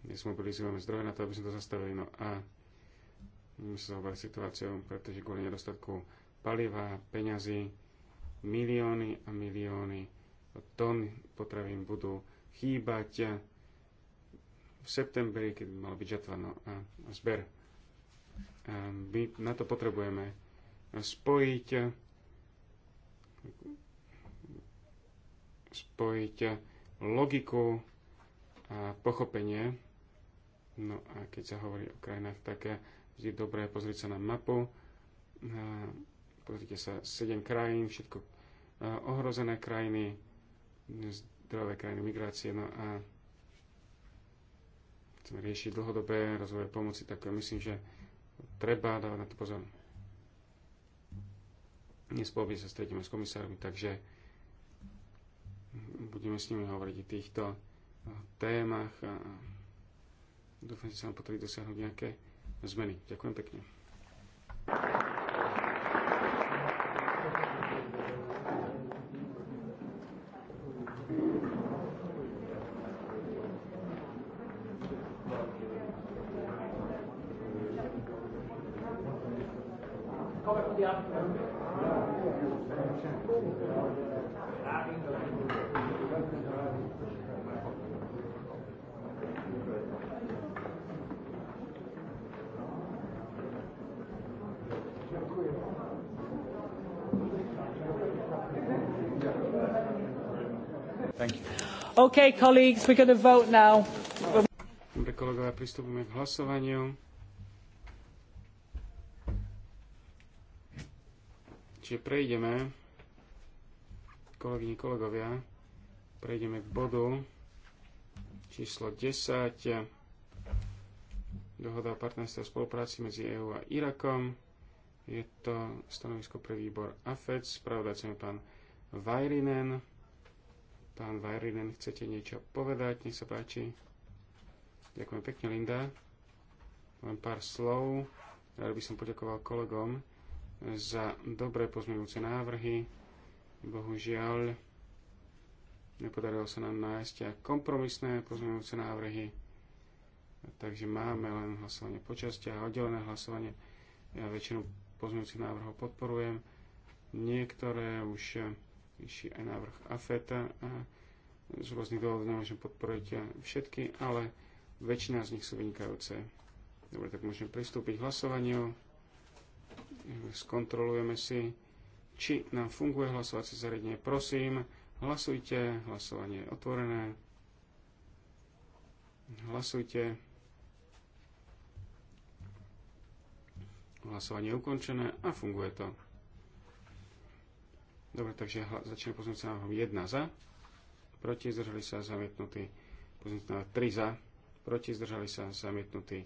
nesmobilizujeme zdroje na to, aby sme to zastavili. No a my sa zaoberáme situáciou, pretože kvôli nedostatku paliva, peňazí, milióny a milióny tón potravín budú chýbať v septembri, keď by mal byť žatva no, a, zber. A ehm, my na to potrebujeme spojiť spojiť logiku a pochopenie. No a keď sa hovorí o krajinách, tak je dobré pozrieť sa na mapu. Ehm, pozrite sa, 7 krajín, všetko eh, ohrozené krajiny, zdravé krajiny migrácie, no a chceme riešiť dlhodobé rozvoje pomoci, tak myslím, že treba dávať na to pozor. Nespolupne sa stretíme s komisármi, takže budeme s nimi hovoriť o týchto eh, témach a dúfam, že sa nám podarí dosiahnuť nejaké zmeny. Ďakujem pekne. OK, colleagues, we're going to vote now. Dobre kolegovia, pristupujeme k hlasovaniu. Čiže prejdeme kolegyne, kolegovia, prejdeme k bodu číslo 10. Dohoda o partnerstve a spolupráci medzi EÚ a Irakom. Je to stanovisko pre výbor AFED. Spravodajcem je pán Vajrinen. Pán Vajrinen, chcete niečo povedať? Nech sa páči. Ďakujem pekne, Linda. Len pár slov. Rád by som poďakoval kolegom za dobré pozmenujúce návrhy Bohužiaľ, nepodarilo sa nám nájsť kompromisné pozmeňujúce návrhy, takže máme len hlasovanie po časti a oddelené hlasovanie. Ja väčšinu pozmeňujúcich návrhov podporujem. Niektoré už vyšší aj návrh AFETA e z rôznych dôvodov nemôžem podporiť všetky, ale väčšina z nich sú vynikajúce. Dobre, tak môžem pristúpiť k hlasovaniu. Skontrolujeme si či nám funguje hlasovacie zariadenie. Prosím, hlasujte, hlasovanie je otvorené. Hlasujte. Hlasovanie je ukončené a funguje to. Dobre, takže začne pozornosť návrhom 1 za, proti zdržali sa zamietnutí, pozornosť návrh 3 za, proti zdržali sa zamietnutí,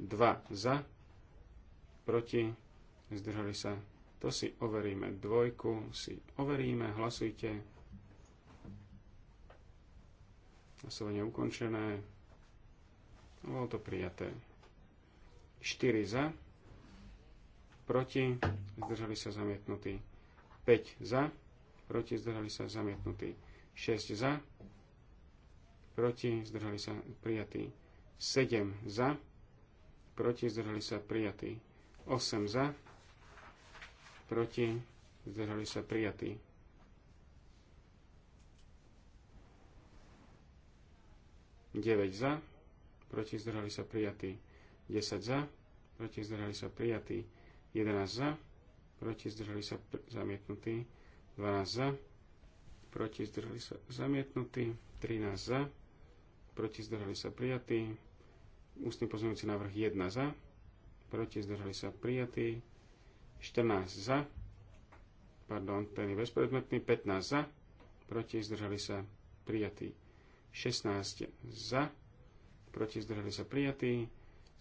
2 za, proti zdržali sa to si overíme. Dvojku si overíme. Hlasujte. Hlasovanie ukončené. Bolo to prijaté. 4 za. Proti. Zdržali sa zamietnutí. 5 za. Proti. Zdržali sa zamietnutí. 6 za. Proti. Zdržali sa prijatí. 7 za. Proti. Zdržali sa prijatí. 8 za proti, zdržali sa prijatí. Deväť za, proti zdržali sa prijatí. 10 za, proti zdržali sa prijatí. 11 za, proti zdržali sa zamietnutí. 12 za, proti zdržali sa zamietnutí. 13 za, proti zdržali sa prijatí. Ústny pozmeňujúci návrh 1 za, proti zdržali sa prijatí. 14 za, pardon, ten je bezpredmetný, 15 za, proti zdržali sa prijatí 16 za, proti zdržali sa prijatí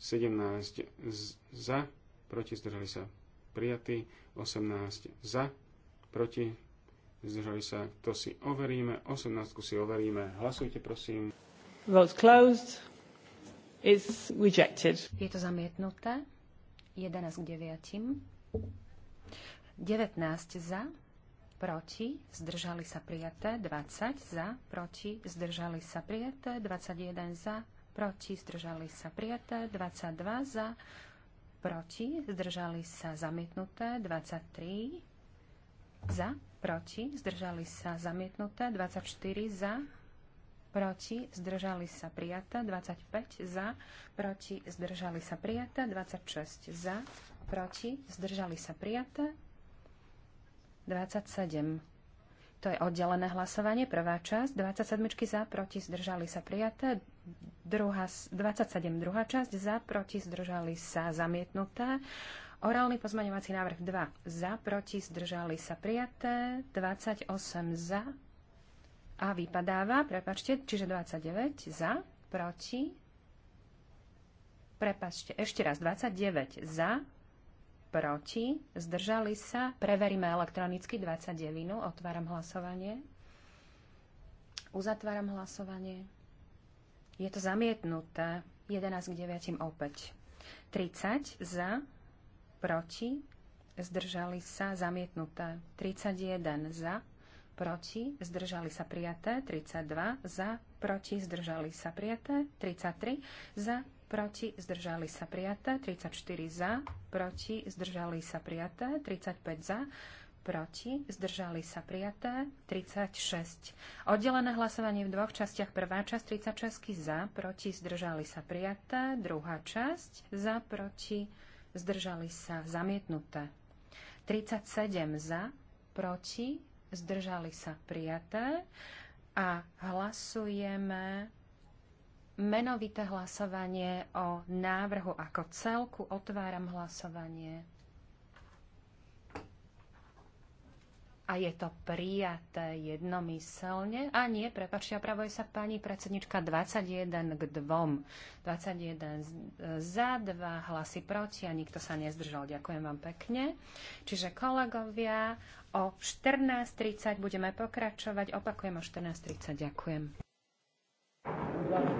17 za, proti zdržali sa prijatí 18 za, proti zdržali sa, to si overíme, 18 si overíme, hlasujte prosím. Vote closed. It's rejected. Je to zamietnuté. 11 k 9. 19 za, proti, zdržali sa prijaté, 20 za, proti, zdržali sa prijaté, 21 za, proti, zdržali sa prijaté, 22 za, proti, zdržali sa zamietnuté, 23 za, proti, zdržali sa zamietnuté, 24 za, proti, zdržali sa prijaté, 25 za, proti, zdržali sa prijaté, 26 za, proti, zdržali sa prijaté. 27. To je oddelené hlasovanie, prvá časť. 27 za, proti, zdržali sa prijaté. Druhá, 27 druhá časť, za, proti, zdržali sa zamietnuté. Orálny pozmaňovací návrh 2. Za, proti, zdržali sa prijaté. 28 za a vypadáva, prepačte, čiže 29 za, proti, prepačte, ešte raz, 29 za, proti, zdržali sa. Preveríme elektronicky 29. Otváram hlasovanie. Uzatváram hlasovanie. Je to zamietnuté. 11 k 9 opäť. 30 za, proti, zdržali sa, zamietnuté. 31 za, proti, zdržali sa prijaté. 32 za, proti, zdržali sa prijaté. 33 za, proti, zdržali sa prijaté, 34 za, proti, zdržali sa prijaté, 35 za, proti, zdržali sa prijaté, 36. Oddelené hlasovanie v dvoch častiach. Prvá časť 36 za, proti, zdržali sa prijaté, druhá časť za, proti, zdržali sa zamietnuté. 37 za, proti, zdržali sa prijaté a hlasujeme menovité hlasovanie o návrhu ako celku. Otváram hlasovanie. A je to prijaté jednomyselne. A nie, prepačte, opravuje sa pani predsednička 21 k 2. 21 za, 2 hlasy proti a nikto sa nezdržal. Ďakujem vám pekne. Čiže kolegovia, o 14.30 budeme pokračovať. Opakujem o 14.30. Ďakujem.